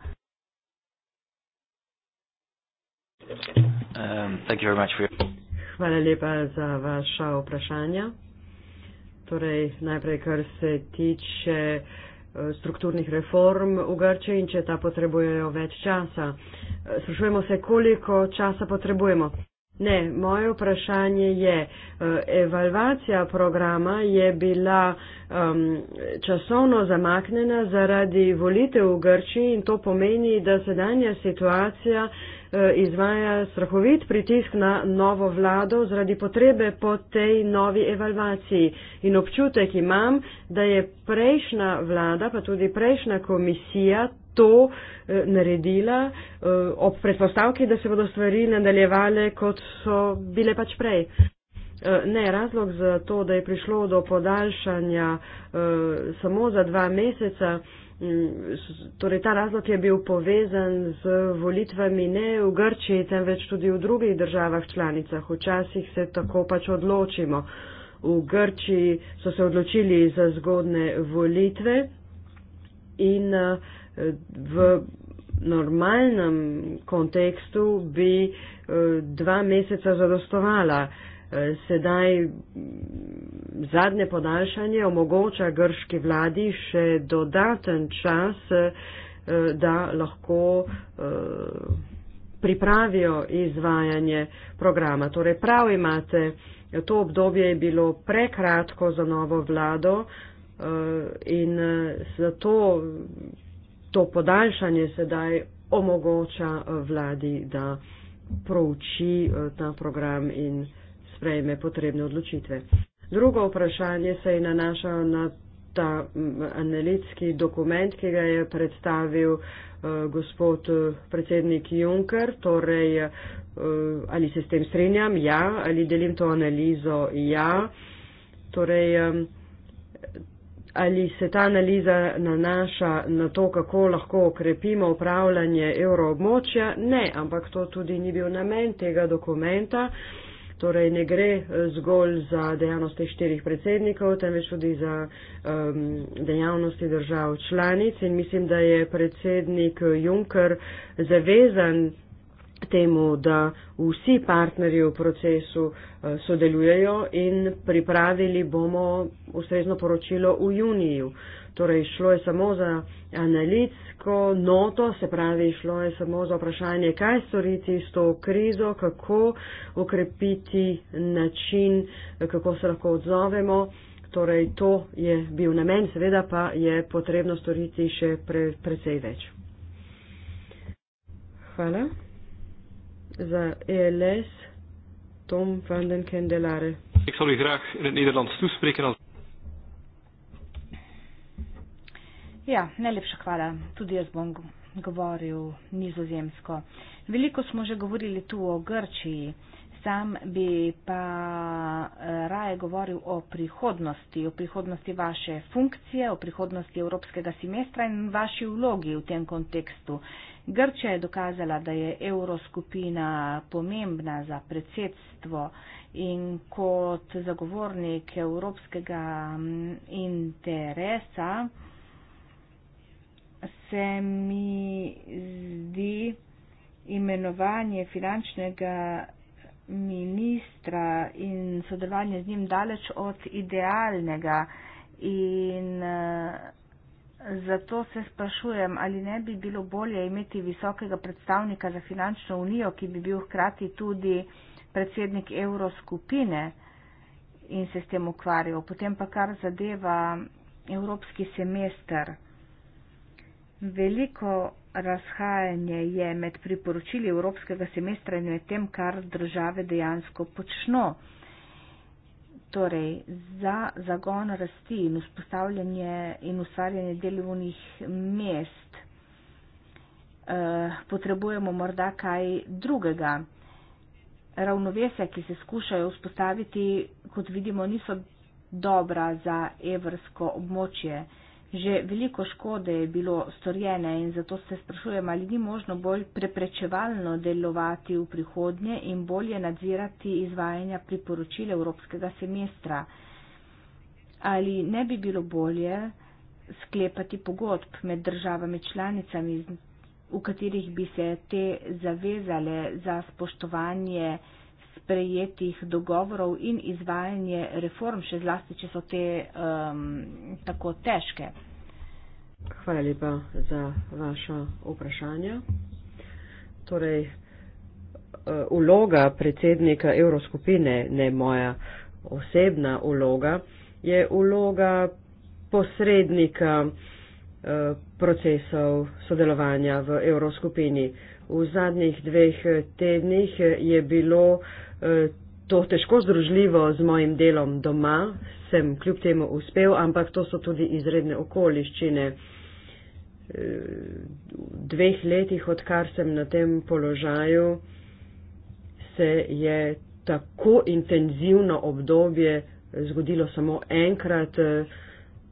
Um, thank you very much for your... Hvala lepa za vaša vprašanja. Torej, najprej, kar se tiče eh, strukturnih reform v Grčiji in če ta potrebujejo več časa. Eh, sprašujemo se, koliko časa potrebujemo. Ne, moje vprašanje je, eh, evalvacija programa je bila um, časovno zamaknjena zaradi volitev v Grči in to pomeni, da sedanja situacija eh, izvaja strahovit pritisk na novo vlado zaradi potrebe po tej novi evalvaciji. In občutek imam, da je prejšnja vlada, pa tudi prejšnja komisija to e, naredila e, ob predpostavki, da se bodo stvari nadaljevale, kot so bile pač prej. E, ne, razlog za to, da je prišlo do podaljšanja e, samo za dva meseca, mm, Torej, ta razlog je bil povezan z volitvami ne v Grčiji, temveč tudi v drugih državah članicah. Včasih se tako pač odločimo. V Grčiji so se odločili za zgodne volitve in uh, v normalnem kontekstu bi eh, dva meseca zadostovala. Eh, sedaj mm, zadnje podaljšanje omogoča grški vladi še dodaten čas, eh, da lahko pripravijo izvajanje programa. Torej, prav imate, to obdobje je bilo prekratko za novo vlado in zato to podaljšanje sedaj omogoča eh, vladi, da prouči eh, ta program in sprejme potrebne odločitve. Drugo vprašanje se je nanašalo na ta analitski dokument, ki ga je predstavil uh, gospod predsednik Juncker. Torej, uh, ali se s tem strinjam? Ja. Ali delim to analizo? Ja. Torej, um, ali se ta analiza nanaša na to, kako lahko okrepimo upravljanje evroobmočja. Ne, ampak to tudi ni bil namen tega dokumenta. Torej ne gre eh, zgolj za dejavnost teh štirih predsednikov, temveč tudi za um, dejavnosti držav članic in mislim, da je predsednik Juncker zavezan temu, da vsi partnerji v procesu eh, sodelujejo in pripravili bomo ustrezno poročilo v juniju. Torej, šlo je samo za analitsko noto, se pravi, šlo je samo za vprašanje, kaj storiti s to krizo, kako ukrepiti način, eh, kako se lahko odzovemo. Torej, to je bil namen, seveda pa je potrebno storiti še pre, precej več. Hvala za ELS, Tom van den Kendelare. Ik zal u graag in het Nederlands toespreken als. Ja, najlepša hvala. Tudi jaz bom govoril nizozemsko. Veliko smo že govorili tu o Grčiji, sam bi pa eh, raje govoril o prihodnosti, o prihodnosti vaše funkcije, o prihodnosti evropskega semestra in vaši vlogi v tem kontekstu. Uh, Grčija je dokazala, da je evroskupina pomembna za predsedstvo in kot zagovornik evropskega mm, interesa se mi zdi imenovanje finančnega ministra in sodelovanje z njim daleč od idealnega in uh, Zato se sprašujem, ali ne bi bilo bolje imeti visokega predstavnika za finančno unijo, ki bi bil hkrati tudi predsednik evroskupine in se s tem ukvarjal. Potem pa kar zadeva evropski semester. Veliko razhajanje je med priporočili evropskega semestra in med tem, kar države dejansko počnejo. Torej, za zagon rasti in vzpostavljanje in ustvarjanje delovnih mest eh, potrebujemo morda kaj drugega. Ravnovesja, ki se skušajo vzpostaviti, kot vidimo, niso dobra za evrsko območje. Eh, Že veliko škode je bilo storjene in zato se sprašujem, ali ni možno bolj preprečevalno delovati v prihodnje in bolje nadzirati izvajanja priporočile Evropskega semestra. Ali ne bi bilo bolje sklepati pogodb med državami članicami, v katerih bi se te zavezale za spoštovanje sprejetih dogovorov in izvajanje reform, še zlasti, če so te um, tako težke. Hvala lepa za vaša vprašanja. Torej, uh, uloga predsednika Evroskupine, ne moja osebna uloga, je uloga posrednika uh, procesov sodelovanja v Evroskupini. V zadnjih dveh eh, tednih eh, je bilo uh, to težko združljivo z mojim delom doma, sem kljub temu uspel, ampak to so tudi izredne okoliščine. V dveh letih, odkar sem na tem položaju, se je tako intenzivno obdobje zgodilo samo enkrat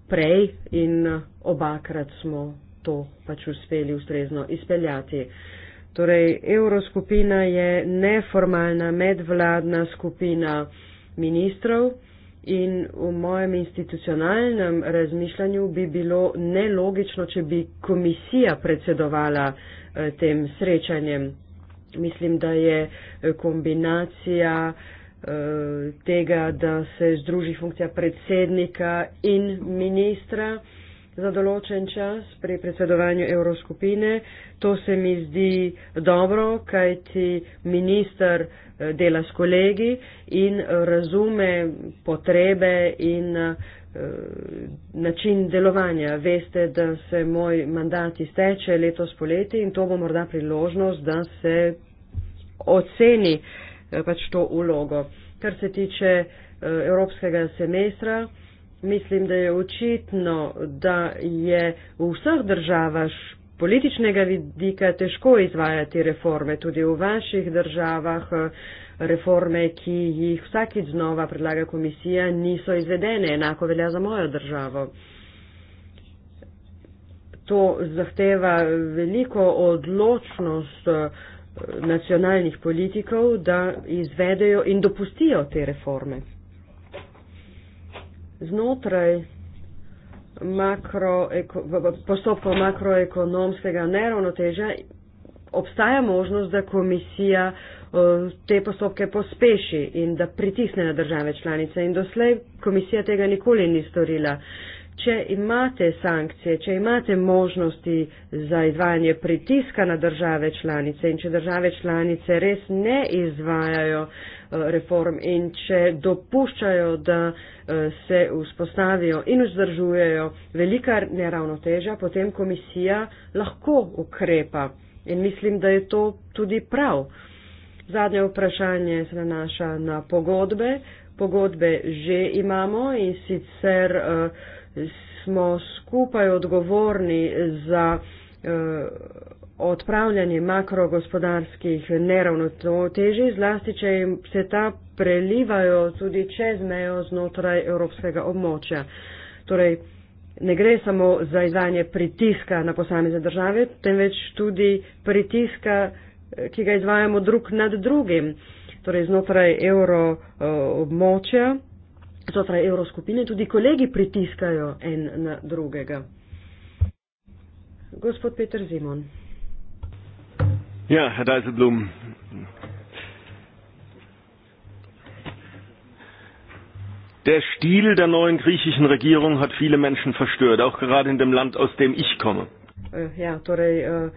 prej in obakrat smo to pač uspeli ustrezno izpeljati. Torej, Evroskupina je neformalna medvladna skupina ministrov in v mojem institucionalnem razmišljanju bi bilo nelogično, če bi komisija predsedovala eh, tem srečanjem. Mislim, da je eh, kombinacija eh, tega, da se združi funkcija predsednika in ministra, za določen čas pri predsedovanju Evroskupine. To se mi zdi dobro, kajti minister eh, dela s kolegi in razume potrebe in eh, način delovanja. Veste, da se moj mandat izteče letos poleti in to bo morda priložnost, da se oceni eh, pač to ulogo. Kar se tiče evropskega semestra, Mislim, da je očitno, da je v vseh državah političnega vidika težko izvajati reforme, tudi v vaših državah eh, reforme, ki jih vsakič znova predlaga komisija, niso izvedene. Enako velja za mojo državo. To zahteva veliko odločnost eh, nacionalnih politikov, da izvedejo in dopustijo te reforme znotraj makro, postopkov makroekonomskega neravnotežja obstaja možnost, da komisija te postopke pospeši in da pritisne na države članice. In doslej komisija tega nikoli ni storila. Če imate sankcije, če imate možnosti za izvajanje pritiska na države članice in če države članice res ne izvajajo uh, Eh, reform in če dopuščajo, da eh, se vzpostavijo in vzdržujejo velika neravnotežja, potem komisija lahko ukrepa. In mislim, da je to tudi prav. Zadnje vprašanje se nanaša na pogodbe. Pogodbe že imamo in sicer uh, smo skupaj odgovorni za. Uh, odpravljanje makrogospodarskih neravnotežij, zlasti če jim se ta prelivajo tudi čez mejo znotraj evropskega območja. Torej, ne gre samo za izvajanje pritiska na posamezne države, temveč tudi pritiska, ki ga izvajamo drug nad drugim, torej znotraj evro eh, območja, znotraj evroskupine, tudi kolegi pritiskajo en na drugega. Gospod Peter Zimon. Ja, Herr Deiselblum. Der Stil der neuen griechischen Regierung hat viele Menschen verstört, auch gerade in dem Land, aus dem ich komme. Eh, ja, torej, eh, eh,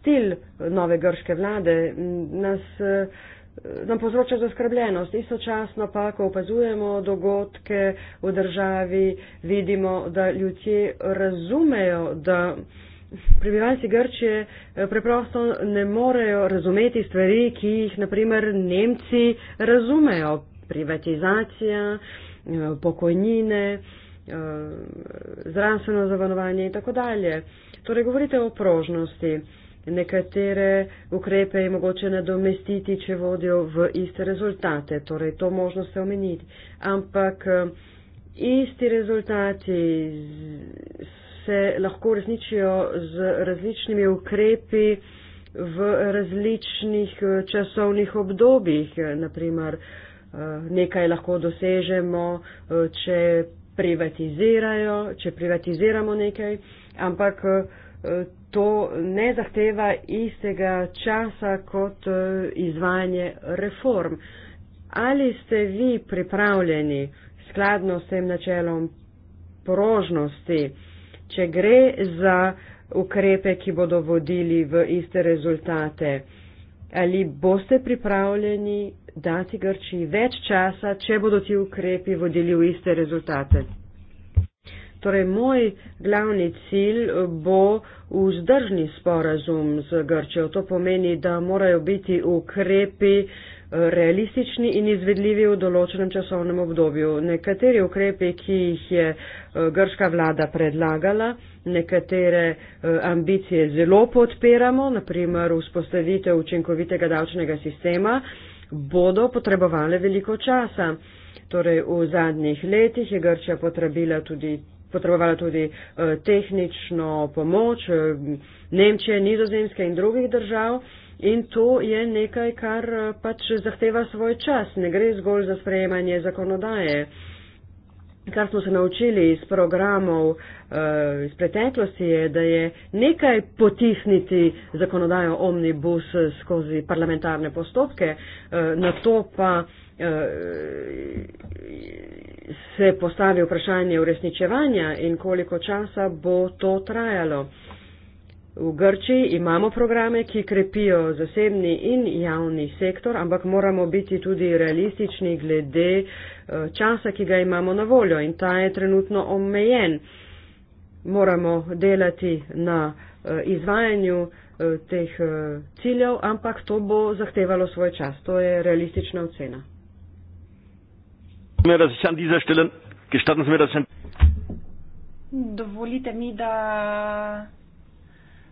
stil nove grške vlade nas, nam povzroča zaskrbljenost. Istočasno pa, ko opazujemo dogodke v državi, vidimo, da ljudje razumejo, da Prebivalci Grčije eh, preprosto ne morejo razumeti stvari, ki jih naprimer Nemci razumejo. Privatizacija, eh, pokojnine, eh, zdravstveno zavarovanje in tako dalje. Torej govorite o prožnosti. Nekatere ukrepe je mogoče nadomestiti, če vodijo v iste rezultate. Torej to možnost se omeniti. Ampak isti rezultati se lahko uresničijo z različnimi ukrepi v različnih eh, časovnih obdobjih. Naprimer, eh, nekaj lahko dosežemo, eh, če, če privatiziramo nekaj, ampak to ne zahteva istega časa kot izvajanje reform. Ali ste vi pripravljeni skladno s tem načelom porožnosti, če gre za ukrepe, ki bodo vodili v iste rezultate. Ali boste pripravljeni dati Grčiji več časa, če bodo ti ukrepi vodili v iste rezultate? Torej, moj glavni cilj bo vzdržni sporazum z Grčijo. To pomeni, da morajo biti ukrepi uh, realistični in izvedljivi v določenem časovnem obdobju. Nekateri ukrepi, ki jih je eh, grška vlada predlagala, nekatere eh, ambicije zelo podpiramo, naprimer vzpostavitev učinkovitega davčnega sistema, bodo potrebovali veliko časa. Torej, v zadnjih letih je Grčija tudi, potrebovala tudi eh, tehnično pomoč eh, Nemčije, Nizozemske in drugih držav. In to je nekaj, kar eh, pač zahteva svoj čas. Ne gre zgolj za sprejemanje zakonodaje. Kar smo se naučili iz programov uh, iz preteklosti je, da je nekaj potisniti zakonodajo omnibus skozi parlamentarne postopke, uh, eh, na to pa uh, se postavi vprašanje uresničevanja in koliko časa bo to trajalo. Uh, V Grčiji imamo programe, ki krepijo zasebni in javni sektor, ampak moramo biti tudi realistični glede eh, časa, ki ga imamo na voljo in ta je trenutno omejen. Moramo delati na eh, izvajanju eh, teh ciljev, ampak to bo zahtevalo svoj čas. To je realistična ocena. Dovolite mi, da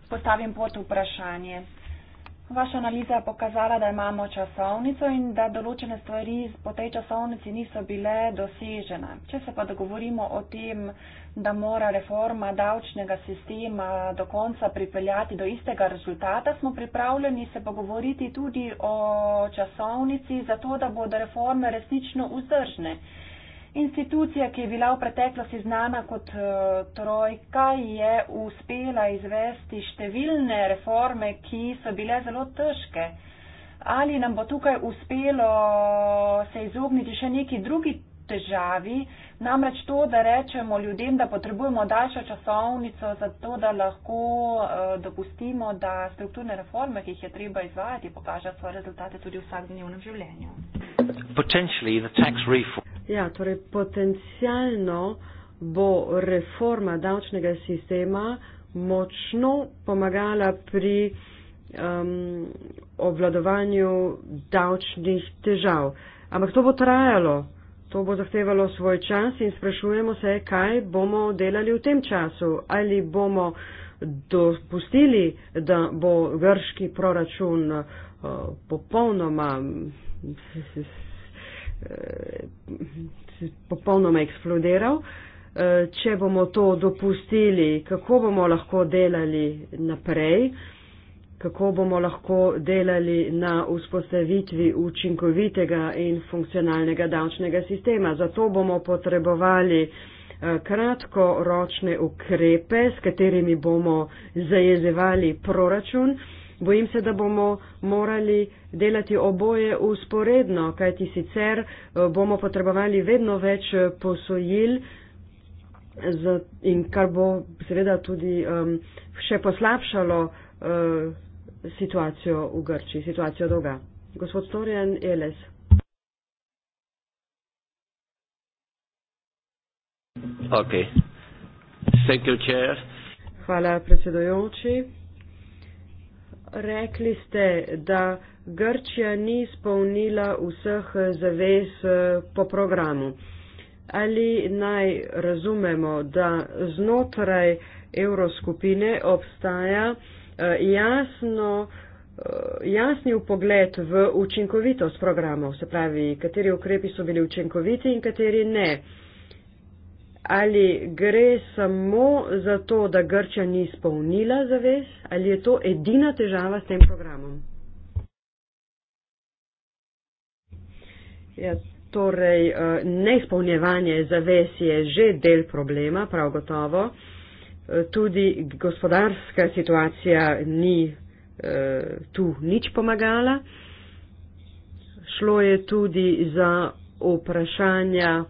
postavim pot vprašanje. Vaša analiza je pokazala, da imamo časovnico in da določene stvari po tej časovnici niso bile dosežene. Če se pa dogovorimo o tem, da mora reforma davčnega sistema do konca pripeljati do istega rezultata, smo pripravljeni se pogovoriti tudi o časovnici, zato da bodo reforme resnično vzdržne. Institucija, ki je bila v preteklosti znana kot uh, trojka, je uspela izvesti številne reforme, ki so bile zelo težke. Ali nam bo tukaj uspelo se izogniti še neki drugi težavi, namreč to, da rečemo ljudem, da potrebujemo daljšo časovnico, zato da lahko uh, dopustimo, da strukturne reforme, ki jih je treba izvajati, pokažejo svoje rezultate tudi v vsakdnevnem življenju. Ja, torej potencialno bo reforma davčnega sistema močno pomagala pri um, obvladovanju davčnih težav. Ampak to bo trajalo, to bo zahtevalo svoj čas in sprašujemo se, kaj bomo delali v tem času. Ali bomo dopustili, da bo grški proračun uh, popolnoma eh, popolnoma eksplodiral. Eh, če bomo to dopustili, kako bomo lahko delali naprej, kako bomo lahko delali na vzpostavitvi učinkovitega in funkcionalnega davčnega sistema. Zato bomo potrebovali eh, kratkoročne ukrepe, s katerimi bomo zajezevali proračun. Bojim se, da bomo morali uh, delati oboje usporedno, kajti sicer eh, bomo potrebovali vedno več eh, posojil in kar bo seveda tudi še poslabšalo eh, situacijo v Grči, situacijo dolga. Gospod Storjan Eles. Okay. Thank you, chair. Hvala, predsedojoči. Rekli ste, da uh, Grčija ni izpolnila vseh zavez eh, po programu. Ali naj razumemo, da znotraj evroskupine obstaja eh, jasno, eh, jasni upogled v učinkovitost programov, se pravi, kateri ukrepi so bili učinkoviti in kateri ne. Ali gre samo za to, da Grča ni izpolnila zavez, ali je to edina težava s tem programom? Yes. Ja, torej, eh, neizpolnjevanje zavez je že del problema, prav gotovo. Eh, tudi gospodarska situacija ni eh, tu nič pomagala. Šlo je tudi za vprašanja,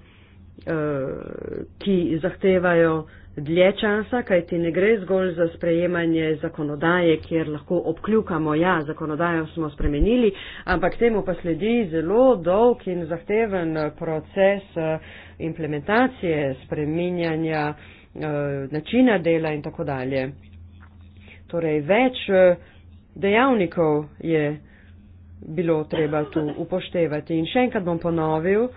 ki zahtevajo dlje časa, kajti ne gre zgolj za sprejemanje zakonodaje, kjer lahko obkljukamo, ja, zakonodajo smo spremenili, ampak temu pa sledi zelo dolg in zahteven proces eh, implementacije, spreminjanja eh, načina dela in tako dalje. Torej, več eh, dejavnikov je bilo treba tu upoštevati. In še enkrat bom ponovil,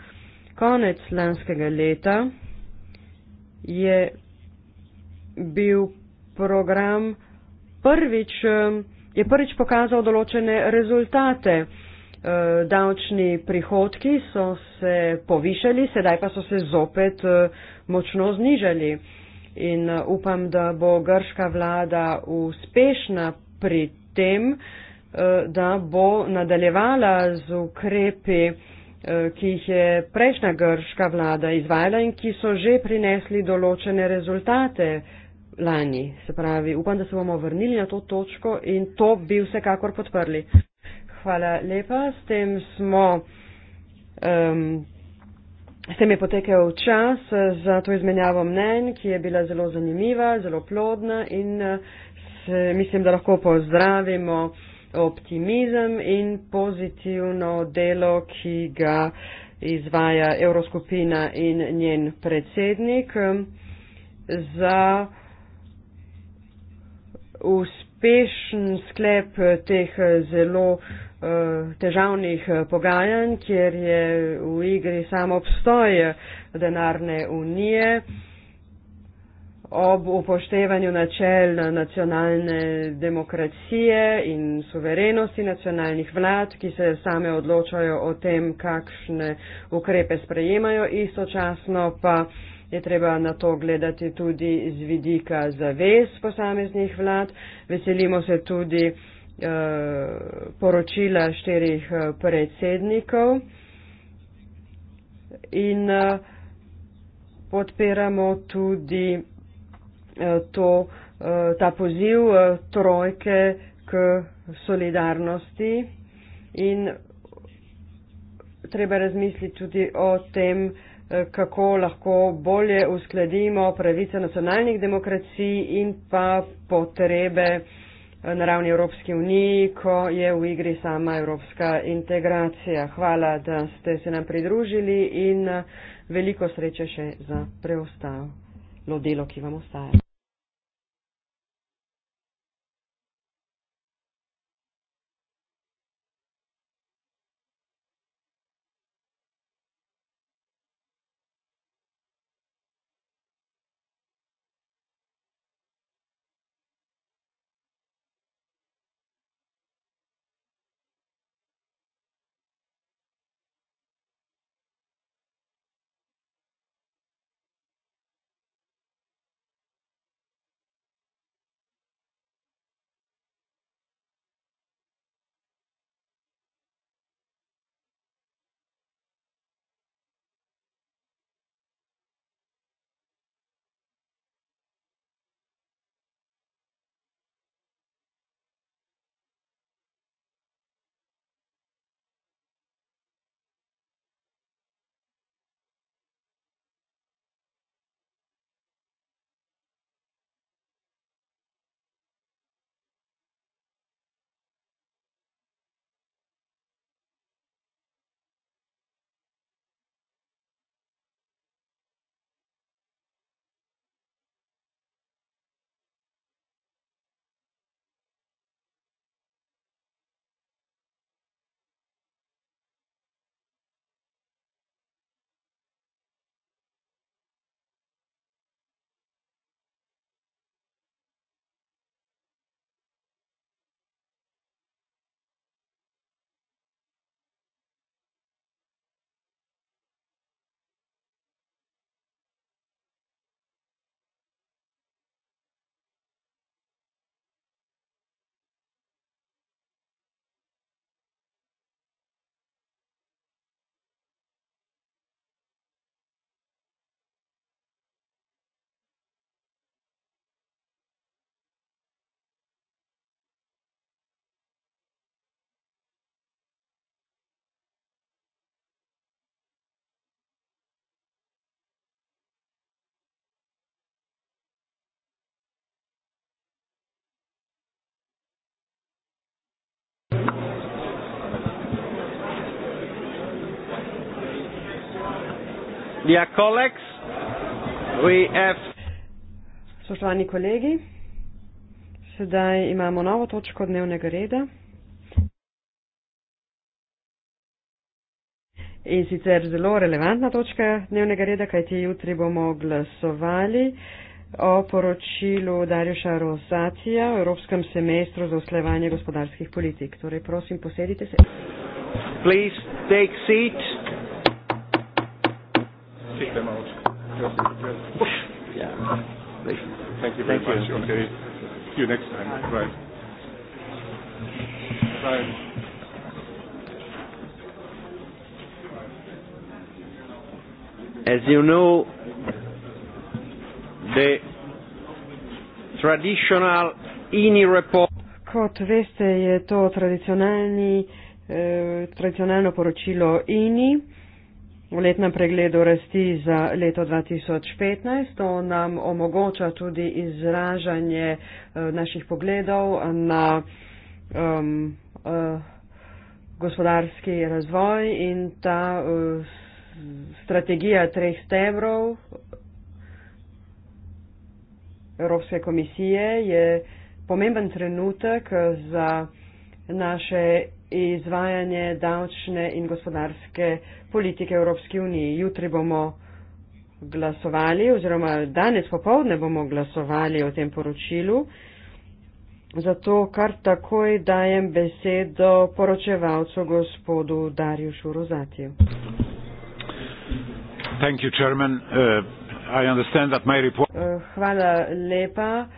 konec lanskega leta je bil program prvič, eh, je prvič pokazal določene rezultate. Eh, davčni prihodki so se povišali, sedaj pa so se zopet eh, močno znižali. In upam, da bo grška vlada uspešna pri tem, da bo nadaljevala z ukrepi, ki jih je prejšnja grška vlada izvajala in ki so že prinesli določene rezultate lani. Se pravi, upam, da se bomo vrnili na to točko in to bi vsekakor podprli. Hvala lepa. S tem smo. Um, S tem je potekel čas za to izmenjavo mnen, ki je bila zelo zanimiva, zelo plodna in se, mislim, da lahko pozdravimo optimizem in pozitivno delo, ki ga izvaja Evroskupina in njen predsednik. Za uspešen sklep teh eh, zelo uh, težavnih eh, pogajanj, kjer je v igri samo obstoj denarne unije ob upoštevanju načel nacionalne demokracije in suverenosti nacionalnih vlad, ki se same odločajo o tem, kakšne ukrepe sprejemajo, istočasno pa je treba na to gledati tudi z vidika zavez posameznih vlad. Veselimo se tudi eh, poročila štirih eh, predsednikov in eh, podpiramo tudi Eh, to, eh, ta poziv eh, trojke k solidarnosti in treba razmisliti tudi o tem, kako lahko bolje uskladimo pravice nacionalnih demokracij in pa potrebe na ravni Evropske unije, ko je v igri sama evropska integracija. Hvala, da ste se nam pridružili in veliko sreče še za preostalo lo delo, ki vam ostaja. Dear colleagues, we have... Spoštovani kolegi, sedaj imamo novo točko dnevnega reda. In sicer zelo relevantna točka dnevnega reda, kajti jutri bomo glasovali o poročilu Darjoša Rozacija o Evropskem semestru za uslevanje gospodarskih politik. Torej, prosim, posedite se. Please take seat take them out. Just, just. Yeah. Thank you. Thank you very Thank much. You. Okay. See you next time. Bye. Bye. Bye. As you know, the traditional INI report. Kot veste, je to eh, tradicionalno poročilo INI. V letnem pregledu rasti za leto 2015 to nam omogoča tudi izražanje eh, naših pogledov na um, uh, gospodarski razvoj in ta uh, strategija treh stebrov Evropske komisije je pomemben trenutek za naše izvajanje davčne in gospodarske politike Evropske unije. Jutri bomo glasovali oziroma danes popovdne bomo glasovali o tem poročilu. Zato kar takoj dajem besedo poročevalcu gospodu Darju Šurozatiju. Uh, uh, hvala lepa. Uh,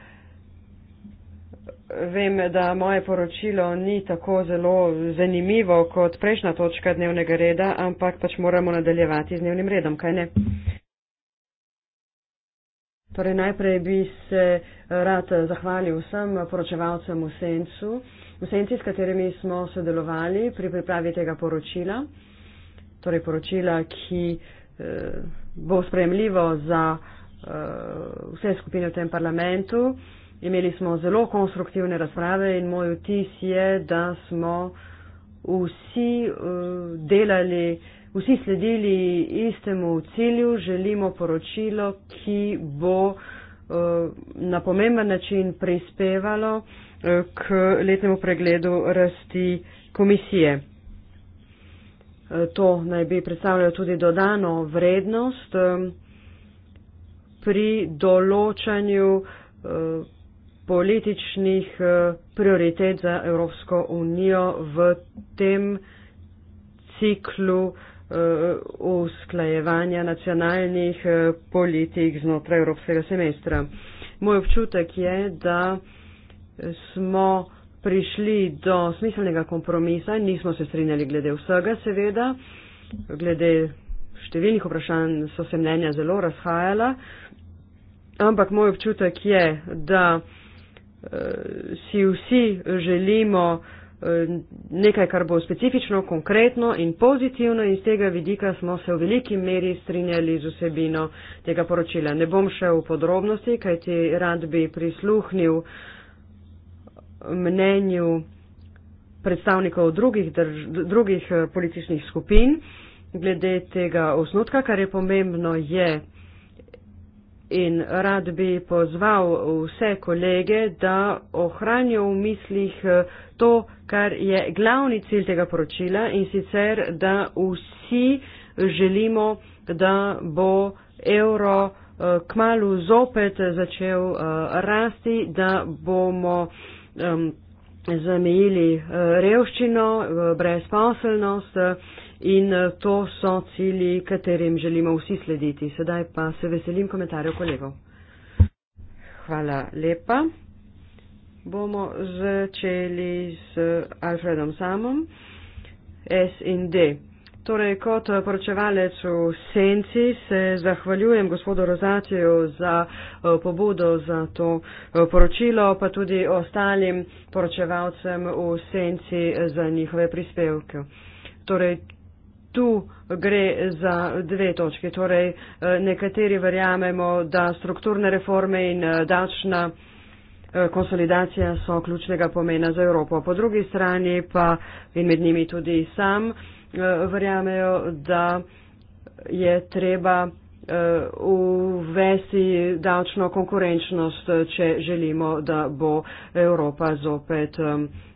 vem, da moje poročilo ni tako zelo zanimivo kot prejšnja točka dnevnega reda, ampak pač moramo nadaljevati z dnevnim redom, kaj ne? Torej, najprej bi se eh, rad eh, zahvalil vsem poročevalcem v Sencu, v Senci, s katerimi smo sodelovali pri pripravi tega poročila, torej poročila, ki eh, bo sprejemljivo za vse skupine v tem parlamentu. Imeli smo zelo konstruktivne razprave in moj vtis je, da smo vsi uh, delali, vsi sledili istemu cilju, želimo poročilo, ki bo uh, na pomemben način prispevalo uh, k letnemu pregledu rasti komisije. To naj bi predstavljalo tudi dodano vrednost pri določanju političnih eh, prioritet za Evropsko unijo v tem ciklu eh, usklajevanja nacionalnih eh, politik znotraj Evropskega semestra. Moj občutek je, da smo prišli do smiselnega kompromisa, nismo se strinjali glede vsega, seveda, glede številnih vprašanj so se mnenja zelo razhajala, ampak moj občutek je, da Eh, si vsi želimo eh, nekaj, kar bo specifično, konkretno in pozitivno in z tega vidika smo se v veliki meri strinjali z vsebino tega poročila. Ne bom še v podrobnosti, kajti rad bi prisluhnil mnenju predstavnikov drugih, drugih eh, političnih skupin glede tega osnutka, kar je pomembno je in rad bi pozval vse kolege, da ohranijo v mislih eh, to, kar je glavni cilj tega poročila in sicer, da vsi želimo, da bo evro eh, kmalo zopet začel eh, rasti, da bomo zamejili revščino, brezposelnost in eh, to so cilji, katerim želimo vsi slediti. Sedaj pa se veselim komentarjev kolegov. Hvala lepa. Bomo začeli z Alfredom Samom, S in D. Torej, kot poročevalec v senci se zahvaljujem gospodu Rozatiju za eh, pobudo za to eh, poročilo, pa tudi ostalim poročevalcem v senci za njihove prispevke. Torej, tu gre za dve točke. Torej, eh, nekateri verjamemo, da strukturne reforme in eh, davčna eh, konsolidacija so ključnega pomena za Evropo. Po drugi strani pa in med njimi tudi sam verjamejo, da je treba uvesti davčno konkurenčnost, če želimo, da bo Evropa zopet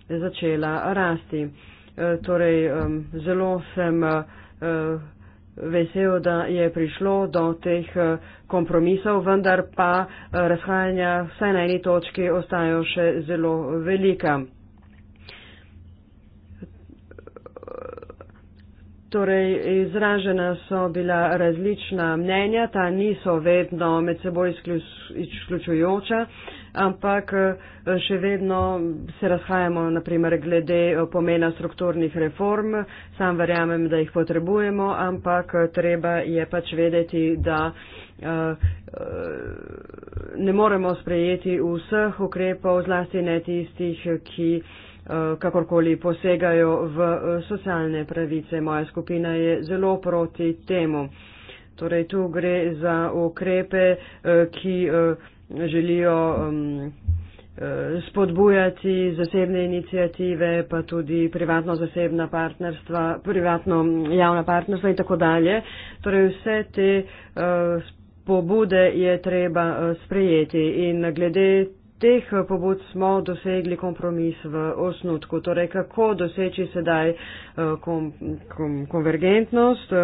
začela rasti. Eh, torej zelo sem eh, eh, vesel, da je prišlo do teh kompromisov, vendar pa razhajanja vsaj na eni točki ostajajo še zelo velika. Torej, izražena so bila različna mnenja, ta niso vedno med seboj izključujoča. Uh, ampak eh, še vedno se razhajamo, naprimer, glede eh, pomena strukturnih reform. Sam verjamem, da jih potrebujemo, ampak eh, treba je pač vedeti, da ne moremo sprejeti vseh ukrepov, zlasti ne tistih, ki kakorkoli posegajo v socialne pravice. Moja skupina je zelo proti temu. Torej, tu gre za ukrepe, ki želijo um, eh, spodbujati zasebne inicijative, pa tudi privatno-zasebna partnerstva, privatno-javna partnerstva in tako dalje. Torej vse te uh, pobude je treba uh, sprejeti in glede teh pobud smo dosegli kompromis v osnutku. Torej kako doseči sedaj uh, kom, kom, konvergentnost? Uh,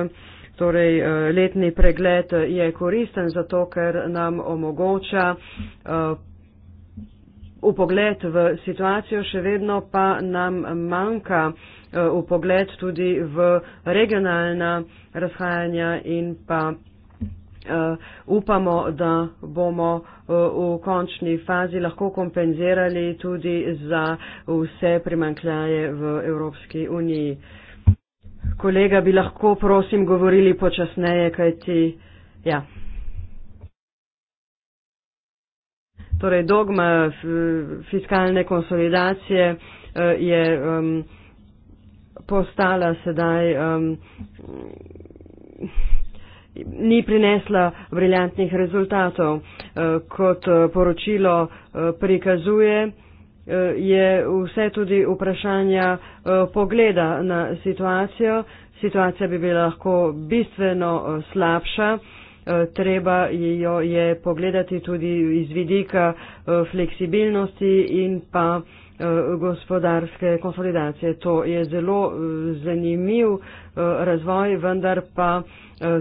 Torej, eh, letni pregled eh, je koristen zato, ker nam omogoča eh, upogled v situacijo, še vedno pa nam manjka upogled tudi v regionalna razhajanja in pa. Upamo, da bomo v končni fazi lahko kompenzirali tudi za vse primankljaje v Evropski uniji. Kolega, bi lahko, prosim, govorili počasneje, kajti. Ja. Torej, dogma fiskalne konsolidacije eh, je um, postala sedaj. Um, ni prinesla briljantnih rezultatov, eh, kot eh, poročilo prikazuje. Eh, je vse tudi vprašanja eh, pogleda na situacijo. Situacija bi bila lahko bistveno eh, slabša. Treba jo je pogledati tudi iz vidika fleksibilnosti in pa gospodarske konsolidacije. To je zelo zanimiv razvoj, vendar pa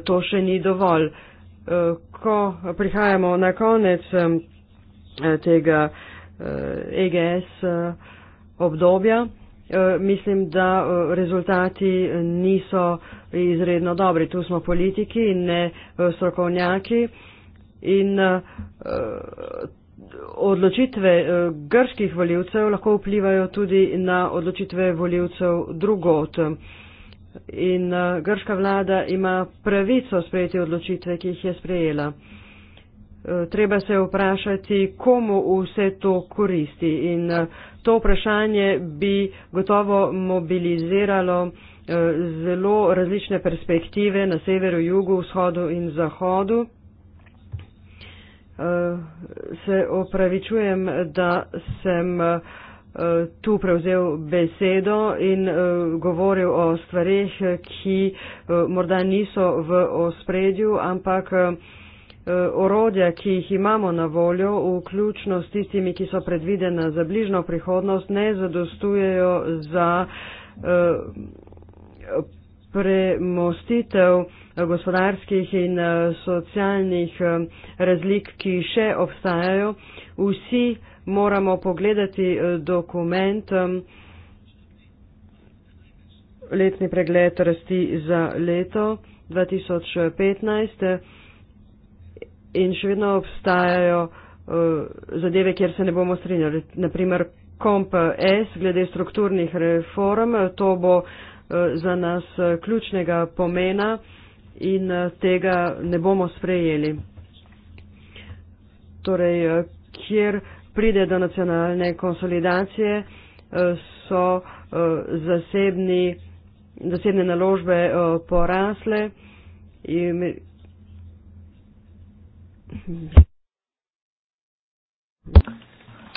to še ni dovolj. Ko prihajamo na konec tega EGS eh, e eh, obdobja. Eh, mislim, da rezultati niso izredno dobri. Tu smo politiki in ne strokovnjaki. In odločitve grških voljivcev lahko vplivajo tudi na odločitve voljivcev drugot. In grška vlada ima pravico sprejeti odločitve, ki jih je sprejela treba se vprašati, komu vse to koristi. In eh, to vprašanje bi gotovo mobiliziralo eh, zelo različne perspektive na severu, jugu, vzhodu in zahodu. Eh, se opravičujem, da sem tu prevzel besedo in govoril o stvarih, ki morda niso v ospredju, ampak Eh, orodja, ki jih imamo na voljo, vključno s tistimi, ki so predvidena za bližno prihodnost, ne zadostujejo za eh, premostitev gospodarskih in eh, socialnih razlik, ki še obstajajo. Vsi moramo pogledati dokument letni pregled rasti za leto 2015 in še vedno obstajajo eh, zadeve, kjer se ne bomo strinjali. Naprimer, komp S glede strukturnih reform, to bo eh, za nas eh, ključnega pomena in tega ne bomo sprejeli. Torej, kjer pride do nacionalne konsolidacije, so zasebni, zasebne naložbe porasle. In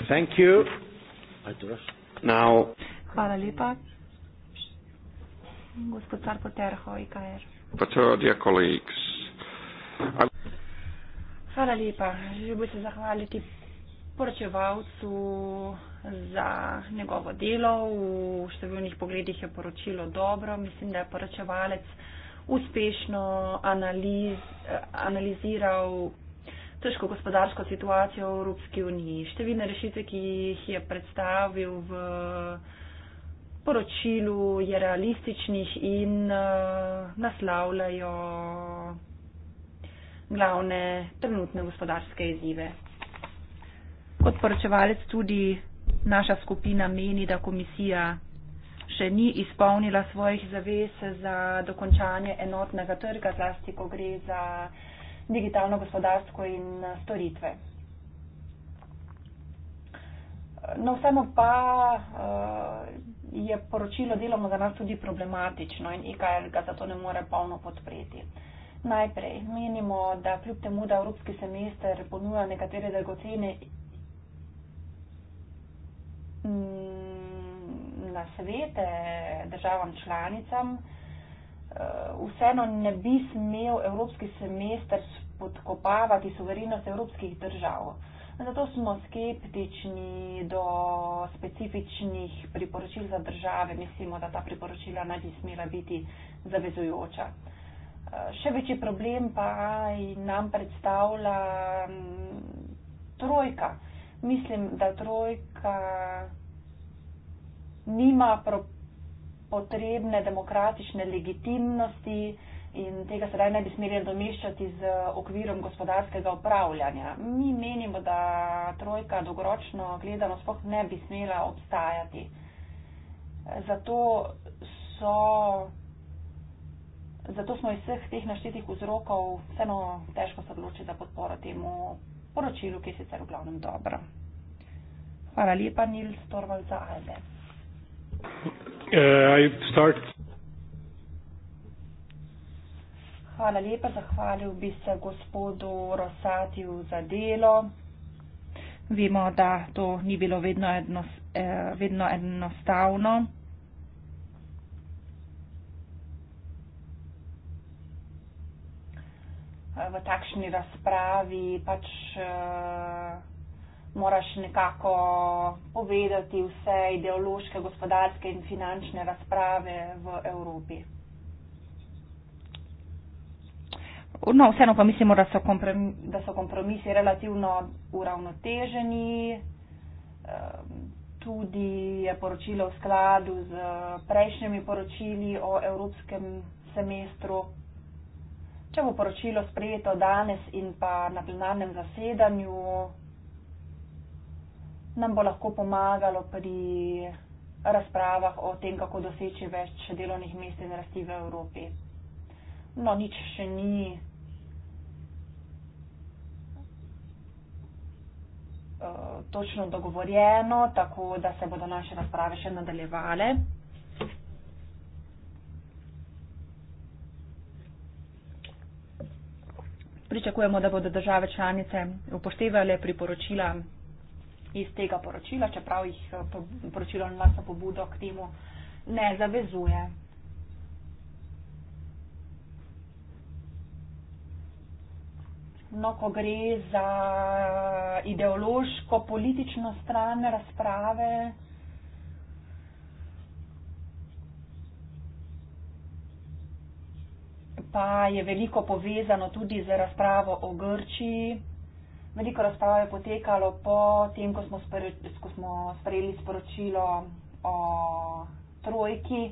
Thank you. Now. Hvala lepa. Gospod Sarpoterho, IKR. Potrebno, dear colleagues. I... Hvala lepa. Želel bi se zahvaliti poročevalcu za njegovo delo. V številnih pogledih je poročilo dobro. Mislim, da je poročevalec uspešno analiz, eh, analiziral težko gospodarsko situacijo v Evropski uniji. Številne rešitve, ki jih je predstavil v poročilu, je realističnih in uh, naslavljajo glavne trenutne gospodarske izzive. Kot poročevalec tudi naša skupina meni, da komisija še ni izpolnila svojih zavez za dokončanje enotnega trga, zlasti ko gre za digitalno gospodarstvo in eh, storitve. No, vseeno pa eh, je poročilo deloma za nas tudi problematično in IKR ga zato ne more polno podpreti. Najprej menimo, da kljub temu, da evropski semester ponuja nekatere dragocene mm, na svete državam članicam, Eh, vseeno ne bi smel evropski semester spodkopavati suverenost evropskih držav. Zato smo skeptični do specifičnih priporočil za države. Mislimo, da ta priporočila naj bi smela biti zavezujoča. Eh, še večji problem pa nam predstavlja mm, trojka. Mislim, da trojka nima propisa potrebne demokratične legitimnosti in tega sedaj ne bi smeli domeščati z okvirom gospodarskega upravljanja. Mi menimo, da trojka dolgoročno gledano sploh ne bi smela obstajati. Zato, so, zato smo iz vseh teh naštetih vzrokov vseeno težko se odločiti za podporo temu poročilu, ki je sicer v glavnem dobro. Hvala lepa, Nils Torvald za Albert. Uh, start. Hvala lepa, zahvalil bi se gospodu Rosatiju za delo. Vemo, da to ni bilo vedno, ednos, eh, vedno enostavno. V takšni razpravi pač. Eh, moraš nekako povedati vse ideološke, gospodarske in finančne razprave v Evropi. No, vseeno pa mislimo, da so, kompromis, da so kompromisi relativno uravnoteženi. Ehm, tudi je poročilo v skladu z prejšnjimi poročili o evropskem semestru. Če bo poročilo sprejeto danes in pa na plenarnem zasedanju, nam bo lahko pomagalo pri razpravah o tem, kako doseči več delovnih mest in rasti v Evropi. No, nič še ni. Eh, točno dogovorjeno, tako da se bodo naše razprave še nadaljevale. Pričakujemo, da bodo države članice upoštevale priporočila iz tega poročila, čeprav jih eh, poročilo na vlastno pobudo k temu ne zavezuje. No, ko gre za ideološko, politično stran razprave, pa je veliko povezano tudi z razpravo o Grčiji veliko razprav je potekalo po tem, ko smo, spre, ko smo sprejeli sporočilo o trojki.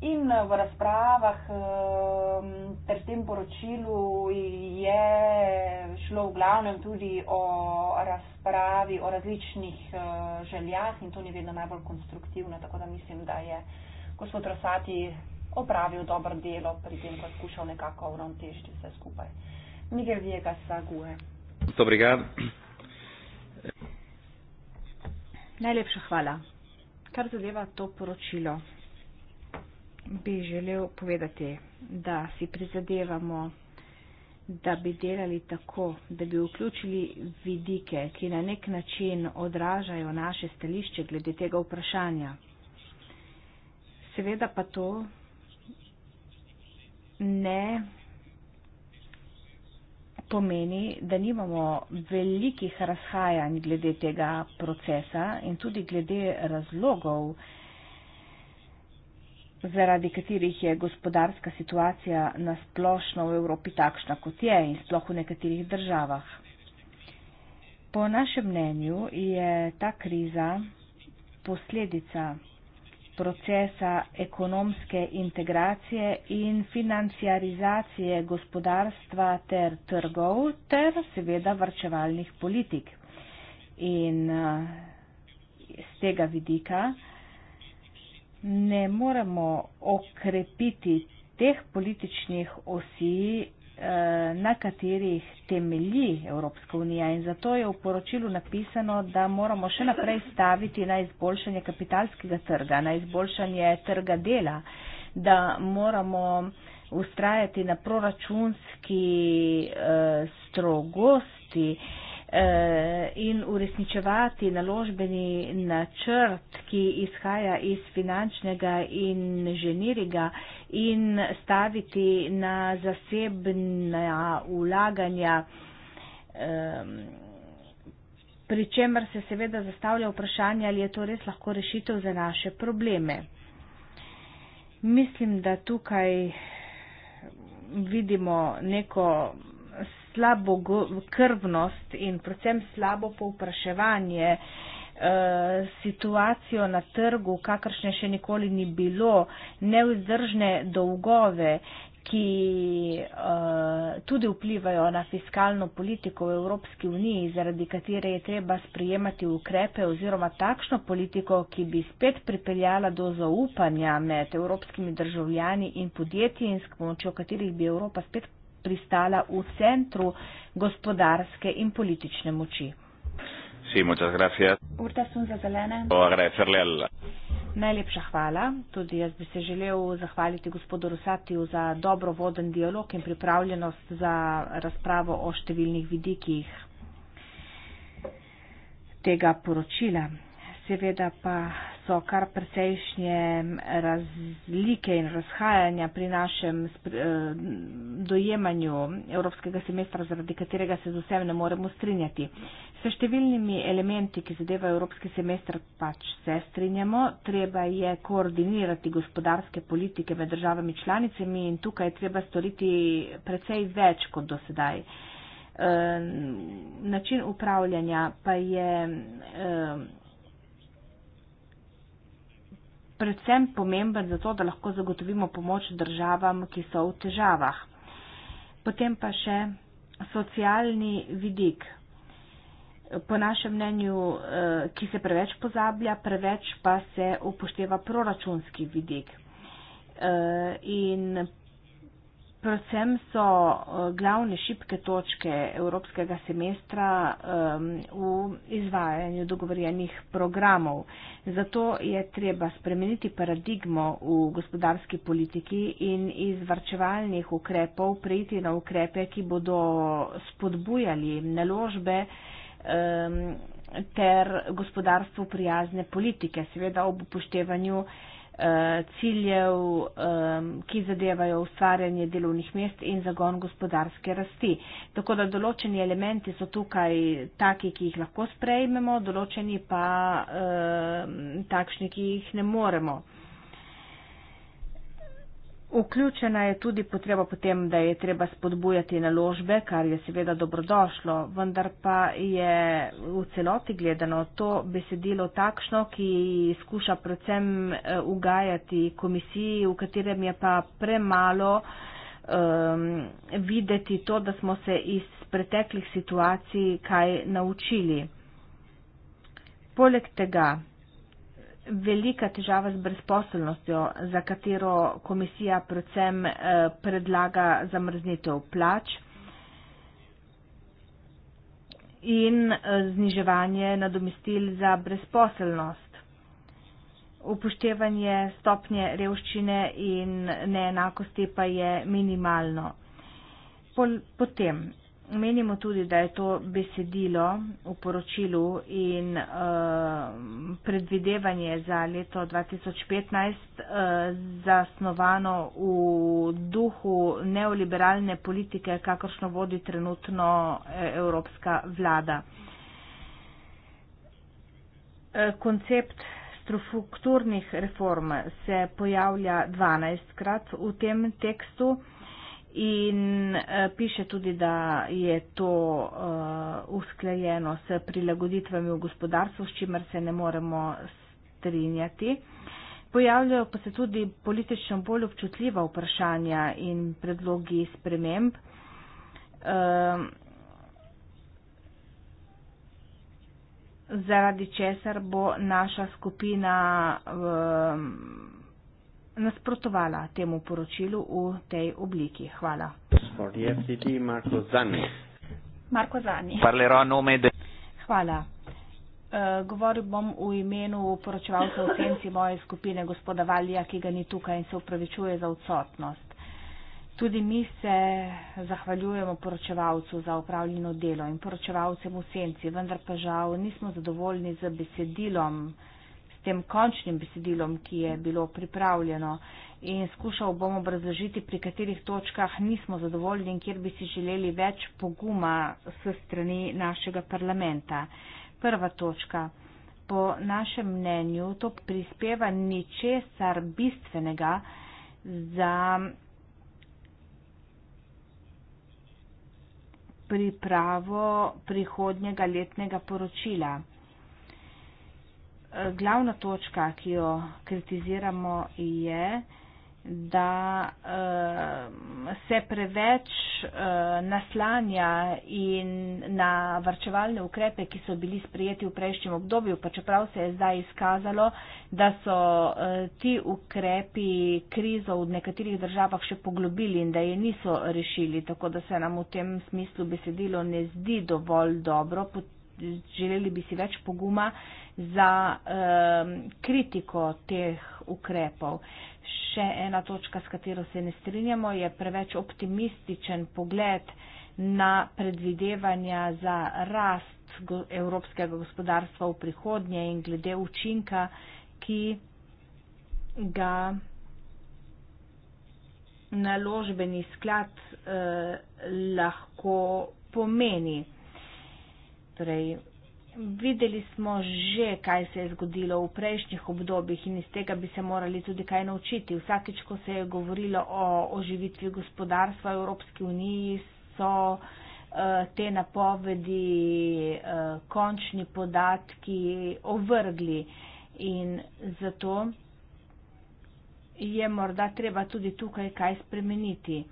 In eh, v razpravah ehm, ter tem poročilu je šlo v glavnem tudi o razpravi o različnih eh, željah in to ni vedno najbolj konstruktivno, tako da mislim, da je gospod Rosati opravil dobro delo pri tem, ko je skušal nekako uravnotežiti vse skupaj. Miguel Viegas Sague. Dobrega. Najlepša hvala. Kar zadeva to poročilo, bi želel povedati, da si prizadevamo, da bi delali tako, da bi vključili vidike, ki na nek način odražajo naše stališče glede tega vprašanja. Seveda pa to ne pomeni, da nimamo velikih razhajanj glede tega procesa in tudi glede razlogov, zaradi katerih je gospodarska situacija na splošno v Evropi takšna, kot je in sploh v nekaterih državah. Po našem mnenju je ta kriza posledica procesa ekonomske integracije in financiarizacije gospodarstva ter trgov ter seveda vrčevalnih politik. In z eh, tega vidika ne moremo okrepiti teh političnih osij Eh, na katerih temelji Evropska unija in zato je v poročilu napisano, da moramo še naprej staviti na izboljšanje kapitalskega trga, na izboljšanje trga dela, da moramo ustrajati na proračunski eh, strogosti, Eh, in uresničevati naložbeni načrt, ki izhaja iz finančnega inženiriga in staviti na zasebna ulaganja, ehm, pri čemer se seveda zastavlja vprašanje, ali je to res lahko rešitev za naše probleme. Mislim, da tukaj vidimo neko slabo krvnost in predvsem slabo povpraševanje, eh, situacijo na trgu, kakršne še nikoli ni bilo, neuzdržne dolgove, ki eh, tudi vplivajo na fiskalno politiko v Evropski uniji, zaradi katere je treba sprijemati ukrepe oziroma takšno politiko, ki bi spet pripeljala do zaupanja med evropskimi državljani in podjetji in s pomočjo katerih bi Evropa spet pristala v centru gospodarske in politične moči. Sí, muchas gracias. Urta Sunza Zelene. Najlepša hvala. Tudi jaz bi se želel zahvaliti gospodu Rosatiju za dobro voden dialog in pripravljenost za razpravo o številnih vidikih tega poročila seveda pa so kar precejšnje razlike in razhajanja pri našem eh, dojemanju evropskega semestra, zaradi katerega se z vsem ne moremo strinjati. Se številnimi elementi, ki zadeva evropski semestr, pač se strinjamo. Treba je koordinirati gospodarske politike med državami članicami in tukaj je treba storiti precej več kot do sedaj. Eh, način upravljanja pa je eh, predvsem pomemben zato, da lahko zagotovimo pomoč državam, ki so v težavah. Potem pa še socialni vidik. Po našem mnenju, eh, ki se preveč pozablja, preveč pa se upošteva proračunski vidik. Eh, in Predvsem so eh, glavne šipke točke evropskega semestra um, v izvajanju dogovorjenih programov. Zato je treba spremeniti paradigmo v gospodarski politiki in iz varčevalnih ukrepov prejti na ukrepe, ki bodo spodbujali naložbe um, ter gospodarstvo prijazne politike, seveda ob upoštevanju. Um, Eh, ciljev, eh, ki zadevajo ustvarjanje delovnih mest in zagon gospodarske rasti. Tako da določeni elementi so tukaj taki, ki jih lahko sprejmemo, določeni pa eh, takšni, ki jih ne moremo. Vključena je tudi potreba potem, da je treba spodbujati naložbe, kar je seveda dobrodošlo, vendar pa je v celoti gledano to besedilo takšno, ki skuša predvsem eh, ugajati komisiji, v katerem je pa premalo um, videti to, da smo se iz preteklih situacij kaj naučili. Poleg tega, velika težava z brezposelnostjo, za katero komisija predvsem eh, predlaga zamrznitev plač in eh, zniževanje nadomestil za brezposelnost. Upoštevanje stopnje revščine in neenakosti pa je minimalno. Potem Menimo tudi, da je to besedilo v poročilu in uh, predvidevanje za leto 2015 uh, eh, zasnovano v duhu neoliberalne politike, kakršno vodi trenutno eh, evropska vlada. Koncept strukturnih reform se pojavlja 12 krat v tem tekstu. In uh, piše tudi, da je to uh, usklajeno s prilagoditvami v gospodarstvu, s čimer se ne moremo strinjati. Pojavljajo pa se tudi politično bolj občutljiva vprašanja in predlogi sprememb. Um, zaradi česar bo naša skupina um, nasprotovala temu poročilu v tej obliki. Hvala. Hvala. Eh, govoril bom v imenu poročevalca v senci moje skupine, gospoda Valija, ki ga ni tukaj in se upravičuje za odsotnost. Tudi mi se zahvaljujemo poročevalcu za upravljeno delo in poročevalcem v senci, vendar pa žal nismo zadovoljni z besedilom tem končnim besedilom, ki je bilo pripravljeno in skušal bom obrazložiti, pri katerih točkah nismo zadovoljni in kjer bi si želeli več poguma s strani našega parlamenta. Prva točka. Po našem mnenju to prispeva ničesar bistvenega za pripravo prihodnjega letnega poročila glavna točka, ki jo kritiziramo, je, da uh, se preveč uh, naslanja in na varčevalne ukrepe, ki so bili sprejeti v prejšnjem obdobju, pa čeprav se je zdaj izkazalo, da so uh, ti ukrepi krizo v nekaterih državah še poglobili in da je niso rešili, tako da se nam v tem smislu besedilo ne zdi dovolj dobro. Pot želeli bi si več poguma za um, kritiko teh ukrepov. Še ena točka, s katero se ne strinjamo, je preveč optimističen pogled na predvidevanja za rast go evropskega gospodarstva v prihodnje in glede učinka, ki ga naložbeni sklad eh, lahko pomeni. Torej, videli smo že, kaj se je zgodilo v prejšnjih obdobjih in iz tega bi se morali tudi kaj naučiti. Vsakič, ko se je govorilo o oživitvi gospodarstva v Evropski uniji, so eh, te napovedi, eh, končni podatki ovrgli in zato je morda treba tudi tukaj kaj spremeniti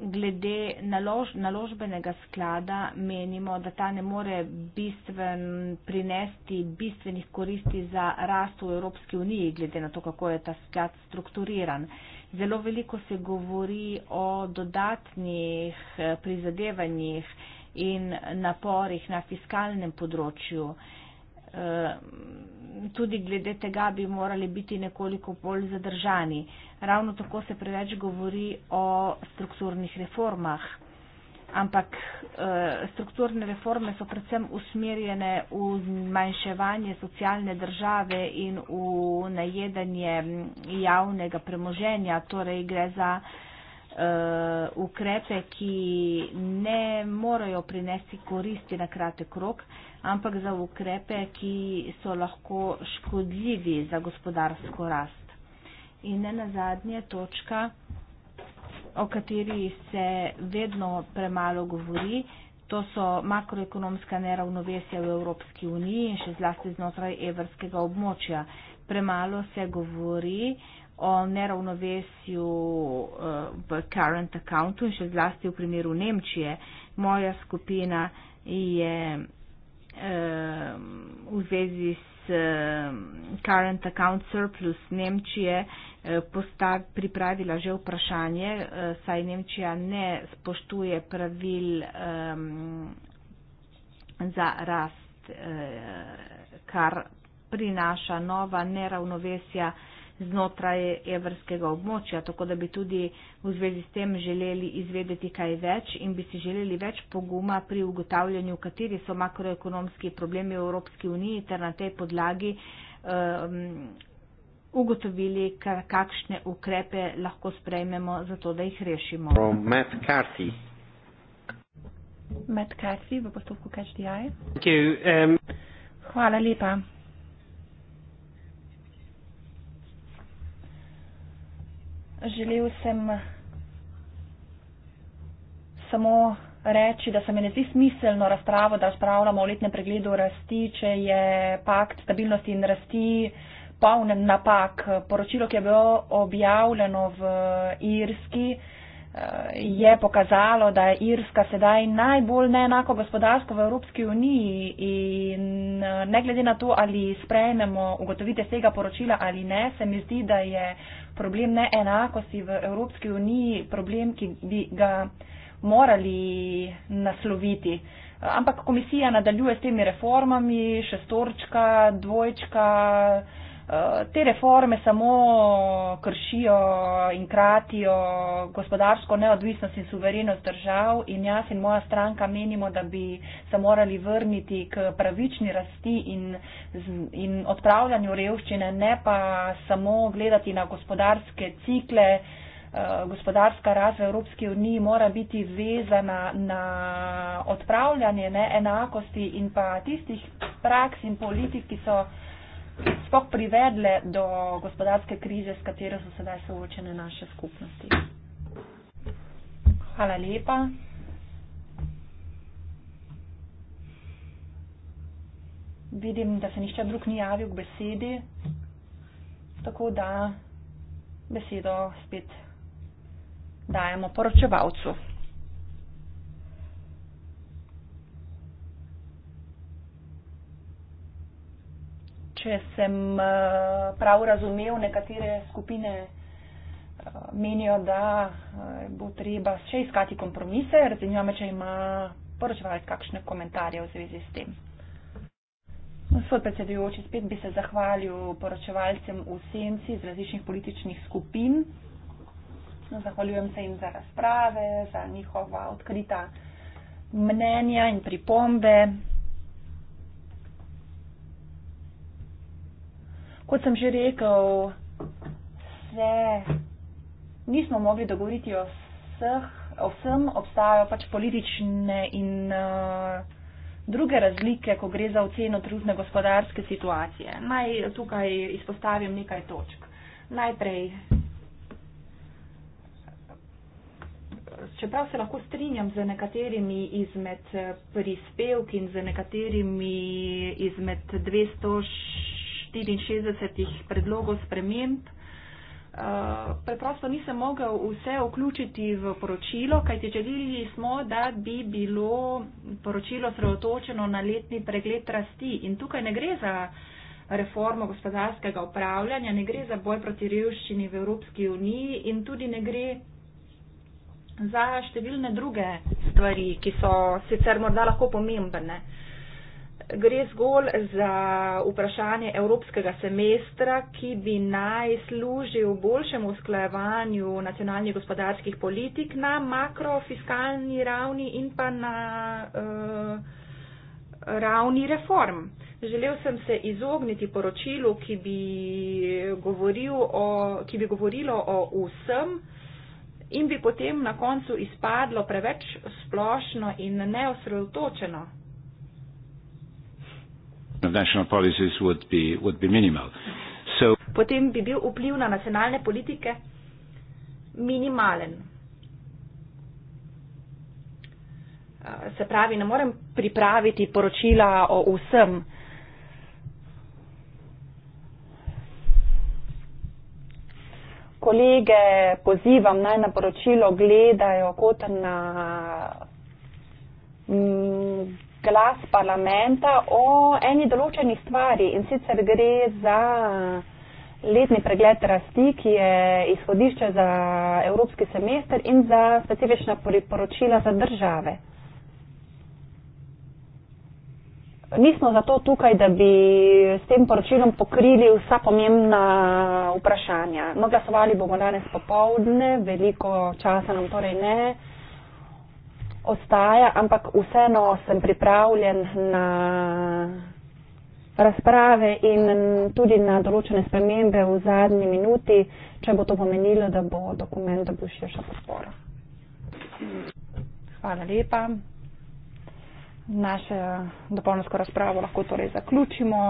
glede nalož, naložbenega sklada menimo, da ta ne more bistven, prinesti bistvenih koristi za rast v Evropski uniji, glede na to, kako je ta sklad strukturiran. Zelo veliko se govori o dodatnih eh, prizadevanjih in naporih na fiskalnem področju. E, tudi glede tega bi morali biti nekoliko bolj zadržani. Ravno tako se preveč govori o strukturnih reformah. Ampak eh, strukturne reforme so predvsem usmerjene v manjševanje socialne države in v najedanje mm, javnega premoženja, torej gre za uh, ukrepe, ki ne morajo prinesti koristi na kratek rok, ampak za ukrepe, ki so lahko škodljivi za gospodarsko rast. In ne na zadnje točka, o kateri se vedno premalo govori, to so makroekonomska neravnovesja v Evropski uniji in še zlasti znotraj evrskega območja. Premalo se govori o neravnovesju eh, v current accountu in še zlasti v primeru Nemčije. Moja skupina je eh, v zvezi s eh, current account surplus Nemčije postav, pripravila že vprašanje, saj Nemčija ne spoštuje pravil za rast, kar prinaša nova neravnovesja znotraj evrskega območja, tako da bi tudi v zvezi s tem želeli izvedeti kaj več in bi si želeli več poguma pri ugotavljanju, kateri so makroekonomski problemi v Evropski uniji ter na tej podlagi um, ugotovili, kakšne ukrepe lahko sprejmemo za to, da jih rešimo. Matt Cathy v postopku KHDI. Um... Hvala lepa. želel sem samo reči, da se mi ne zdi smiselno razpravo, da razpravljamo o letnem pregledu rasti, če je pakt stabilnosti in rasti poln napak. Poročilo, ki je bilo objavljeno v Irski, je pokazalo, da je Irska sedaj najbolj neenako gospodarsko v Evropski uniji in eh, ne glede na to, ali sprejmemo ugotovite z tega poročila ali ne, se mi zdi, da je problem neenakosti v Evropski uniji problem, ki bi ga morali nasloviti. Ampak komisija nadaljuje s temi reformami, šestorčka, dvojčka. Eh, te reforme samo kršijo in kratijo gospodarsko neodvisnost in suverenost držav in jaz in moja stranka menimo, da bi se morali vrniti k pravični rasti in, in odpravljanju revščine, ne pa samo gledati na gospodarske cikle. Eh, gospodarska rast v Evropski uniji mora biti vezana na odpravljanje neenakosti in pa tistih praks in politik, ki so spoh privedle do gospodarske krize, s katero so sedaj soočene naše skupnosti. Hvala lepa. Vidim, da se nišče drug ni javil k besedi, tako da besedo spet dajemo poročevalcu. če sem eh, prav razumel, nekatere skupine eh, menijo, da eh, bo treba še iskati kompromise. Razumem, me, če ima poročevalec kakšne komentarje v zvezi s tem. Gospod predsedujoči, spet bi se zahvalil poročevalcem v senci iz različnih političnih skupin. Zahvaljujem se jim za razprave, za njihova odkrita mnenja in pripombe. kot sem že rekel, se nismo mogli dogovoriti o vseh, o vsem obstajajo pač politične in uh, druge razlike, ko gre za oceno trudne gospodarske situacije. Naj tukaj izpostavim nekaj točk. Najprej, čeprav se lahko strinjam z nekaterimi izmed prispevki in z nekaterimi izmed 206 64 predlogov sprememb. Uh, preprosto nisem mogel vse vključiti v poročilo, kajti želili smo, da bi bilo poročilo sredotočeno na letni pregled rasti. In tukaj ne gre za reformo gospodarskega upravljanja, ne gre za boj proti revščini v Evropski uniji in tudi ne gre za številne druge stvari, ki so sicer morda lahko pomembne. Uh, gre zgolj za vprašanje evropskega semestra, ki bi naj služil boljšemu usklajevanju nacionalnih gospodarskih politik na makrofiskalni ravni in pa na uh, ravni reform. Želel sem se izogniti poročilu, ki bi, govoril o, ki bi govorilo o vsem. In bi potem na koncu izpadlo preveč splošno in neosredotočeno potem bi bil vpliv na nacionalne politike minimalen. Se pravi, ne morem pripraviti poročila o vsem. Kolege pozivam naj na poročilo gledajo kot na mm, glas parlamenta o eni določeni stvari in sicer gre za letni pregled rasti, ki je izhodišče za evropski semester in za specifična priporočila za države. Nismo zato tukaj, da bi s tem poročilom pokrili vsa pomembna vprašanja. No, glasovali bomo danes popovdne, veliko časa nam torej ne ostaja, ampak vseeno sem pripravljen na razprave in tudi na določene spremembe v zadnji minuti, če bo to pomenilo, da bo dokument dobil širšo podporo. Hvala lepa. Naše dopolnjensko razpravo lahko torej zaključimo.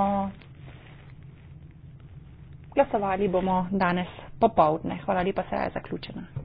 Glasovali bomo danes popovdne. Hvala lepa, seja je zaključena.